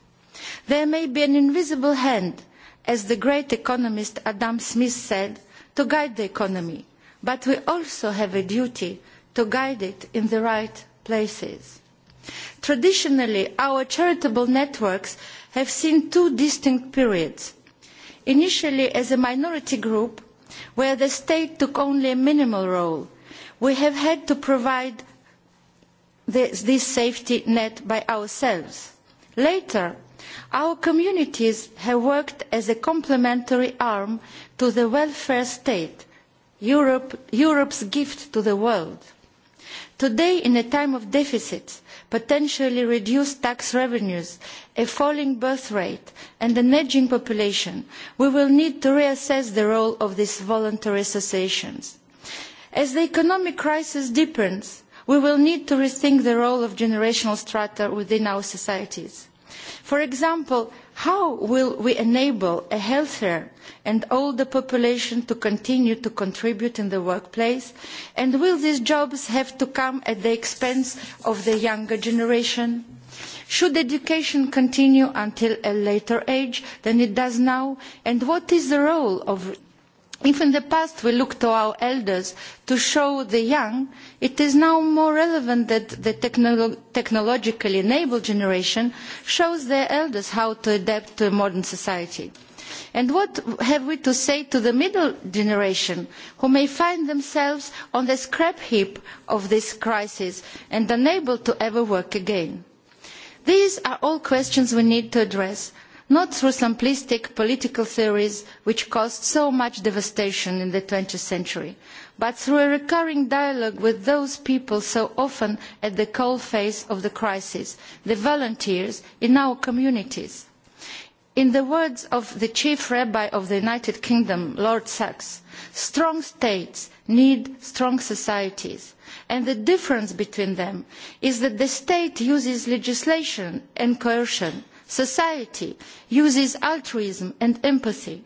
There may be an invisible hand, as the great economist Adam Smith said, to guide the economy, but we also have a duty to guide it in the right places. Traditionally, our charitable networks have seen two distinct periods initially as a minority group where the state took only a minimal role we have had to provide this safety net by ourselves. later our communities have worked as a complementary arm to the welfare state europe's gift to the world. Today, in a time of deficits, potentially reduced tax revenues, a falling birth rate and an ageing population, we will need to reassess the role of these voluntary associations. As the economic crisis deepens, we will need to rethink the role of generational strata within our societies. For example, How will we enable a healthier and older population to continue to contribute in the workplace? And will these jobs have to come at the expense of the younger generation? Should education continue until a later age than it does now? And what is the role of If in the past we looked to our elders to show the young, it is now more relevant that the technologically enabled generation shows their elders how to adapt to a modern society. And what have we to say to the middle generation, who may find themselves on the scrap heap of this crisis and unable to ever work again? These are all questions we need to address not through simplistic political theories which caused so much devastation in the 20th century, but through a recurring dialogue with those people so often at the face of the crisis, the volunteers in our communities. In the words of the chief rabbi of the United Kingdom, Lord Sachs, strong states need strong societies, and the difference between them is that the state uses legislation and coercion, Society uses altruism and empathy.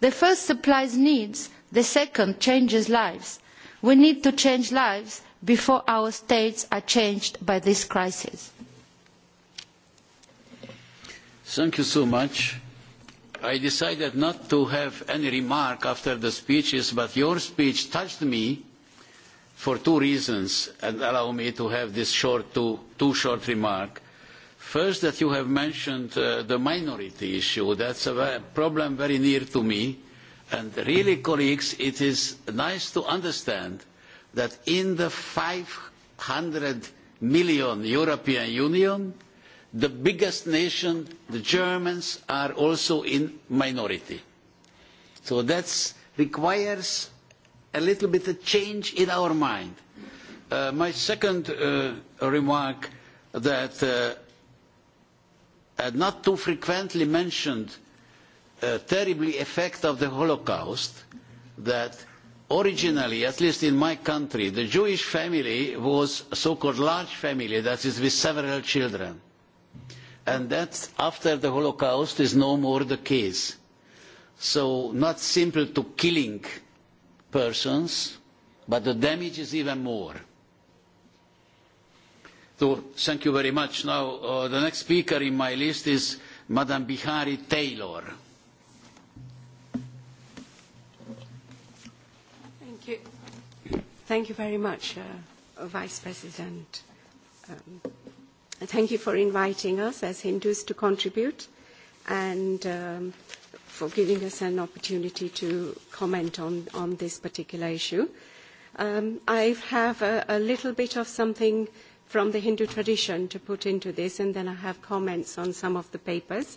The first supplies needs, the second changes lives. We need to change lives before our states are changed by this crisis. Thank you so much. I decided not to have any remark after the speeches, but your speech touched me for two reasons and allow me to have this short, two short remark. First, that you have mentioned the minority issue. That's a problem very near to me. And really, colleagues, it is nice to understand that in the 500 million European Union, the biggest nation, the Germans, are also in minority. So that requires a little bit of change in our mind. My second remark that not too frequently mentioned terrible effect of the Holocaust that originally, at least in my country, the Jewish family was a so-called large family, that is with several children. And that, after the Holocaust, is no more the case. So not simple to killing persons, but the damage is even more. Thank you very much. Now, the next speaker in my list is Madam Bihari Taylor. Thank you. Thank you very much, Vice President. Thank you for inviting us as Hindus to contribute and for giving us an opportunity to comment on this particular issue. I have a little bit of something from the Hindu tradition to put into this, and then I have comments on some of the papers.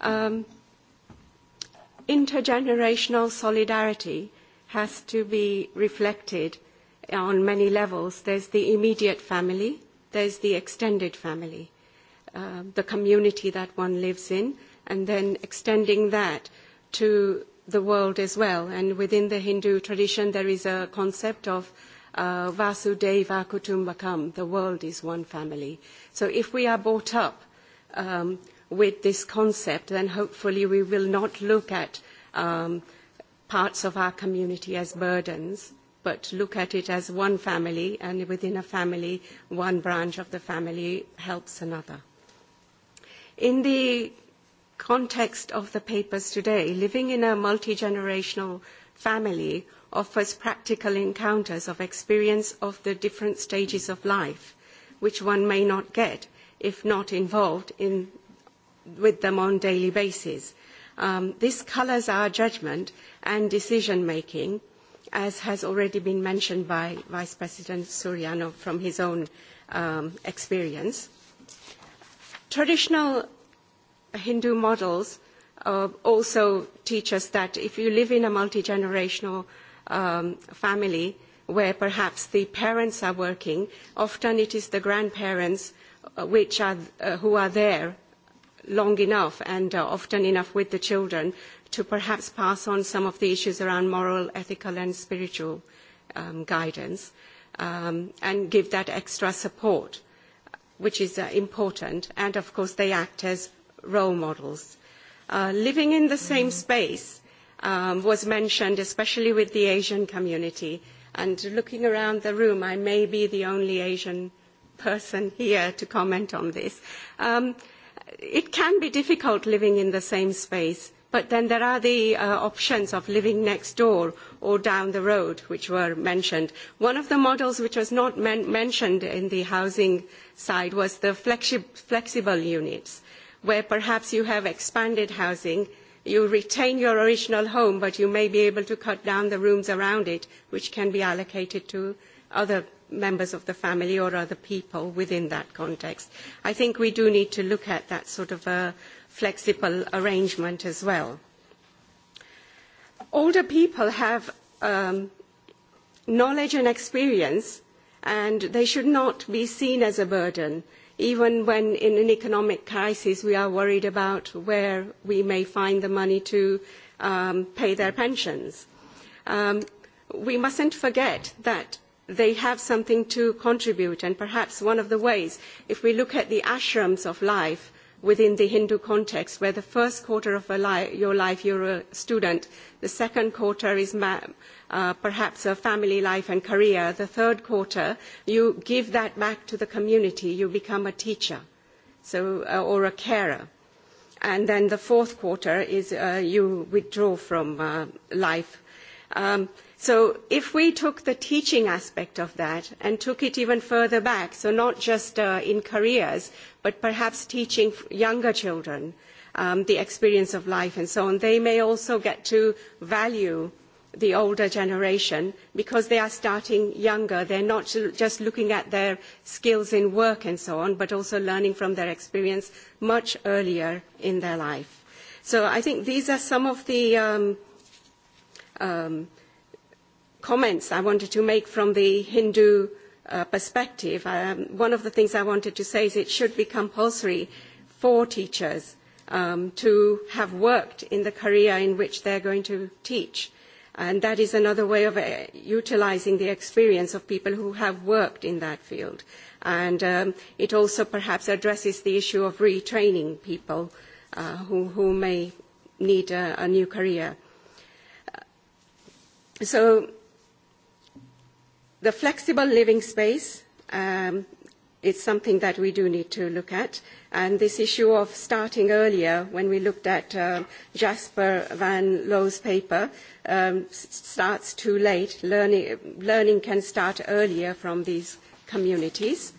Intergenerational solidarity has to be reflected on many levels. There's the immediate family, there's the extended family, the community that one lives in, and then extending that to the world as well. And within the Hindu tradition, there is a concept of Vasudeva Kutumbakam, the world is one family. So if we are brought up with this concept, then hopefully we will not look at parts of our community as burdens, but look at it as one family, and within a family, one branch of the family helps another. In the context of the papers today, living in a multi-generational family offers practical encounters of experience of the different stages of life, which one may not get if not involved with them on a daily basis. This colours our judgment and decision making, as has already been mentioned by Vice President Suriano from his own experience. Traditional Hindu models also teach us that if you live in a multi-generational family where perhaps the parents are working, often it is the grandparents who are there long enough and often enough with the children to perhaps pass on some of the issues around moral, ethical and spiritual guidance and give that extra support, which is important. And, of course, they act as role models living in the same space was mentioned, especially with the Asian community. And looking around the room, I may be the only Asian person here to comment on this. It can be difficult living in the same space, but then there are the options of living next door or down the road, which were mentioned. One of the models which was not mentioned in the housing side was the flexible units where perhaps you have expanded housing you retain your original home but you may be able to cut down the rooms around it which can be allocated to other members of the family or other people within that context. i think we do need to look at that sort of a flexible arrangement as well. older people have knowledge and experience and they should not be seen as a burden even when in an economic crisis we are worried about where we may find the money to pay their pensions. We must not forget that they have something to contribute and perhaps one of the ways, if we look at the ashrams of life, within the Hindu context, where the first quarter of your life you're a student, the second quarter is perhaps a family life and career, the third quarter you give that back to the community, you become a teacher or a carer. And then the fourth quarter is you withdraw from life. So if we took the teaching aspect of that and took it even further back, so not just in careers, but perhaps teaching younger children the experience of life and so on, they may also get to value the older generation because they are starting younger. They're not just looking at their skills in work and so on, but also learning from their experience much earlier in their life. So I think these are some of the comments I wanted to make from the Hindu perspective. One of the things I wanted to say is it should be compulsory for teachers to have worked in the career in which they are going to teach. And that is another way of utilising the experience of people who have worked in that field. And it also perhaps addresses the issue of retraining people who may need a new career. So The flexible living space is something that we do need to look at, and this issue of starting earlier, when we looked at Jasper van Loo's paper, starts too late. Learning can start earlier from these communities,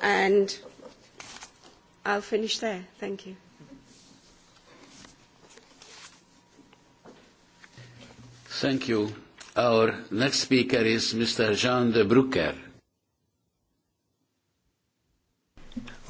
and I'll finish there. Thank you. Thank you. Our next speaker is Mr. Jean de Brucker.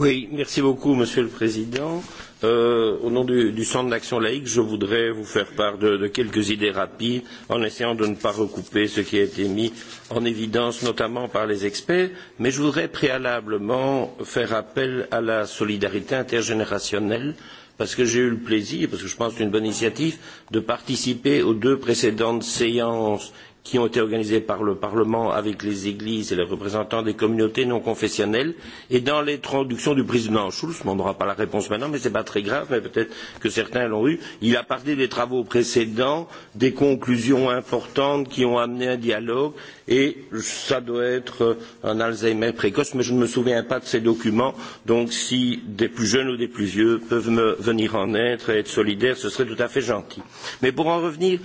Oui, merci beaucoup, Monsieur le Président. Au nom du Centre d'action laïque, je voudrais vous faire part de quelques idées rapides, en essayant de ne pas recouper ce qui a été mis en évidence, notamment par les experts, mais je voudrais préalablement faire appel à la solidarité intergénérationnelle parce que j'ai eu le plaisir, parce que je pense que c'est une bonne initiative, de participer aux deux précédentes séances qui ont été organisées par le Parlement avec les églises et les représentants des communautés non confessionnelles et dans les traductions du président Schulz, on n'aura pas la réponse maintenant, mais ce n'est pas très grave, mais peut-être que certains l'ont eu, il a parlé des travaux précédents, des conclusions importantes qui ont amené un dialogue et ça doit être un Alzheimer précoce, mais je ne me souviens pas de ces documents, donc si des plus jeunes ou des plus vieux peuvent me venir en être et être solidaires, ce serait tout à fait gentil. Mais pour en revenir,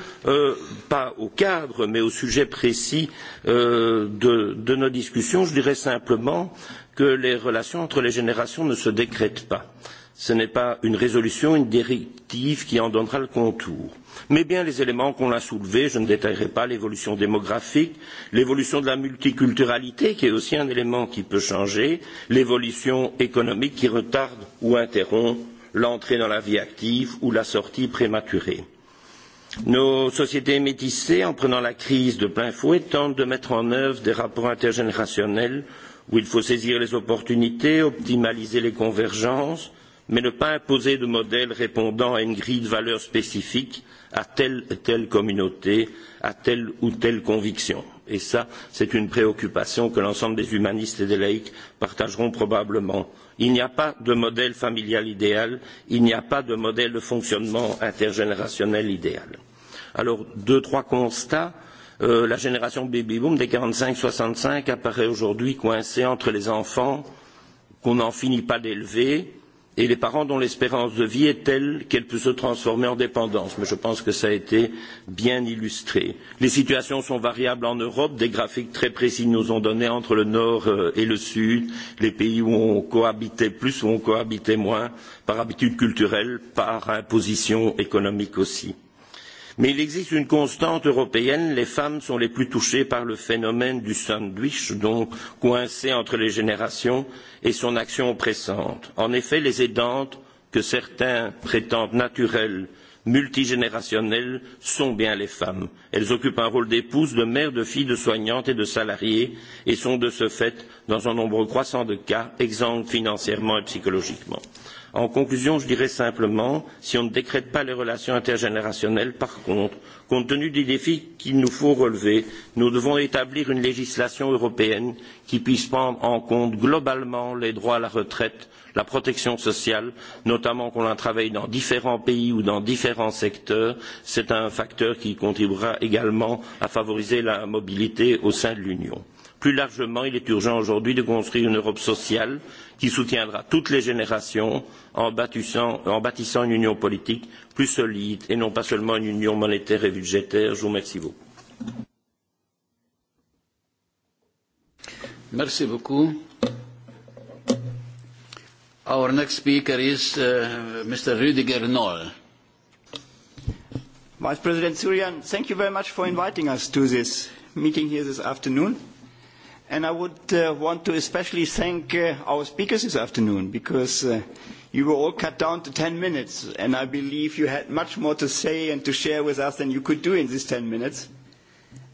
pas au cadre, mais sujet précis de nos discussions, je dirais simplement que les relations entre les générations ne se décrètent pas. Ce n'est pas une résolution, une directive qui en donnera le contour, mais bien les éléments qu'on a soulevés. Je ne détaillerai pas l'évolution démographique, l'évolution de la multiculturalité, qui est aussi un élément qui peut changer, l'évolution économique qui retarde ou interrompt l'entrée dans la vie active ou la sortie prématurée. Nos sociétés métissées, en prenant la crise de plein fouet, tentent de mettre en œuvre des rapports intergénérationnels où il faut saisir les opportunités, optimaliser les convergences, mais ne pas imposer de modèles répondant à une grille de valeurs spécifiques à telle ou telle communauté, à telle ou telle conviction. Et ça, c'est une préoccupation que l'ensemble des humanistes et des laïcs partageront probablement Il n'y a pas de modèle familial idéal, il n'y a pas de modèle de fonctionnement intergénérationnel idéal. Alors, deux, trois constats. La génération baby-boom des 45-65 apparaît aujourd'hui coincée entre les enfants qu'on n'en finit pas d'élever et les parents dont l'espérance de vie est telle qu'elle peut se transformer en dépendance. Mais je pense que cela a été bien illustré. Les situations sont variables en Europe. Des graphiques très précis nous ont donné entre le nord et le sud, les pays où on cohabitait plus, où on cohabitait moins, par habitude culturelle, par imposition économique aussi mais il existe une constante européenne les femmes sont les plus touchées par le phénomène du sandwich donc coincées entre les générations et son action oppressante. en effet les aidantes que certains prétendent naturelles multigénérationnelles sont bien les femmes. elles occupent un rôle d'épouse de mère de fille de soignante et de salariée et sont de ce fait dans un nombre croissant de cas exemptes financièrement et psychologiquement. En conclusion, je dirais simplement, si on ne décrète pas les relations intergénérationnelles, par contre, compte tenu des défis qu'il nous faut relever, nous devons établir une législation européenne qui puisse prendre en compte globalement les droits à la retraite, la protection sociale, notamment qu'on en travaille dans différents pays ou dans différents secteurs. C'est un facteur qui contribuera également à favoriser la mobilité au sein de l'Union. Plus largement, il est urgent aujourd'hui de construire une Europe sociale qui soutiendra toutes les générations en bâtissant une union politique plus solide et non pas seulement une union monétaire et budgétaire. Je vous remercie beaucoup. Merci beaucoup. Our next speaker is Mr. Rüdiger Noll. Vice President Suryan, thank you very much for inviting us to this meeting here this afternoon and I would want to especially thank our speakers this afternoon because you were all cut down to 10 minutes and I believe you had much more to say and to share with us than you could do in these 10 minutes.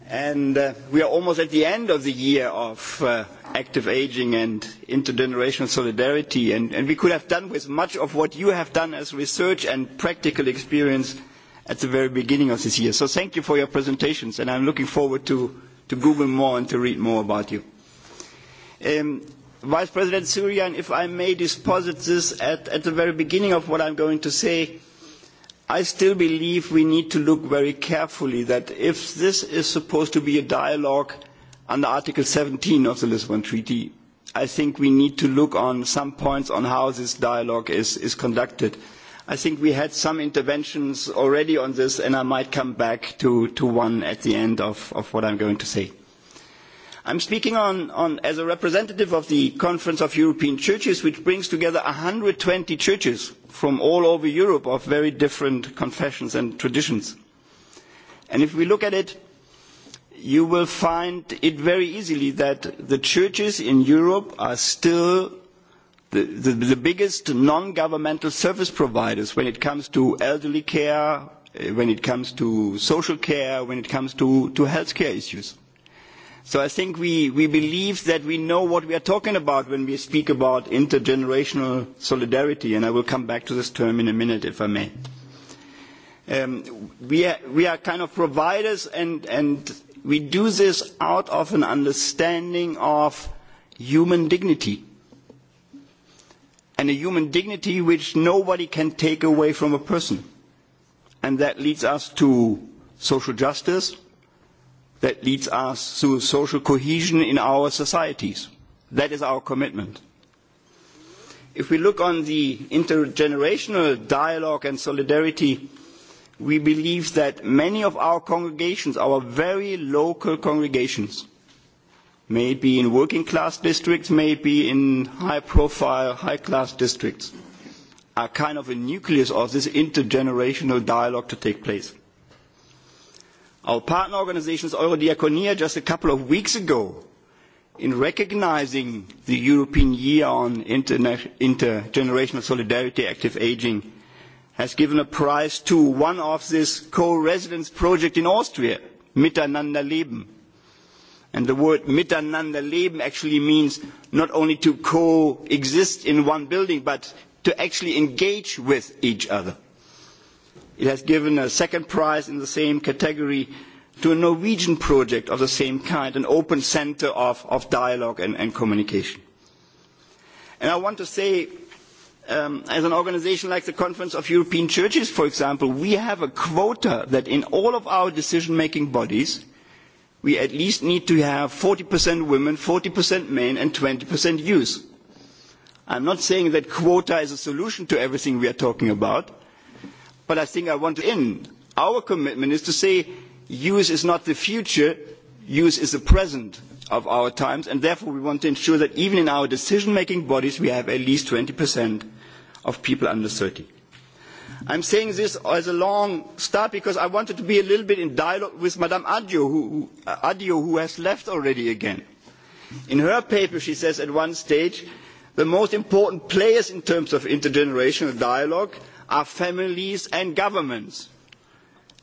And we are almost at the end of the year of active ageing and intergenerational solidarity and we could have done with much of what you have done as research and practical experience at the very beginning of this year. So thank you for your presentations and I'm looking forward to to Google more and to read more about you. Vice President Surian, if I may deposit this at the very beginning of what I'm going to say, I still believe we need to look very carefully that if this is supposed to be a dialogue under Article 17 of the Lisbon Treaty, I think we need to look on some points on how this dialogue is conducted. I think we had some interventions already on this, and I might come back to one at the end of what I'm going to say. I'm speaking as a representative of the Conference of European Churches, which brings together 120 churches from all over Europe of very different confessions and traditions. And if we look at it, you will find it very easily that the churches in Europe are still The biggest non-governmental service providers when it comes to elderly care, when it comes to social care, when it comes to health care issues. So I think we believe that we know what we are talking about when we speak about intergenerational solidarity, and I will come back to this term in a minute, if I may. We are kind of providers, and we do this out of an understanding of human dignity and a human dignity which nobody can take away from a person. And that leads us to social justice, that leads us to social cohesion in our societies. That is our commitment. If we look on the intergenerational dialogue and solidarity, we believe that many of our congregations, our very local congregations, may be in working class districts, maybe in high profile, high class districts, are kind of a nucleus of this intergenerational dialogue to take place. Our partner organizations, Eurodiaconia, just a couple of weeks ago, in recognizing the European Year on Intergenerational Solidarity Active Aging, has given a prize to one of this co-residence project in Austria, Miteinander Leben And the word miteinander leben actually means not only to coexist in one building, but to actually engage with each other. It has given a second prize in the same category to a Norwegian project of the same kind, an open centre of dialogue and communication. And I want to say, as an organisation like the Conference of European Churches, for example, we have a quota that in all of our decision-making bodies, we at least need to have 40% women, 40% men and 20% youth. I'm not saying that quota is a solution to everything we are talking about, but I think I want to end. Our commitment is to say youth is not the future, youth is the present of our times, and therefore we want to ensure that even in our decision-making bodies we have at least 20% of people under 30. I am saying this as a long start because I wanted to be a little bit in dialogue with Madame Adio, who has left already again. In her paper, she says at one stage, the most important players in terms of intergenerational dialogue are families and governments.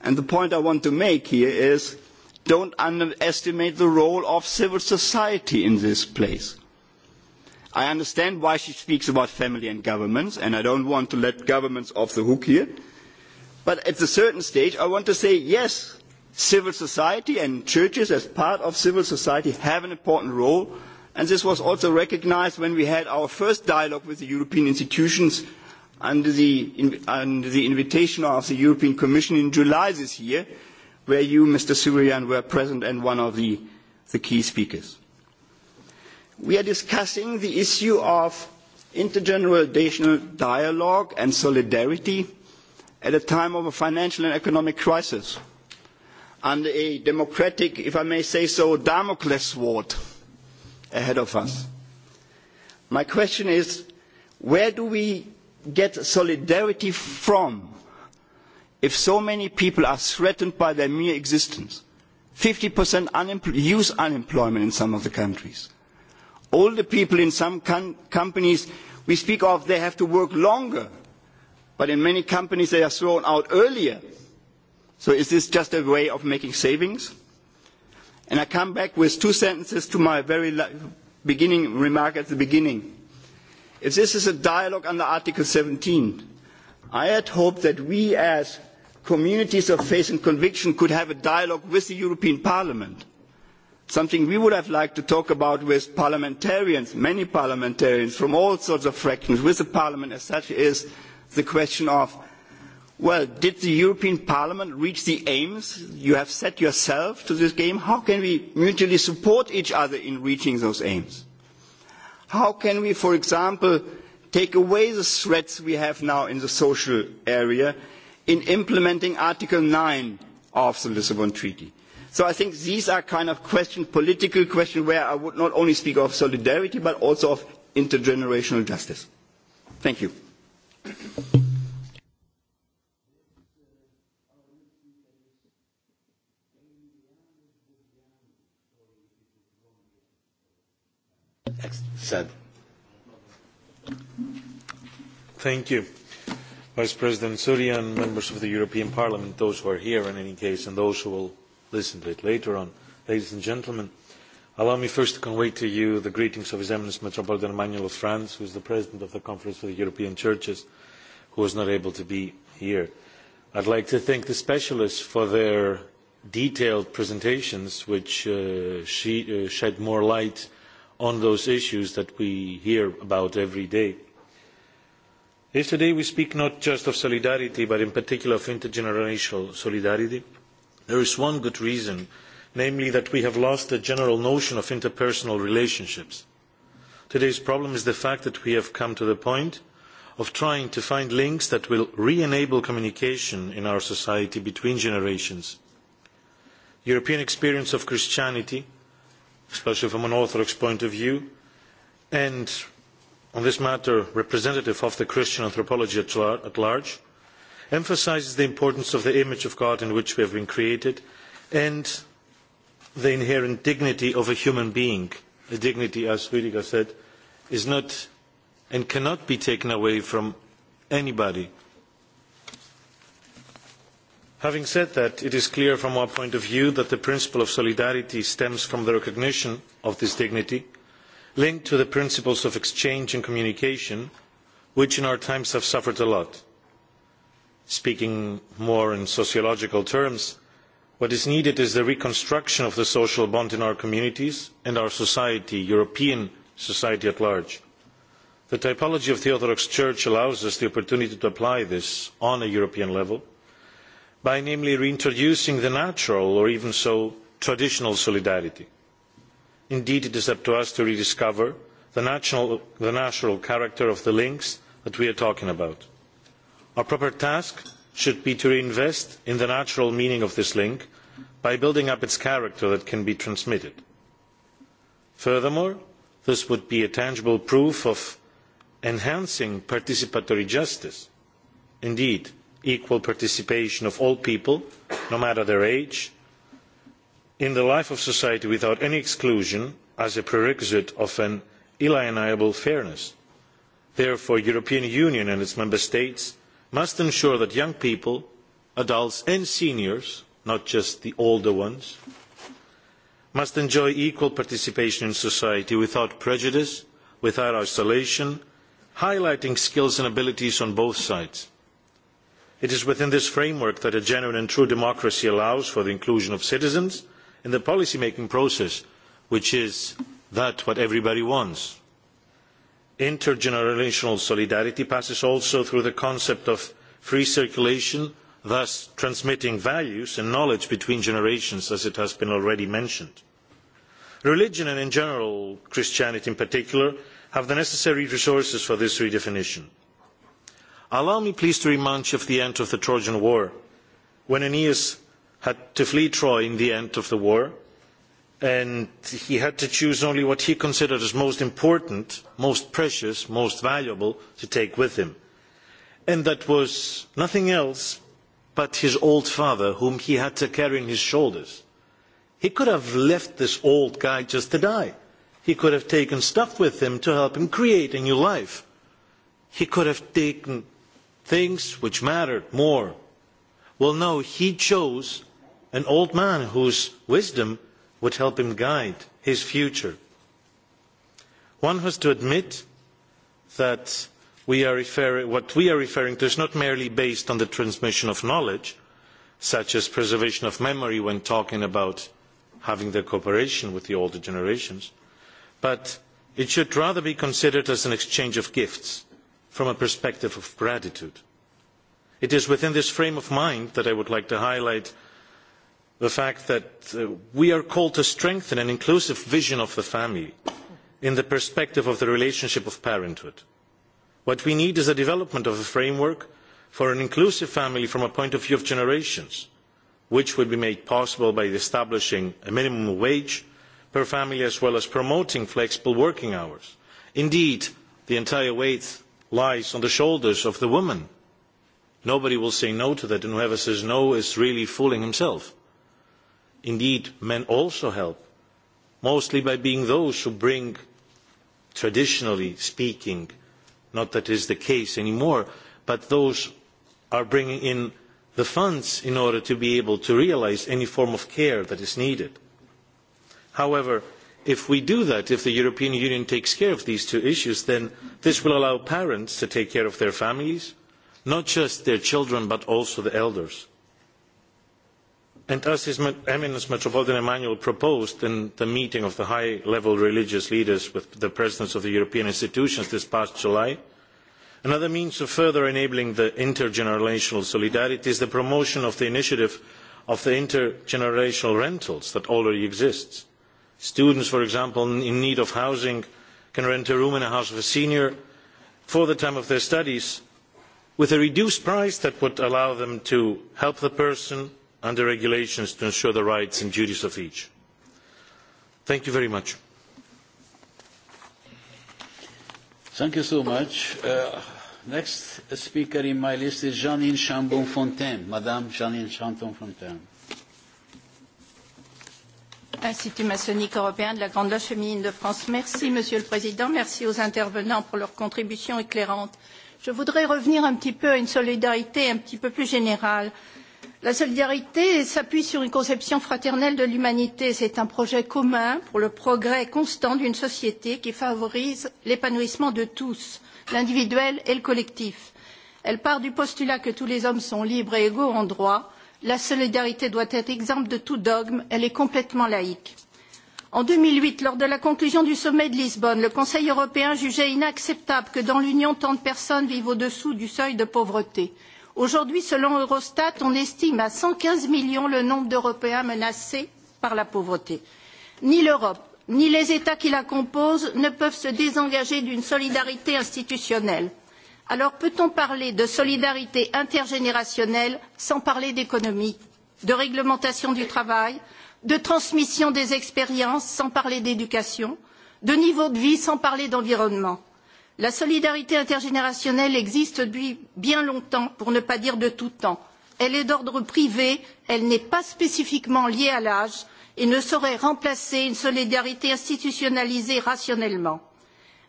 And the point I want to make here is, don't underestimate the role of civil society in this place I understand why she speaks about family and governments, and I don't want to let governments off the hook here. But at a certain stage, I want to say, yes, civil society and churches as part of civil society have an important role, and this was also recognised when we had our first dialogue with the European institutions under the invitation of the European Commission in July this year, where you, Mr. Surian, were present and one of the key speakers we are discussing the issue of intergenerational dialogue and solidarity at a time of a financial and economic crisis under a democratic if i may say so damocles sword ahead of us. my question is where do we get solidarity from if so many people are threatened by their mere existence? 50% youth unemployment in some of the countries older people in some companies we speak of they have to work longer but in many companies they are thrown out earlier so is this just a way of making savings and i come back with two sentences to my very beginning remark at the beginning if this is a dialogue under article 17 i had hoped that we as communities of faith and conviction could have a dialogue with the european parliament something we would have liked to talk about with parliamentarians many parliamentarians from all sorts of fractions with the parliament as such is the question of well did the european parliament reach the aims you have set yourself to this game how can we mutually support each other in reaching those aims how can we for example take away the threats we have now in the social area in implementing article 9 of the lisbon treaty So I think these are kind of questions, political questions, where I would not only speak of solidarity, but also of intergenerational justice. Thank you. Thank you, Vice President Surya and members of the European Parliament, those who are here in any case, and those who will listen to it later on. Ladies and gentlemen, allow me first to convey to you the greetings of His Eminence Metropolitan Emmanuel of France, who is the President of the Conference of the European Churches, who was not able to be here. I'd like to thank the specialists for their detailed presentations, which shed more light on those issues that we hear about every day. If today we speak not just of solidarity, but in particular of intergenerational solidarity, There is one good reason, namely that we have lost the general notion of interpersonal relationships. Today's problem is the fact that we have come to the point of trying to find links that will re-enable communication in our society between generations. European experience of Christianity, especially from an Orthodox point of view, and on this matter representative of the Christian anthropology at large, emphasises the importance of the image of God in which we have been created and the inherent dignity of a human being. a dignity, as Rüdiger said, is not and cannot be taken away from anybody. Having said that, it is clear from our point of view that the principle of solidarity stems from the recognition of this dignity, linked to the principles of exchange and communication, which in our times have suffered a lot Speaking more in sociological terms, what is needed is the reconstruction of the social bond in our communities and our society, European society at large. The typology of the Orthodox Church allows us the opportunity to apply this on a European level by namely reintroducing the natural or even so traditional solidarity. Indeed, it is up to us to rediscover the natural character of the links that we are talking about. Our proper task should be to reinvest in the natural meaning of this link by building up its character that can be transmitted. Furthermore, this would be a tangible proof of enhancing participatory justice. Indeed, equal participation of all people, no matter their age, in the life of society without any exclusion as a prerequisite of an inalienable fairness. Therefore, the European Union and its member states must ensure that young people, adults and seniors, not just the older ones, must enjoy equal participation in society without prejudice, without isolation, highlighting skills and abilities on both sides. It is within this framework that a genuine and true democracy allows for the inclusion of citizens in the policy making process, which is that what everybody wants intergenerational solidarity passes also through the concept of free circulation thus transmitting values and knowledge between generations as has been already mentioned. religion and in general christianity in particular have the necessary resources for this redefinition. allow me please to remind you of the end of the trojan war when aeneas had to flee troy in the end of the war and he had to choose only what he considered as most important most precious most valuable to take with him and that was nothing else but his old father whom he had to carry on his shoulders. he could have left this old guy just to die he could have taken stuff with him to help him create a new life he could have taken things which mattered more. well no he chose an old man whose wisdom would help him guide his future. One has to admit that what we are referring to is not merely based on the transmission of knowledge, such as preservation of memory when talking about having the cooperation with the older generations, but it should rather be considered as an exchange of gifts from a perspective of gratitude. It is within this frame of mind that I would like to highlight the fact that we are called to strengthen an inclusive vision of the family in the perspective of the relationship of parenthood. What we need is the development of a framework for an inclusive family from a point of view of generations, which would be made possible by establishing a minimum wage per family as well as promoting flexible working hours. Indeed, the entire weight lies on the shoulders of the woman. Nobody will say no to that, and whoever says no is really fooling himself Indeed, men also help, mostly by being those who bring, traditionally speaking, not that is the case anymore, but those are bringing in the funds in order to be able to realise any form of care that is needed. However, if we do that, if the European Union takes care of these two issues, then this will allow parents to take care of their families, not just their children, but also the elders as his eminence metropolitan emmanuel proposed in the meeting of the high level religious leaders with the presidents of the european institutions this past july another means of further enabling the intergenerational solidarity is the promotion of the initiative of the intergenerational rentals that already exists. students for example in need of housing can rent a room in a house of a senior for the time of their studies with a reduced price that would allow them to help the person and the regulations to ensure the rights and duties of each. Thank you very much. Thank you so much. Next speaker in my list is Jeanine Chambon Fontaine. Madame Jeanine Chambon Fontaine. Institut maçonnique européen de la Grande Loge féminine de France. Merci, Monsieur le Président. Merci aux intervenants pour leur contribution éclairante. Je voudrais revenir un petit peu à une solidarité un petit peu plus générale La solidarité s'appuie sur une conception fraternelle de l'humanité. C'est un projet commun pour le progrès constant d'une société qui favorise l'épanouissement de tous, l'individuel et le collectif. Elle part du postulat que tous les hommes sont libres et égaux en droit. La solidarité doit être exempte de tout dogme. Elle est complètement laïque. En 2008, lors de la conclusion du sommet de Lisbonne, le Conseil européen jugeait inacceptable que dans l'Union, tant de personnes vivent au-dessous du seuil de pauvreté. Aujourd'hui, selon Eurostat, on estime à 115 millions le nombre d'Européens menacés par la pauvreté. Ni l'Europe, ni les États qui la composent ne peuvent se désengager d'une solidarité institutionnelle. Alors peut-on parler de solidarité intergénérationnelle sans parler d'économie, de réglementation du travail, de transmission des expériences sans parler d'éducation, de niveau de vie sans parler d'environnement La solidarité intergénérationnelle existe depuis bien longtemps, pour ne pas dire de tout temps. Elle est d'ordre privé, elle n'est pas spécifiquement liée à l'âge et ne saurait remplacer une solidarité institutionnalisée rationnellement.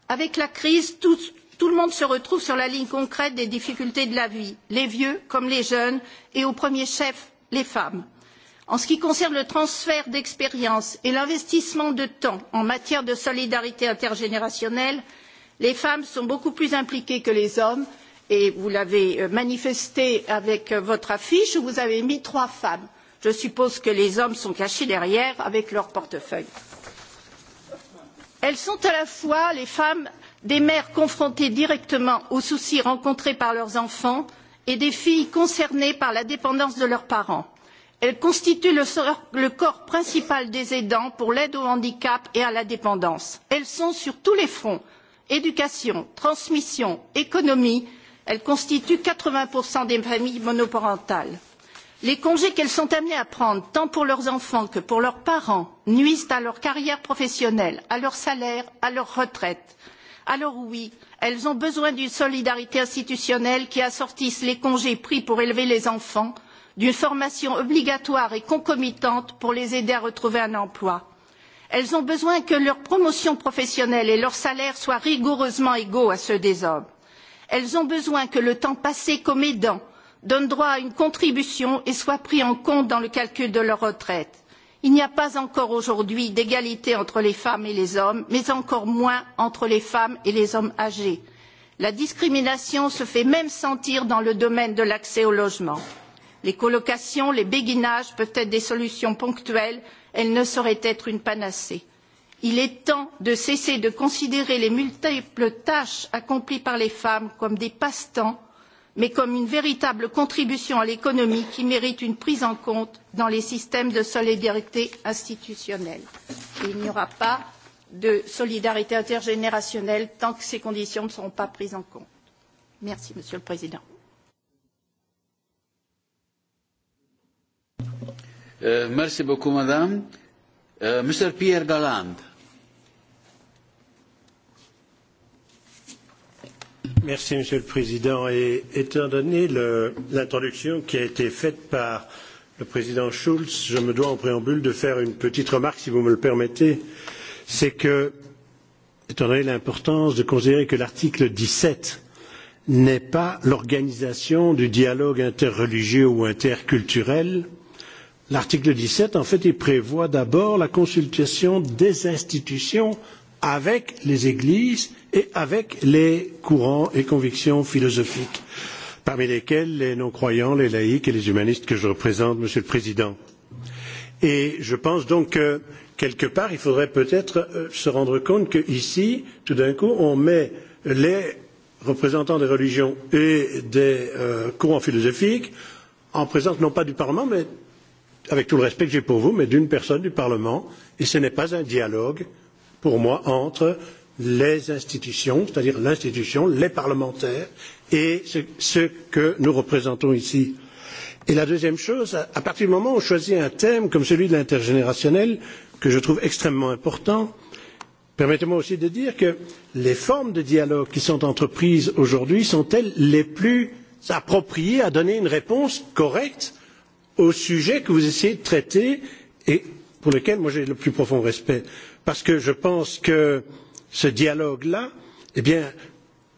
Avec la crise, tout le monde se retrouve sur la ligne concrète des difficultés de la vie, les vieux comme les jeunes et au premier chef les femmes. En ce qui concerne le transfert d'expérience et l'investissement de temps en matière de solidarité intergénérationnelle, les femmes sont beaucoup plus impliquées que les hommes et vous l'avez manifesté avec votre affiche où vous avez mis trois femmes. je suppose que les hommes sont cachés derrière avec leur portefeuille. elles sont à la fois les femmes des mères confrontées directement aux soucis rencontrés par leurs enfants et des filles concernées par la dépendance de leurs parents. elles constituent le corps principal des aidants pour l'aide au handicap et à la dépendance. elles sont sur tous les fronts éducation, transmission, économie, elles constituent quatre vingts des familles monoparentales. Les congés qu'elles sont amenées à prendre, tant pour leurs enfants que pour leurs parents, nuisent à leur carrière professionnelle, à leur salaire, à leur retraite. Alors oui, elles ont besoin d'une solidarité institutionnelle qui assortisse les congés pris pour élever les enfants d'une formation obligatoire et concomitante pour les aider à retrouver un emploi elles ont besoin que leur promotion professionnelle et leur salaire soient rigoureusement égaux à ceux des hommes. elles ont besoin que le temps passé comme aidant donne droit à une contribution et soit pris en compte dans le calcul de leur retraite. il n'y a pas encore aujourd'hui d'égalité entre les femmes et les hommes mais encore moins entre les femmes et les hommes âgés. la discrimination se fait même sentir dans le domaine de l'accès au logement. les colocations les béguinages peuvent être des solutions ponctuelles elle ne saurait être une panacée. il est temps de cesser de considérer les multiples tâches accomplies par les femmes comme des passe temps mais comme une véritable contribution à l'économie qui mérite une prise en compte dans les systèmes de solidarité institutionnelle. il n'y aura pas de solidarité intergénérationnelle tant que ces conditions ne seront pas prises en compte. merci monsieur le président. Merci beaucoup, madame. Monsieur Pierre Galland. Merci, monsieur le président. Et étant donné l'introduction qui a été faite par le président Schulz, je me dois en préambule de faire une petite remarque, si vous me le permettez. C'est que, étant donné l'importance de considérer que l'article 17 n'est pas l'organisation du dialogue interreligieux ou interculturel, L'article 17, en fait, il prévoit d'abord la consultation des institutions avec les églises et avec les courants et convictions philosophiques, parmi lesquels les non-croyants, les laïcs et les humanistes que je représente, Monsieur le Président. Et je pense donc que, quelque part, il faudrait peut-être se rendre compte qu'ici, tout d'un coup, on met les représentants des religions et des courants philosophiques en présence non pas du Parlement, mais avec tout le respect que j'ai pour vous, mais d'une personne du Parlement, et ce n'est pas un dialogue, pour moi, entre les institutions, c'est-à-dire l'institution, les parlementaires, et ceux que nous représentons ici. Et la deuxième chose, à partir du moment où on choisit un thème comme celui de l'intergénérationnel, que je trouve extrêmement important, permettez-moi aussi de dire que les formes de dialogue qui sont entreprises aujourd'hui sont-elles les plus appropriées à donner une réponse correcte au sujet que vous essayez de traiter et pour lequel j'ai le plus profond respect parce que je pense que ce dialogue là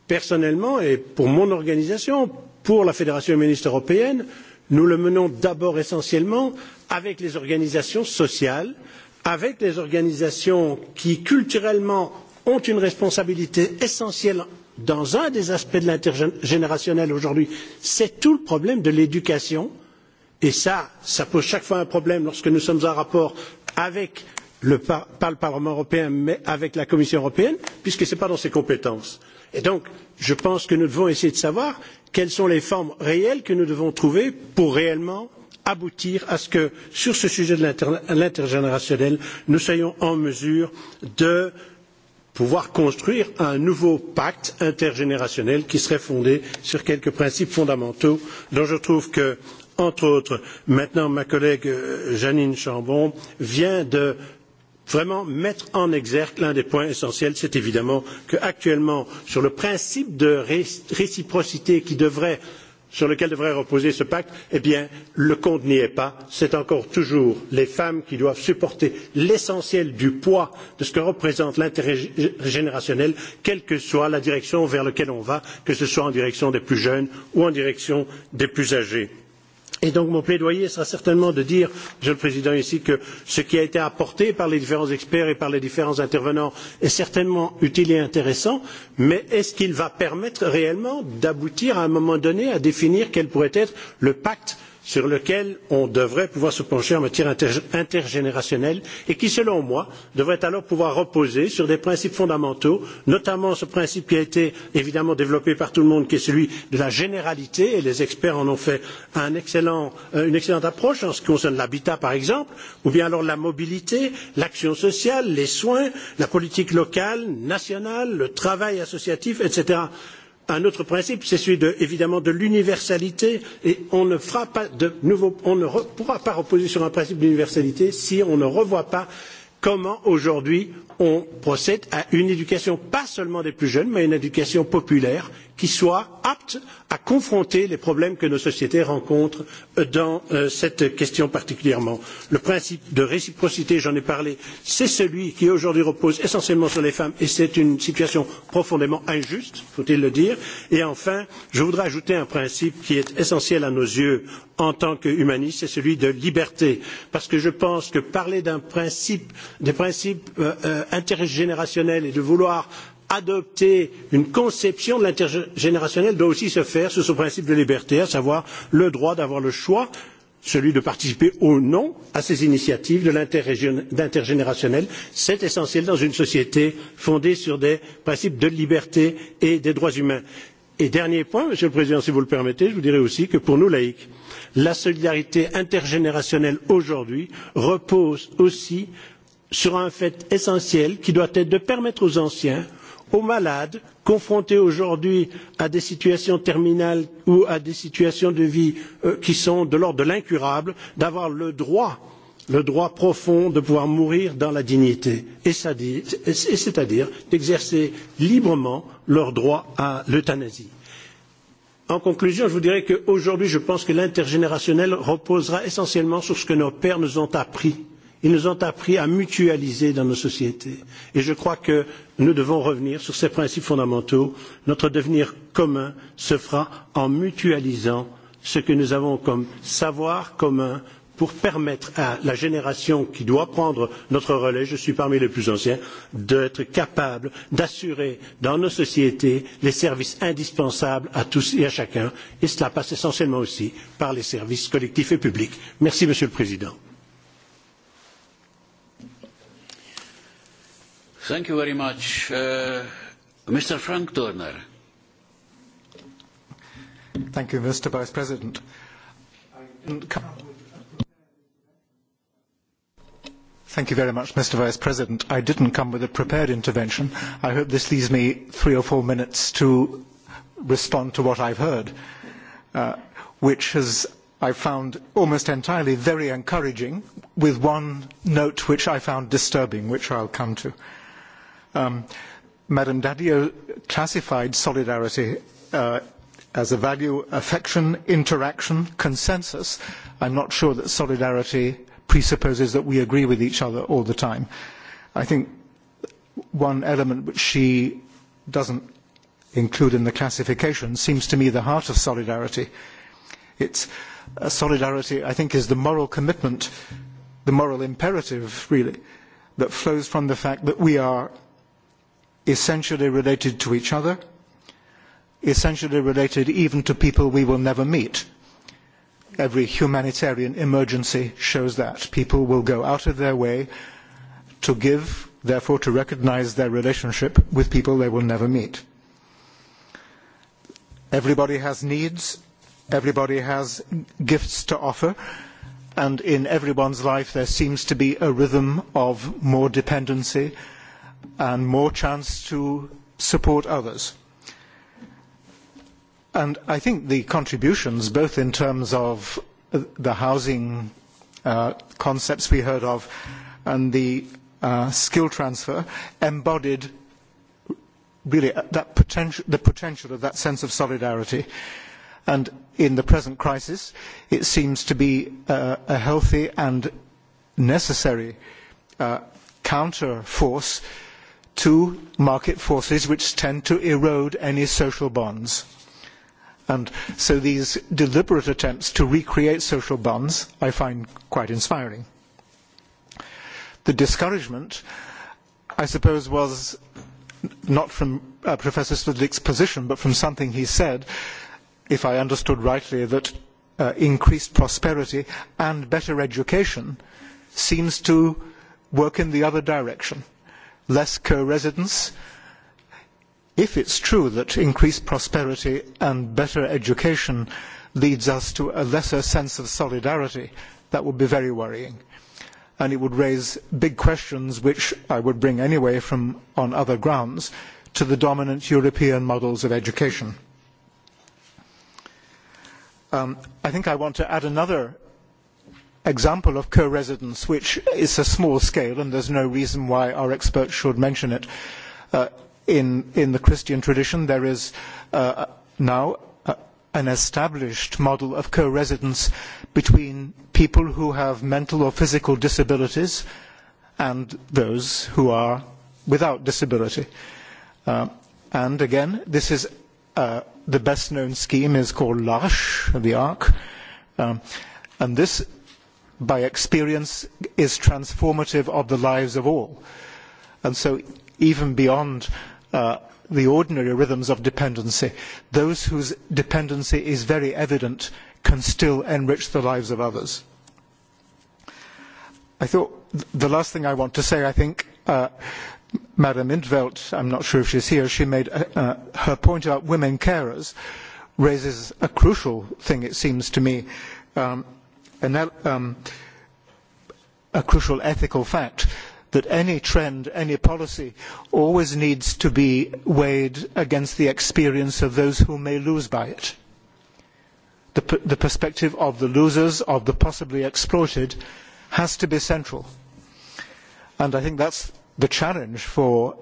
personnellement et pour mon organisation pour la fédération humaniste européenne nous le menons d'abord essentiellement avec les organisations sociales avec les organisations qui culturellement ont une responsabilité essentielle dans un des aspects de l'intergénérationnel aujourd'hui c'est tout le problème de l'éducation et ça pose chaque fois un problème lorsque nous sommes en rapport avec le parlement européen mais avec la commission européenne puisque ce n'est pas dans ses compétences. et donc je pense que nous devons essayer de savoir quelles sont les formes réelles que nous devons trouver pour réellement aboutir à ce que sur ce sujet de l'intergénérationnel nous soyons en mesure de pouvoir construire un nouveau pacte intergénérationnel qui serait fondé sur quelques principes fondamentaux dont je trouve que entre autres. Maintenant, ma collègue Jeanine Chambon vient de vraiment mettre en exergue l'un des points essentiels, c'est évidemment qu'actuellement, sur le principe de réciprocité sur lequel devrait reposer ce pacte, eh bien, le compte n'y est pas. C'est encore toujours les femmes qui doivent supporter l'essentiel du poids de ce que représente l'intérêt générationnel, quelle que soit la direction vers laquelle on va, que ce soit en direction des plus jeunes ou en direction des plus âgés Et donc mon plaidoyer sera certainement de dire, Monsieur le Président, ici que ce qui a été apporté par les différents experts et par les différents intervenants est certainement utile et intéressant, mais est-ce qu'il va permettre réellement d'aboutir à un moment donné à définir quel pourrait être le pacte sur lequel on devrait pouvoir se pencher en matière intergénérationnelle et qui selon moi devrait alors pouvoir reposer sur des principes fondamentaux notamment ce principe qui a été évidemment développé par tout le monde qui est celui de la généralité et les experts en ont fait une excellente approche en ce qui concerne l'habitat par exemple ou bien alors la mobilité l'action sociale les soins la politique locale nationale le travail associatif etc un autre principe c'est celui évidemment de l'universalité et on ne pourra pas reposer sur un principe d'universalité si on ne revoit pas comment aujourd'hui on procède à une éducation pas seulement des plus jeunes mais à une éducation populaire qui soit apte à confronter les problèmes que nos sociétés rencontrent dans cette question particulièrement. Le principe de réciprocité, j'en ai parlé, c'est celui qui aujourd'hui repose essentiellement sur les femmes et c'est une situation profondément injuste, faut-il le dire. Et enfin, je voudrais ajouter un principe qui est essentiel à nos yeux en tant qu'humanistes, c'est celui de liberté. Parce que je pense que parler d'un principe, des principes intergénérationnels et de vouloir adopter une conception de l'intergénérationnel doit aussi se faire sur ce principe de liberté, à savoir le droit d'avoir le choix, celui de participer ou non à ces initiatives d'intergénérationnel. C'est essentiel dans une société fondée sur des principes de liberté et des droits humains. Et dernier point, Monsieur le Président, si vous le permettez, je vous dirai aussi que pour nous laïcs, la solidarité intergénérationnelle aujourd'hui repose aussi sur un fait essentiel qui doit être de permettre aux anciens aux malades confrontés aujourd'hui à des situations terminales ou à des situations de vie qui sont de l'ordre de l'incurable d'avoir le droit profond de pouvoir mourir dans la dignité c'est à dire d'exercer librement leur droit à l'euthanasie. en conclusion je vous dirais qu'aujourd'hui je pense que l'intergénérationnel reposera essentiellement sur ce que nos pères nous ont appris Ils nous ont appris à mutualiser dans nos sociétés. Et je crois que nous devons revenir sur ces principes fondamentaux. Notre devenir commun se fera en mutualisant ce que nous avons comme savoir commun pour permettre à la génération qui doit prendre notre relais, je suis parmi les plus anciens, d'être capable d'assurer dans nos sociétés les services indispensables à tous et à chacun. Et cela passe essentiellement aussi par les services collectifs et publics. Merci, Monsieur le Président. Thank you very much. Mr. Frank Turner. Thank you, Mr. Vice President. Thank you very much, Mr. Vice President. I didn't come with a prepared intervention. I hope this leaves me three or four minutes to respond to what I've heard, which has I found almost entirely very encouraging, with one note which I found disturbing, which I'll come to. Madame Dadio classified solidarity as a value, affection, interaction, consensus. I'm not sure that solidarity presupposes that we agree with each other all the time. I think one element which she doesn't include in the classification seems to me the heart of solidarity. solidarity, I think, is the moral commitment, the moral imperative, really, that flows from the fact that we are essentially related to each other, essentially related even to people we will never meet. Every humanitarian emergency shows that. People will go out of their way to give, therefore to recognise their relationship with people they will never meet. Everybody has needs, everybody has gifts to offer, and in everyone's life there seems to be a rhythm of more dependency and more chance to support others. And I think the contributions, both in terms of the housing concepts we heard of and the skill transfer, embodied really the potential of that sense of solidarity. And in the present crisis, it seems to be a healthy and necessary counter force to market forces which tend to erode any social bonds. And so these deliberate attempts to recreate social bonds I find quite inspiring. The discouragement, I suppose, was not from Professor Slidlick's position, but from something he said, if I understood rightly, that increased prosperity and better education seems to work in the other direction less co-residence. If it's true that increased prosperity and better education leads us to a lesser sense of solidarity, that would be very worrying. And it would raise big questions, which I would bring anyway from on other grounds, to the dominant European models of education. I think I want to add another example of co-residence, which is a small scale, and there's no reason why our experts should mention it. In the Christian tradition, there is now an established model of co-residence between people who have mental or physical disabilities and those who are without disability. And again, this is the best known scheme is called l'Arche, the Ark, and this by experience is transformative of the lives of all. And so even beyond the ordinary rhythms of dependency, those whose dependency is very evident can still enrich the lives of others. I thought the last thing I want to say, I think Madam Intveld, I'm not sure if she's here, she made her point about women carers, raises a crucial thing, it seems to me, a crucial ethical fact that any trend, any policy always needs to be weighed against the experience of those who may lose by it. The perspective of the losers, of the possibly exploited, has to be central. And I think that's the challenge for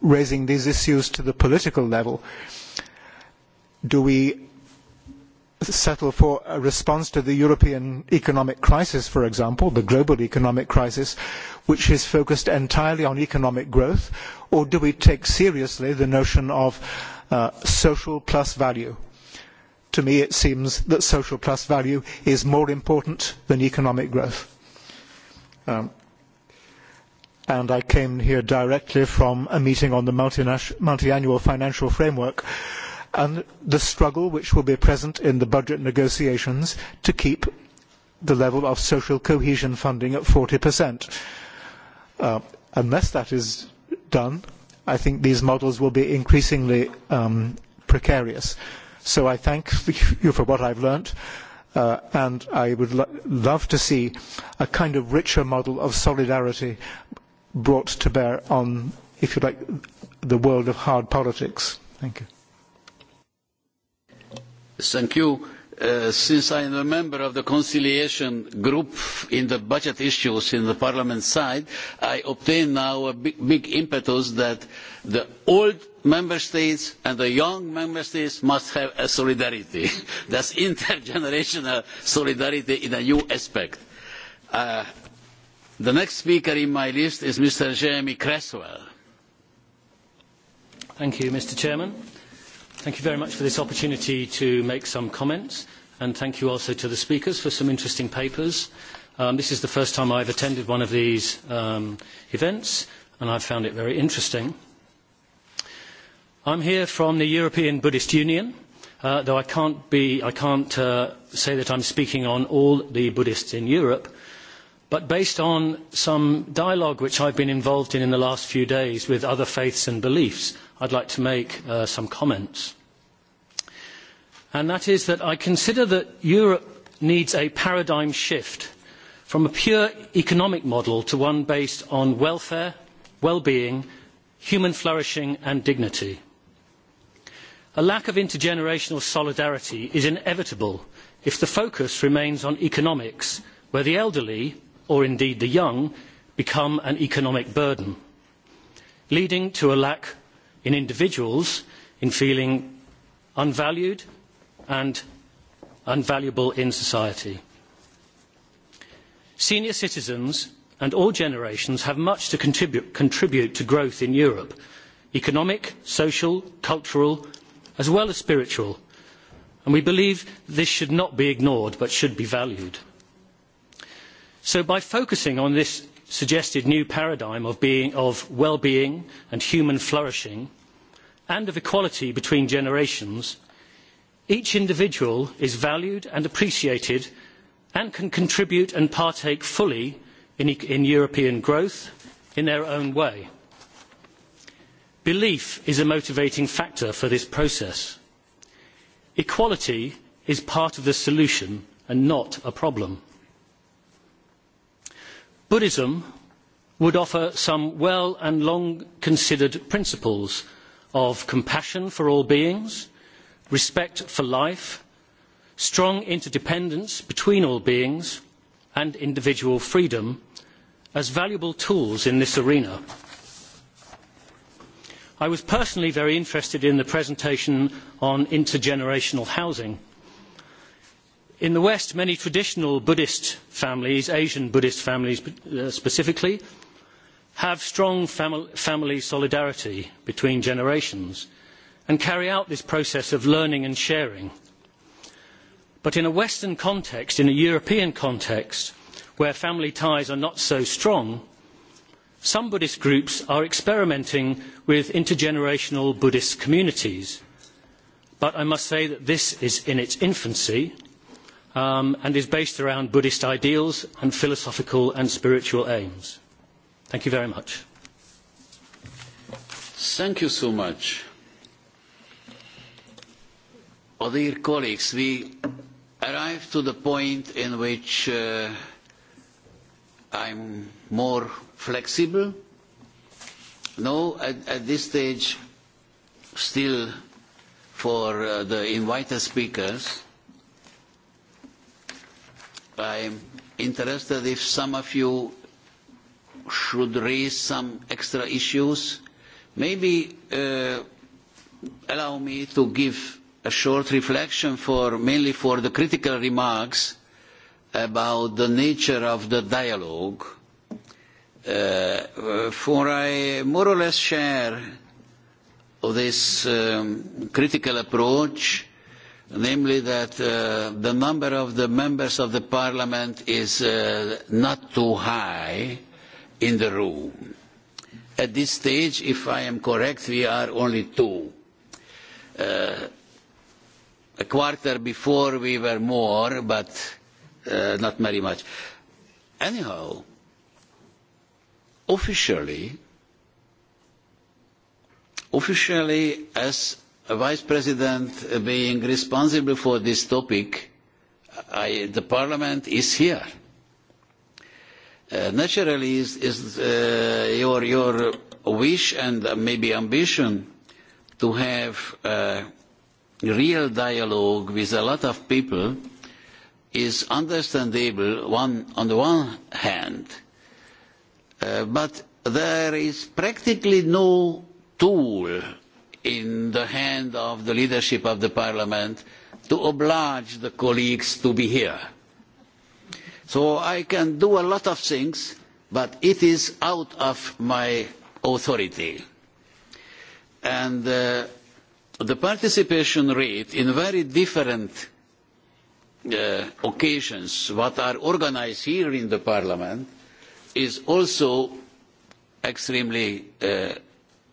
raising these issues to the political level. Do we settle for a response to the European economic crisis, for example, the global economic crisis, which is focused entirely on economic growth, or do we take seriously the notion of social plus value? To me, it seems that social plus value is more important than economic growth. And I came here directly from a meeting on the multiannual financial framework and the struggle which will be present in the budget negotiations to keep the level of social cohesion funding at 40%. Unless that is done, I think these models will be increasingly precarious. So I thank you for what I've learnt, and I would love to see a kind of richer model of solidarity brought to bear on, if you like, the world of hard politics. Thank you. Thank you. Since I am a member of the conciliation group in the budget issues in the Parliament side, I obtain now a big impetus that the old member states and the young member states must have a solidarity. That's intergenerational solidarity in a new aspect. The next speaker in my list is Mr. Jeremy Creswell. Mr. Chairman. Thank you very much for this opportunity to make some comments, and thank you also to the speakers for some interesting papers. This is the first time I've attended one of these events, and I've found it very interesting. I'm here from the European Buddhist Union, though I can't say that I'm speaking on all the Buddhists in Europe but based on some dialogue which I've been involved in in the last few days with other faiths and beliefs, I'd like to make some comments. And that is that I consider that Europe needs a paradigm shift from a pure economic model to one based on welfare, well-being, human flourishing and dignity. A lack of intergenerational solidarity is inevitable if the focus remains on economics, where the elderly or indeed the young become an economic burden leading to a lack in individuals in feeling unvalued and unvaluable in society. senior citizens and all generations have much to contribute to growth in europe economic social cultural as well as spiritual and we believe this should not be ignored but should be valued. So by focusing on this suggested new paradigm of well being and human flourishing and of equality between generations, each individual is valued and appreciated and can contribute and partake fully in European growth in their own way. Belief is a motivating factor for this process. Equality is part of the solution and not a problem. Buddhism would offer some well and long considered principles of compassion for all beings, respect for life, strong interdependence between all beings, and individual freedom as valuable tools in this arena. I was personally very interested in the presentation on intergenerational housing in the west many traditional buddhist families asian buddhist families specifically have strong family solidarity between generations and carry out this process of learning and sharing but in a western context in a european context where family ties are not so strong some buddhist groups are experimenting with intergenerational buddhist communities but i must say that this is in its infancy and is based around Buddhist ideals and philosophical and spiritual aims. Thank you very much. Thank you so much. Dear colleagues, we arrived to the point in which am more flexible. No, at this stage, still for the invited speakers am interested if some of you should raise some extra issues. Maybe allow me to give a short reflection for mainly for the critical remarks about the nature of the dialogue. For I more or less share this critical approach namely that the number of the members of the parliament is not too high in the room. At this stage, if I am correct, we are only two. A quarter before we were more, but not very much. Anyhow, officially, officially as Vice President being responsible for this topic, the Parliament is here. Naturally, is your wish and maybe ambition to have a real dialogue with a lot of people is understandable on the one hand, but there is practically no tool in the hand of the leadership of the Parliament to oblige the colleagues to be here. So I can do a lot of things, but it is out of my authority. And the participation rate in very different occasions what are organised here in the Parliament is also extremely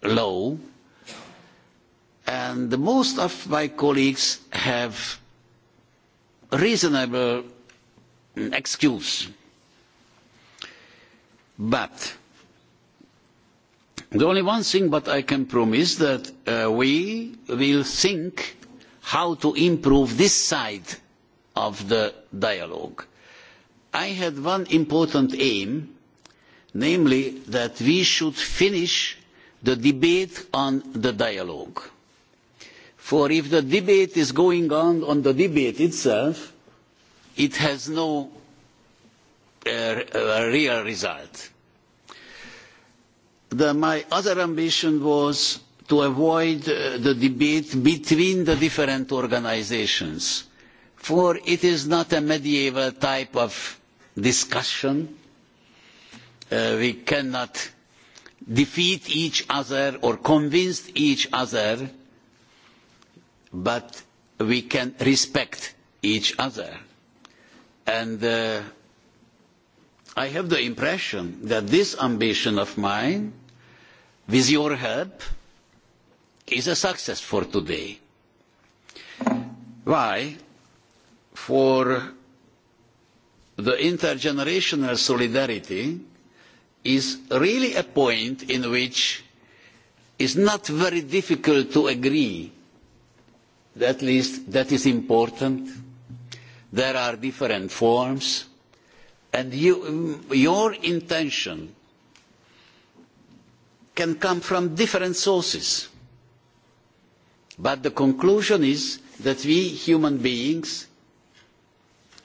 low and most of my colleagues have reasonable excuse. But the only one thing that I can promise that we will think how to improve this side of the dialogue. I had one important aim, namely that we should finish the debate on the dialogue. For if the debate is going on on the debate itself, it has no real result. My other ambition was to avoid the debate between the different organisations, for it is not a medieval type of discussion. We cannot defeat each other or convince each other but we can respect each other. And I have the impression that this ambition of mine, with your help, is a success for today. Why? For the intergenerational solidarity is really a point in which it is not very difficult to agree at least that is important. There are different forms. And your intention can come from different sources. But the conclusion is that we human beings,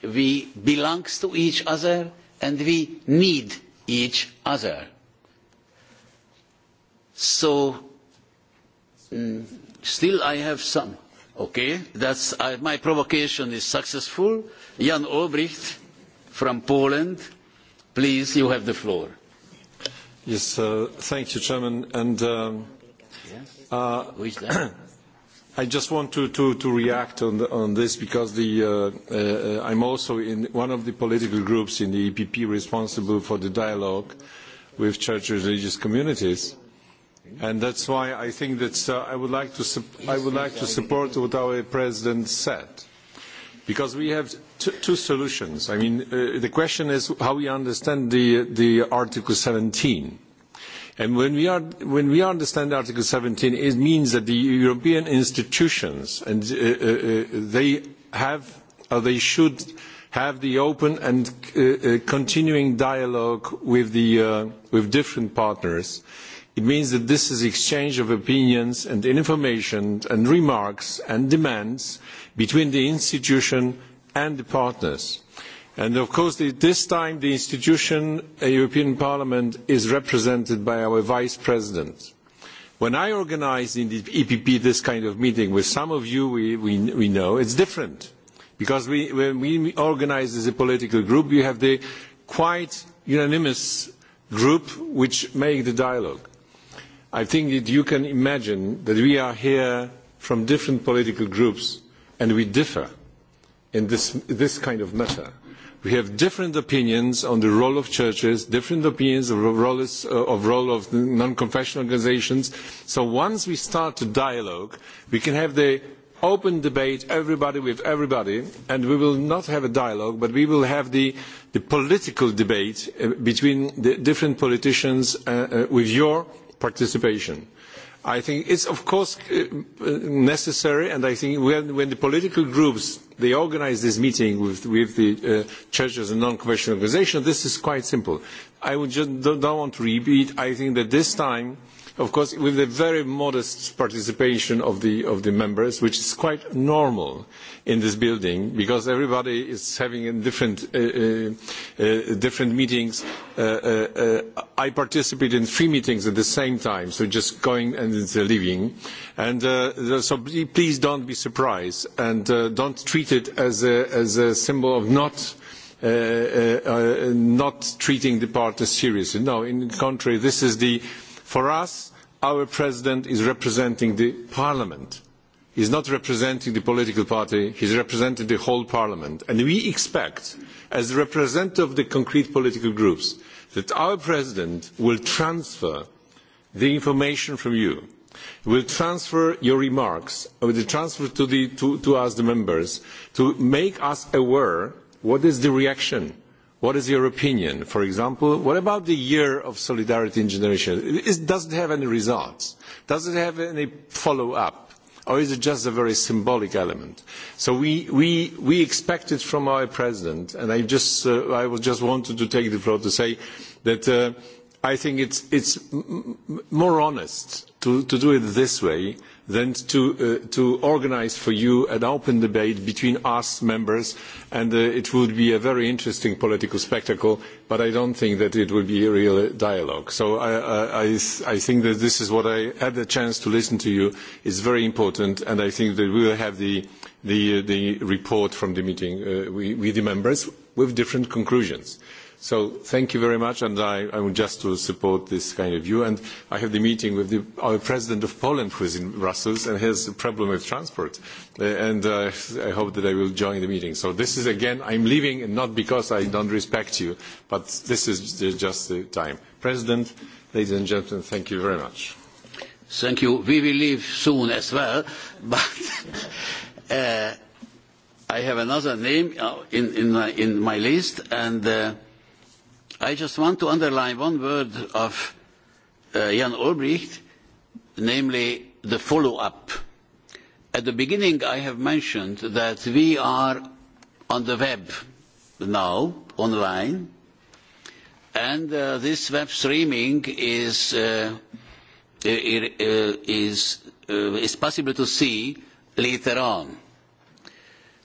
we belong to each other and we need each other. So still I have some Okay, that's my provocation is successful. Jan Obricht, from Poland, please, you have the floor. Yes, thank you, Chairman. And I just want to react on this because I'm also in one of the political groups in the EPP responsible for the dialogue with church religious communities And that's why I think that I would like to support what our President said. Because we have two solutions. I mean, the question is how we understand the Article 17. And when we understand Article 17, it means that the European institutions, they have or they should have the open and continuing dialogue with different partners It means that this is an exchange of opinions and information and remarks and demands between the institution and the partners. And of course, this time the institution, the European Parliament, is represented by our Vice President. When I organise in the EPP this kind of meeting with some of you, we know it's different, because when we organise as a political group, you have the quite unanimous group which makes the dialogue. I think that you can imagine that we are here from different political groups and we differ in this kind of matter. We have different opinions on the role of churches, different opinions of the role of non-confessional organisations. So once we start to dialogue, we can have the open debate, everybody with everybody, and we will not have a dialogue, but we will have the political debate between the different politicians with your participation. I think it's of course necessary, and I think when the political groups they organise this meeting with with the churches and non-commercial organisations, this is quite simple. I would just don't want to repeat. I think that this time of course with the very modest participation of the members which is quite normal in this building because everybody is having different meetings. i participate in three meetings at the same time so just going and leaving and so please don't be surprised and don't treat it as a symbol of not treating the parties seriously. No, in the contrary, this is the For us, our president is representing the parliament. He is not representing the political party, he is representing the whole parliament. And we expect, as the representative of the concrete political groups, that our president will transfer the information from you, will transfer your remarks, will transfer to us, the members, to make us aware what is the reaction What is your opinion? For example, what about the year of solidarity in generation? Does it have any results? Does it have any follow-up? Or is it just a very symbolic element? So we we expect it from our president, and I just I just wanted to take the floor to say that I think it's more honest to do it this way than to organise for you an open debate between us members and it would be a very interesting political spectacle but I don't think that it would be a real dialogue. So I think that this is what I had the chance to listen to you is very important and I think that we will have the report from the meeting with the members with different conclusions. So thank you very much, and I would just to support this kind of view. And I have the meeting with our president of Poland, who is in Brussels, and has a problem with transport. And I hope that I will join the meeting. So this is, again, I'm leaving, not because I don't respect you, but this is just the time. President, ladies and gentlemen, thank you very much. Thank you. We will leave soon as well, but I have another name in my list, and I just want to underline one word of Jan Olbricht, namely the follow-up. At the beginning I have mentioned that we are on the web now, online, and this web streaming is possible to see later on.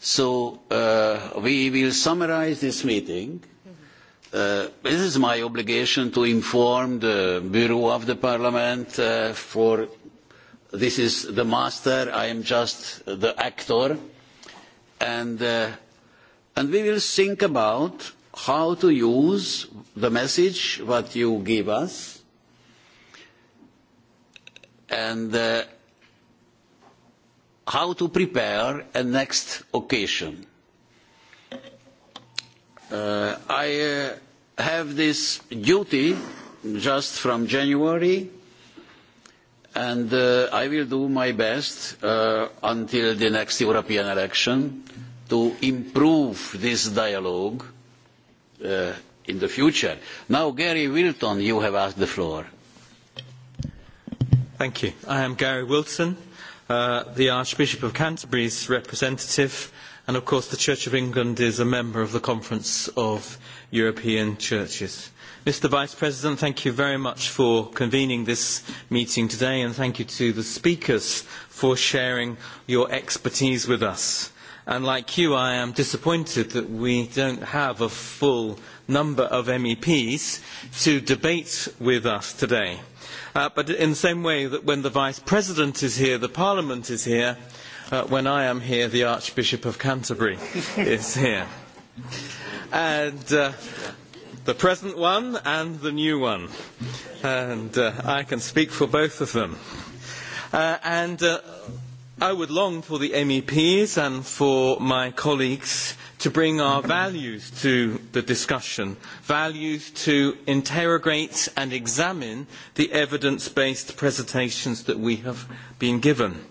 So we will summarize this meeting It is my obligation to inform the Bureau of the Parliament for this is the master, I am just the actor and we will think about how to use the message that you give us and how to prepare a next occasion I have this duty just from January and I will do my best until the next European election to improve this dialogue in the future. Now, Gary Wilton, you have asked the floor. Thank you. I am Gary Wilton, the Archbishop of Canterbury's representative and of course the church of england is a member of the conference of european churches. mr vice president thank you very much for convening this meeting today and thank you to the speakers for sharing your expertise with us. like you i am disappointed that we do not have a full number of meps to debate with us today but in the same way that when the vice president is here the parliament is here when I am here, the Archbishop of Canterbury is here. And the present one and the new one. And I can speak for both of them. And I would long for the MEPs and for my colleagues to bring our values to the discussion, values to interrogate and examine the evidence-based presentations that we have been given.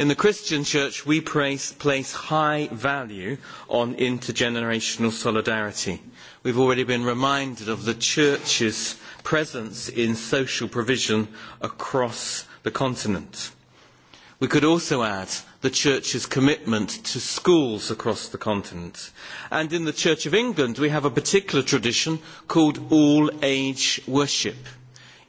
In the Christian Church, we place high value on intergenerational solidarity. We've already been reminded of the Church's presence in social provision across the continent. We could also add the Church's commitment to schools across the continent. And in the Church of England, we have a particular tradition called all-age worship.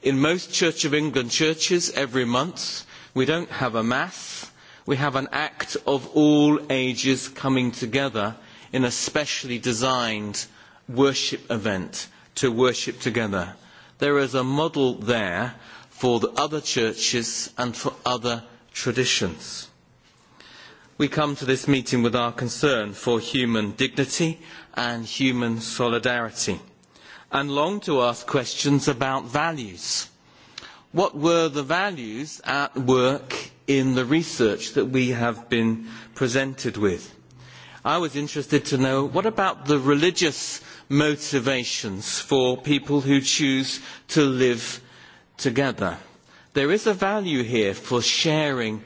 In most Church of England churches, every month, we don't have a Mass we have an act of all ages coming together in a specially designed worship event to worship together. There is a model there for the other churches and for other traditions. We come to this meeting with our concern for human dignity and human solidarity and long to ask questions about values. What were the values at work in the research that we have been presented with. I was interested to know what about the religious motivations for people who choose to live together. There is a value here for sharing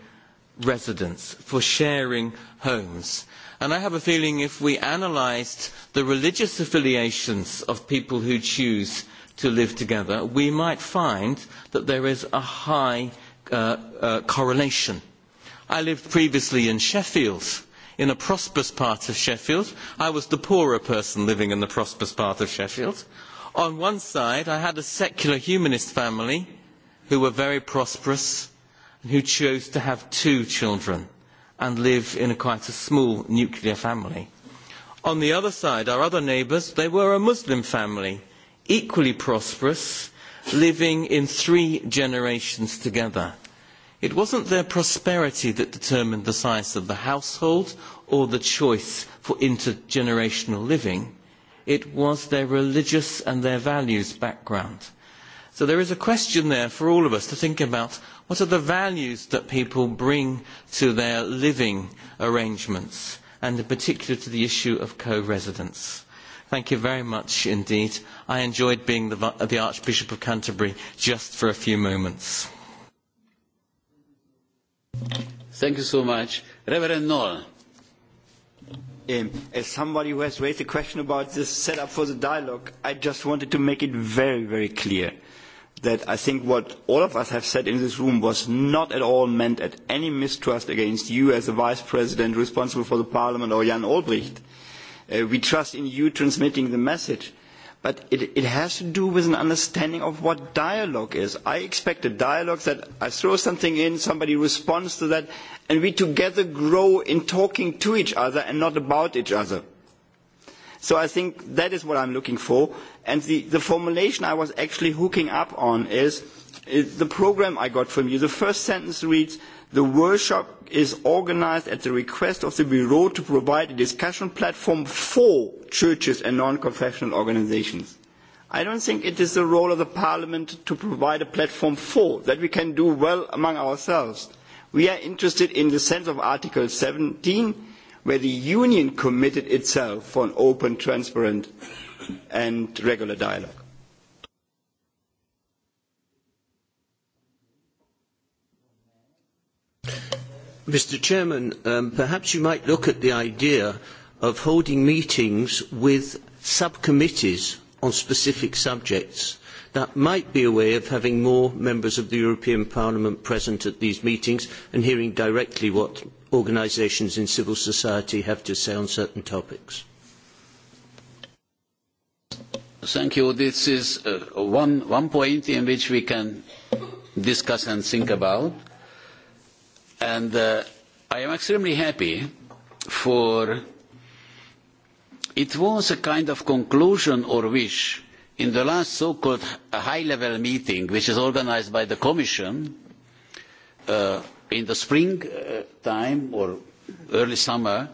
residence, for sharing homes. And I have a feeling if we analysed the religious affiliations of people who choose to live together, we might find that there is a high correlation. I lived previously in Sheffield, in a prosperous part of Sheffield. I was the poorer person living in the prosperous part of Sheffield. On one side, I had a secular humanist family who were very prosperous and who chose to have two children and live in quite a small nuclear family. On the other side, our other neighbours, they were a Muslim family, equally prosperous living in three generations together. It wasn't their prosperity that determined the size of the household or the choice for intergenerational living. It was their religious and their values background. So there is a question there for all of us to think about what are the values that people bring to their living arrangements and in particular to the issue of co-residence. Thank you very much indeed. I enjoyed being the Archbishop of Canterbury just for a few moments. Thank you so much. Reverend Noll. As somebody who has raised a question about this up for the dialogue, I just wanted to make it very, very clear that I think what all of us have said in this room was not at all meant at any mistrust against you as the Vice President responsible for the Parliament or Jan Olbricht. We trust in you transmitting the message, but it has to do with an understanding of what dialogue is. I expect a dialogue that I throw something in, somebody responds to that, and we together grow in talking to each other and not about each other. So I think that is what I'm looking for. And the formulation I was actually hooking up on is the program I got from you. The first sentence reads, the workshop is organised at the request of the Bureau to provide a discussion platform for churches and non-confessional organisations. I don't think it is the role of the Parliament to provide a platform for. That we can do well among ourselves. We are interested in the sense of Article 17 where the Union committed itself for an open, transparent and regular dialogue. Mr Chairman, perhaps you might look at the idea of holding meetings with subcommittees on specific subjects. That might be a way of having more members of the European Parliament present at these meetings and hearing directly what organisations in civil society have to say on certain topics. Thank you. This is one point in which we can discuss and think about. And I am extremely happy for it was a kind of conclusion or wish in the last so-called high-level meeting, which is organised by the Commission in the spring time or early summer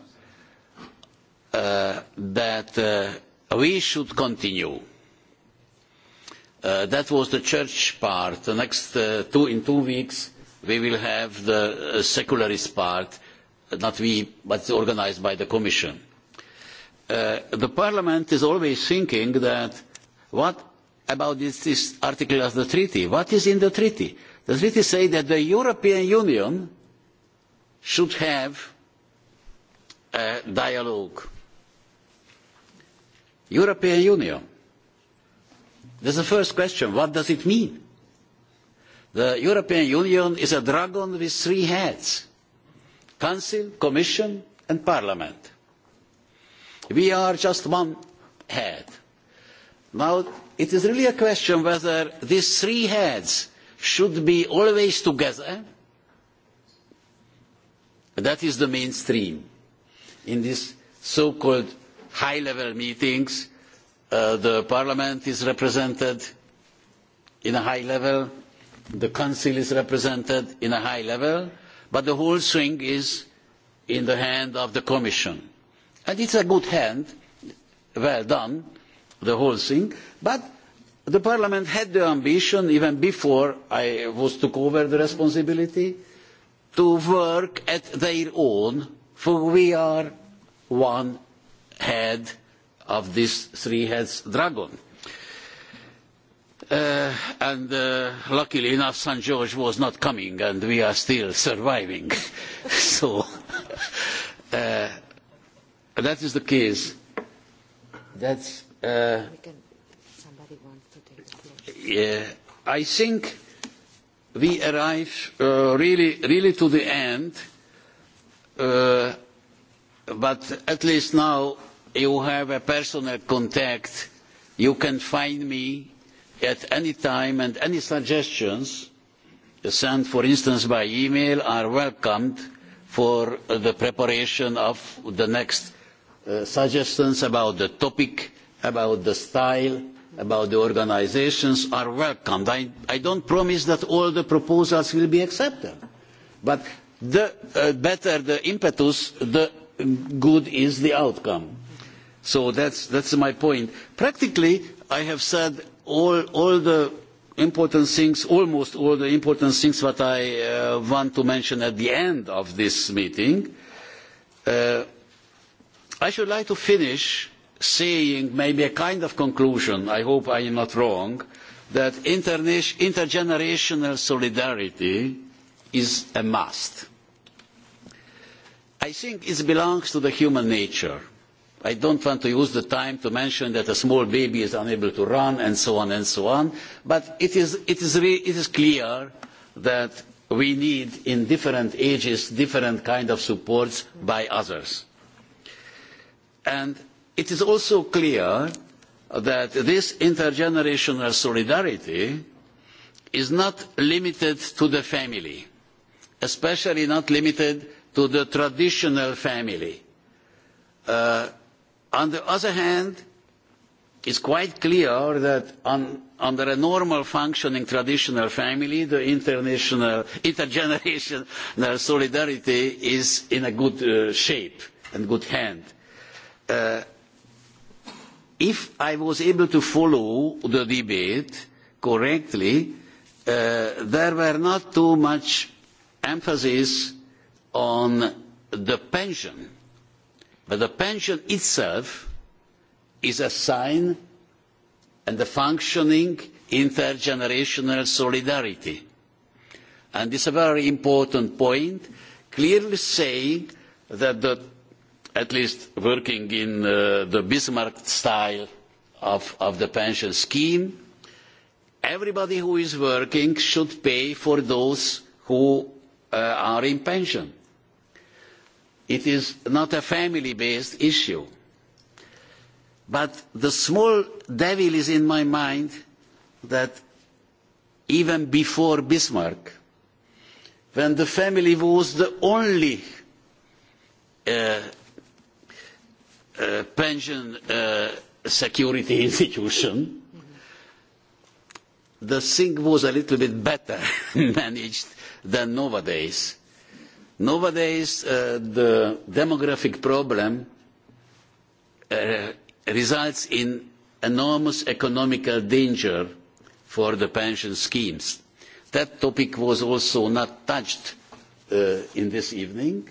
that we should continue. That was the church part. The next two in two weeks we will have the secularist part, not we, but organised by the Commission. The Parliament is always thinking that what about this article of the treaty? What is in the treaty? Does it say that the European Union should have a dialogue? European Union. is the first question. What does it mean? The European Union is a dragon with three heads. Council, Commission and Parliament. We are just one head. Now, it is really a question whether these three heads should be always together. That is the mainstream. In these so-called high-level meetings, the Parliament is represented in a high level, the Council is represented in a high level, but the whole swing is in the hand of the Commission. And it's a good hand, well done, the whole thing, but the parliament had the ambition even before i was took over the responsibility to work at their own for we are one head of this three heads dragon and luckily enough st george was not coming and we are still surviving so that is the case that's I think we arrive really really to the end, but at least now you have a personal contact. You can find me at any time and any suggestions sent, for instance, by email are welcomed for the preparation of the next suggestions about the topic, about the style about the organisations are welcomed. I don't promise that all the proposals will be accepted, but the better the impetus, the good is the outcome. So that's my point. Practically, I have said all the important things, almost all the important things that I want to mention at the end of this meeting. I should like to finish saying maybe a kind of conclusion i hope i am not wrong that intergenerational solidarity is a must. i think it belongs to the human nature. i don't want to use the time to mention that a small baby is unable to run and so on and so on but it is clear that we need in different ages different kinds of supports by others. and it is also clear that this intergenerational solidarity is not limited to the family, especially not limited to the traditional family. On the other hand, it is quite clear that under a normal functioning traditional family, the intergenerational solidarity is in a good shape and good hand. If I was able to follow the debate correctly, there were not too much emphasis on the pension, but the pension itself is a sign and a functioning intergenerational solidarity, and this a very important point, clearly saying that the at least working in the Bismarck style of the pension scheme. Everybody who is working should pay for those who are in pension. It is not a family-based issue. But the small devil is in my mind that even before Bismarck, when the family was the only pension security institution, the thing was a little bit better managed than nowadays. Nowadays, the demographic problem results in enormous economical danger for the pension schemes. That topic was also not touched in this evening.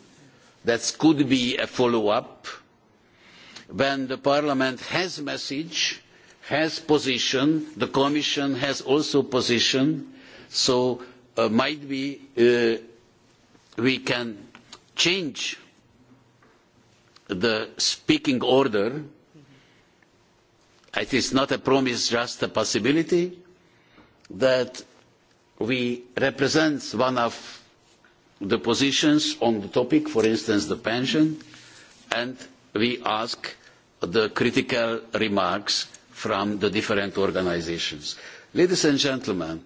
That could be a follow-up when the Parliament has message, has position, the Commission has also position, so might be we can change the speaking order. It is not a promise, just a possibility that we represent one of the positions on the topic, for instance, the pension, and we ask the critical remarks from the different organisations. Ladies and gentlemen,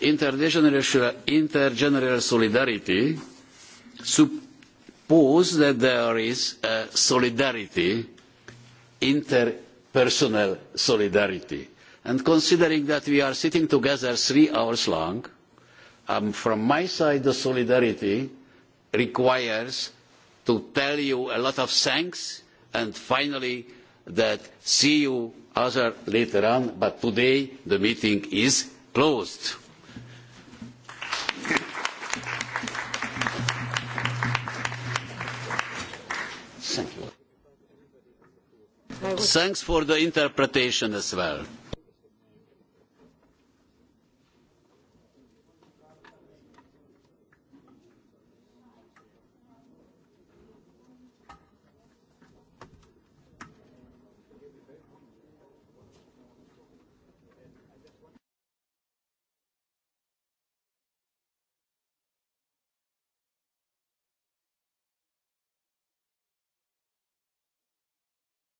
intergenerational solidarity Suppose that there is solidarity, interpersonal solidarity. And considering that we are sitting together three hours long, from my side the solidarity requires to tell you a lot of thanks and finally that see you other later on but today the meeting is closed. Thanks for the interpretation as well.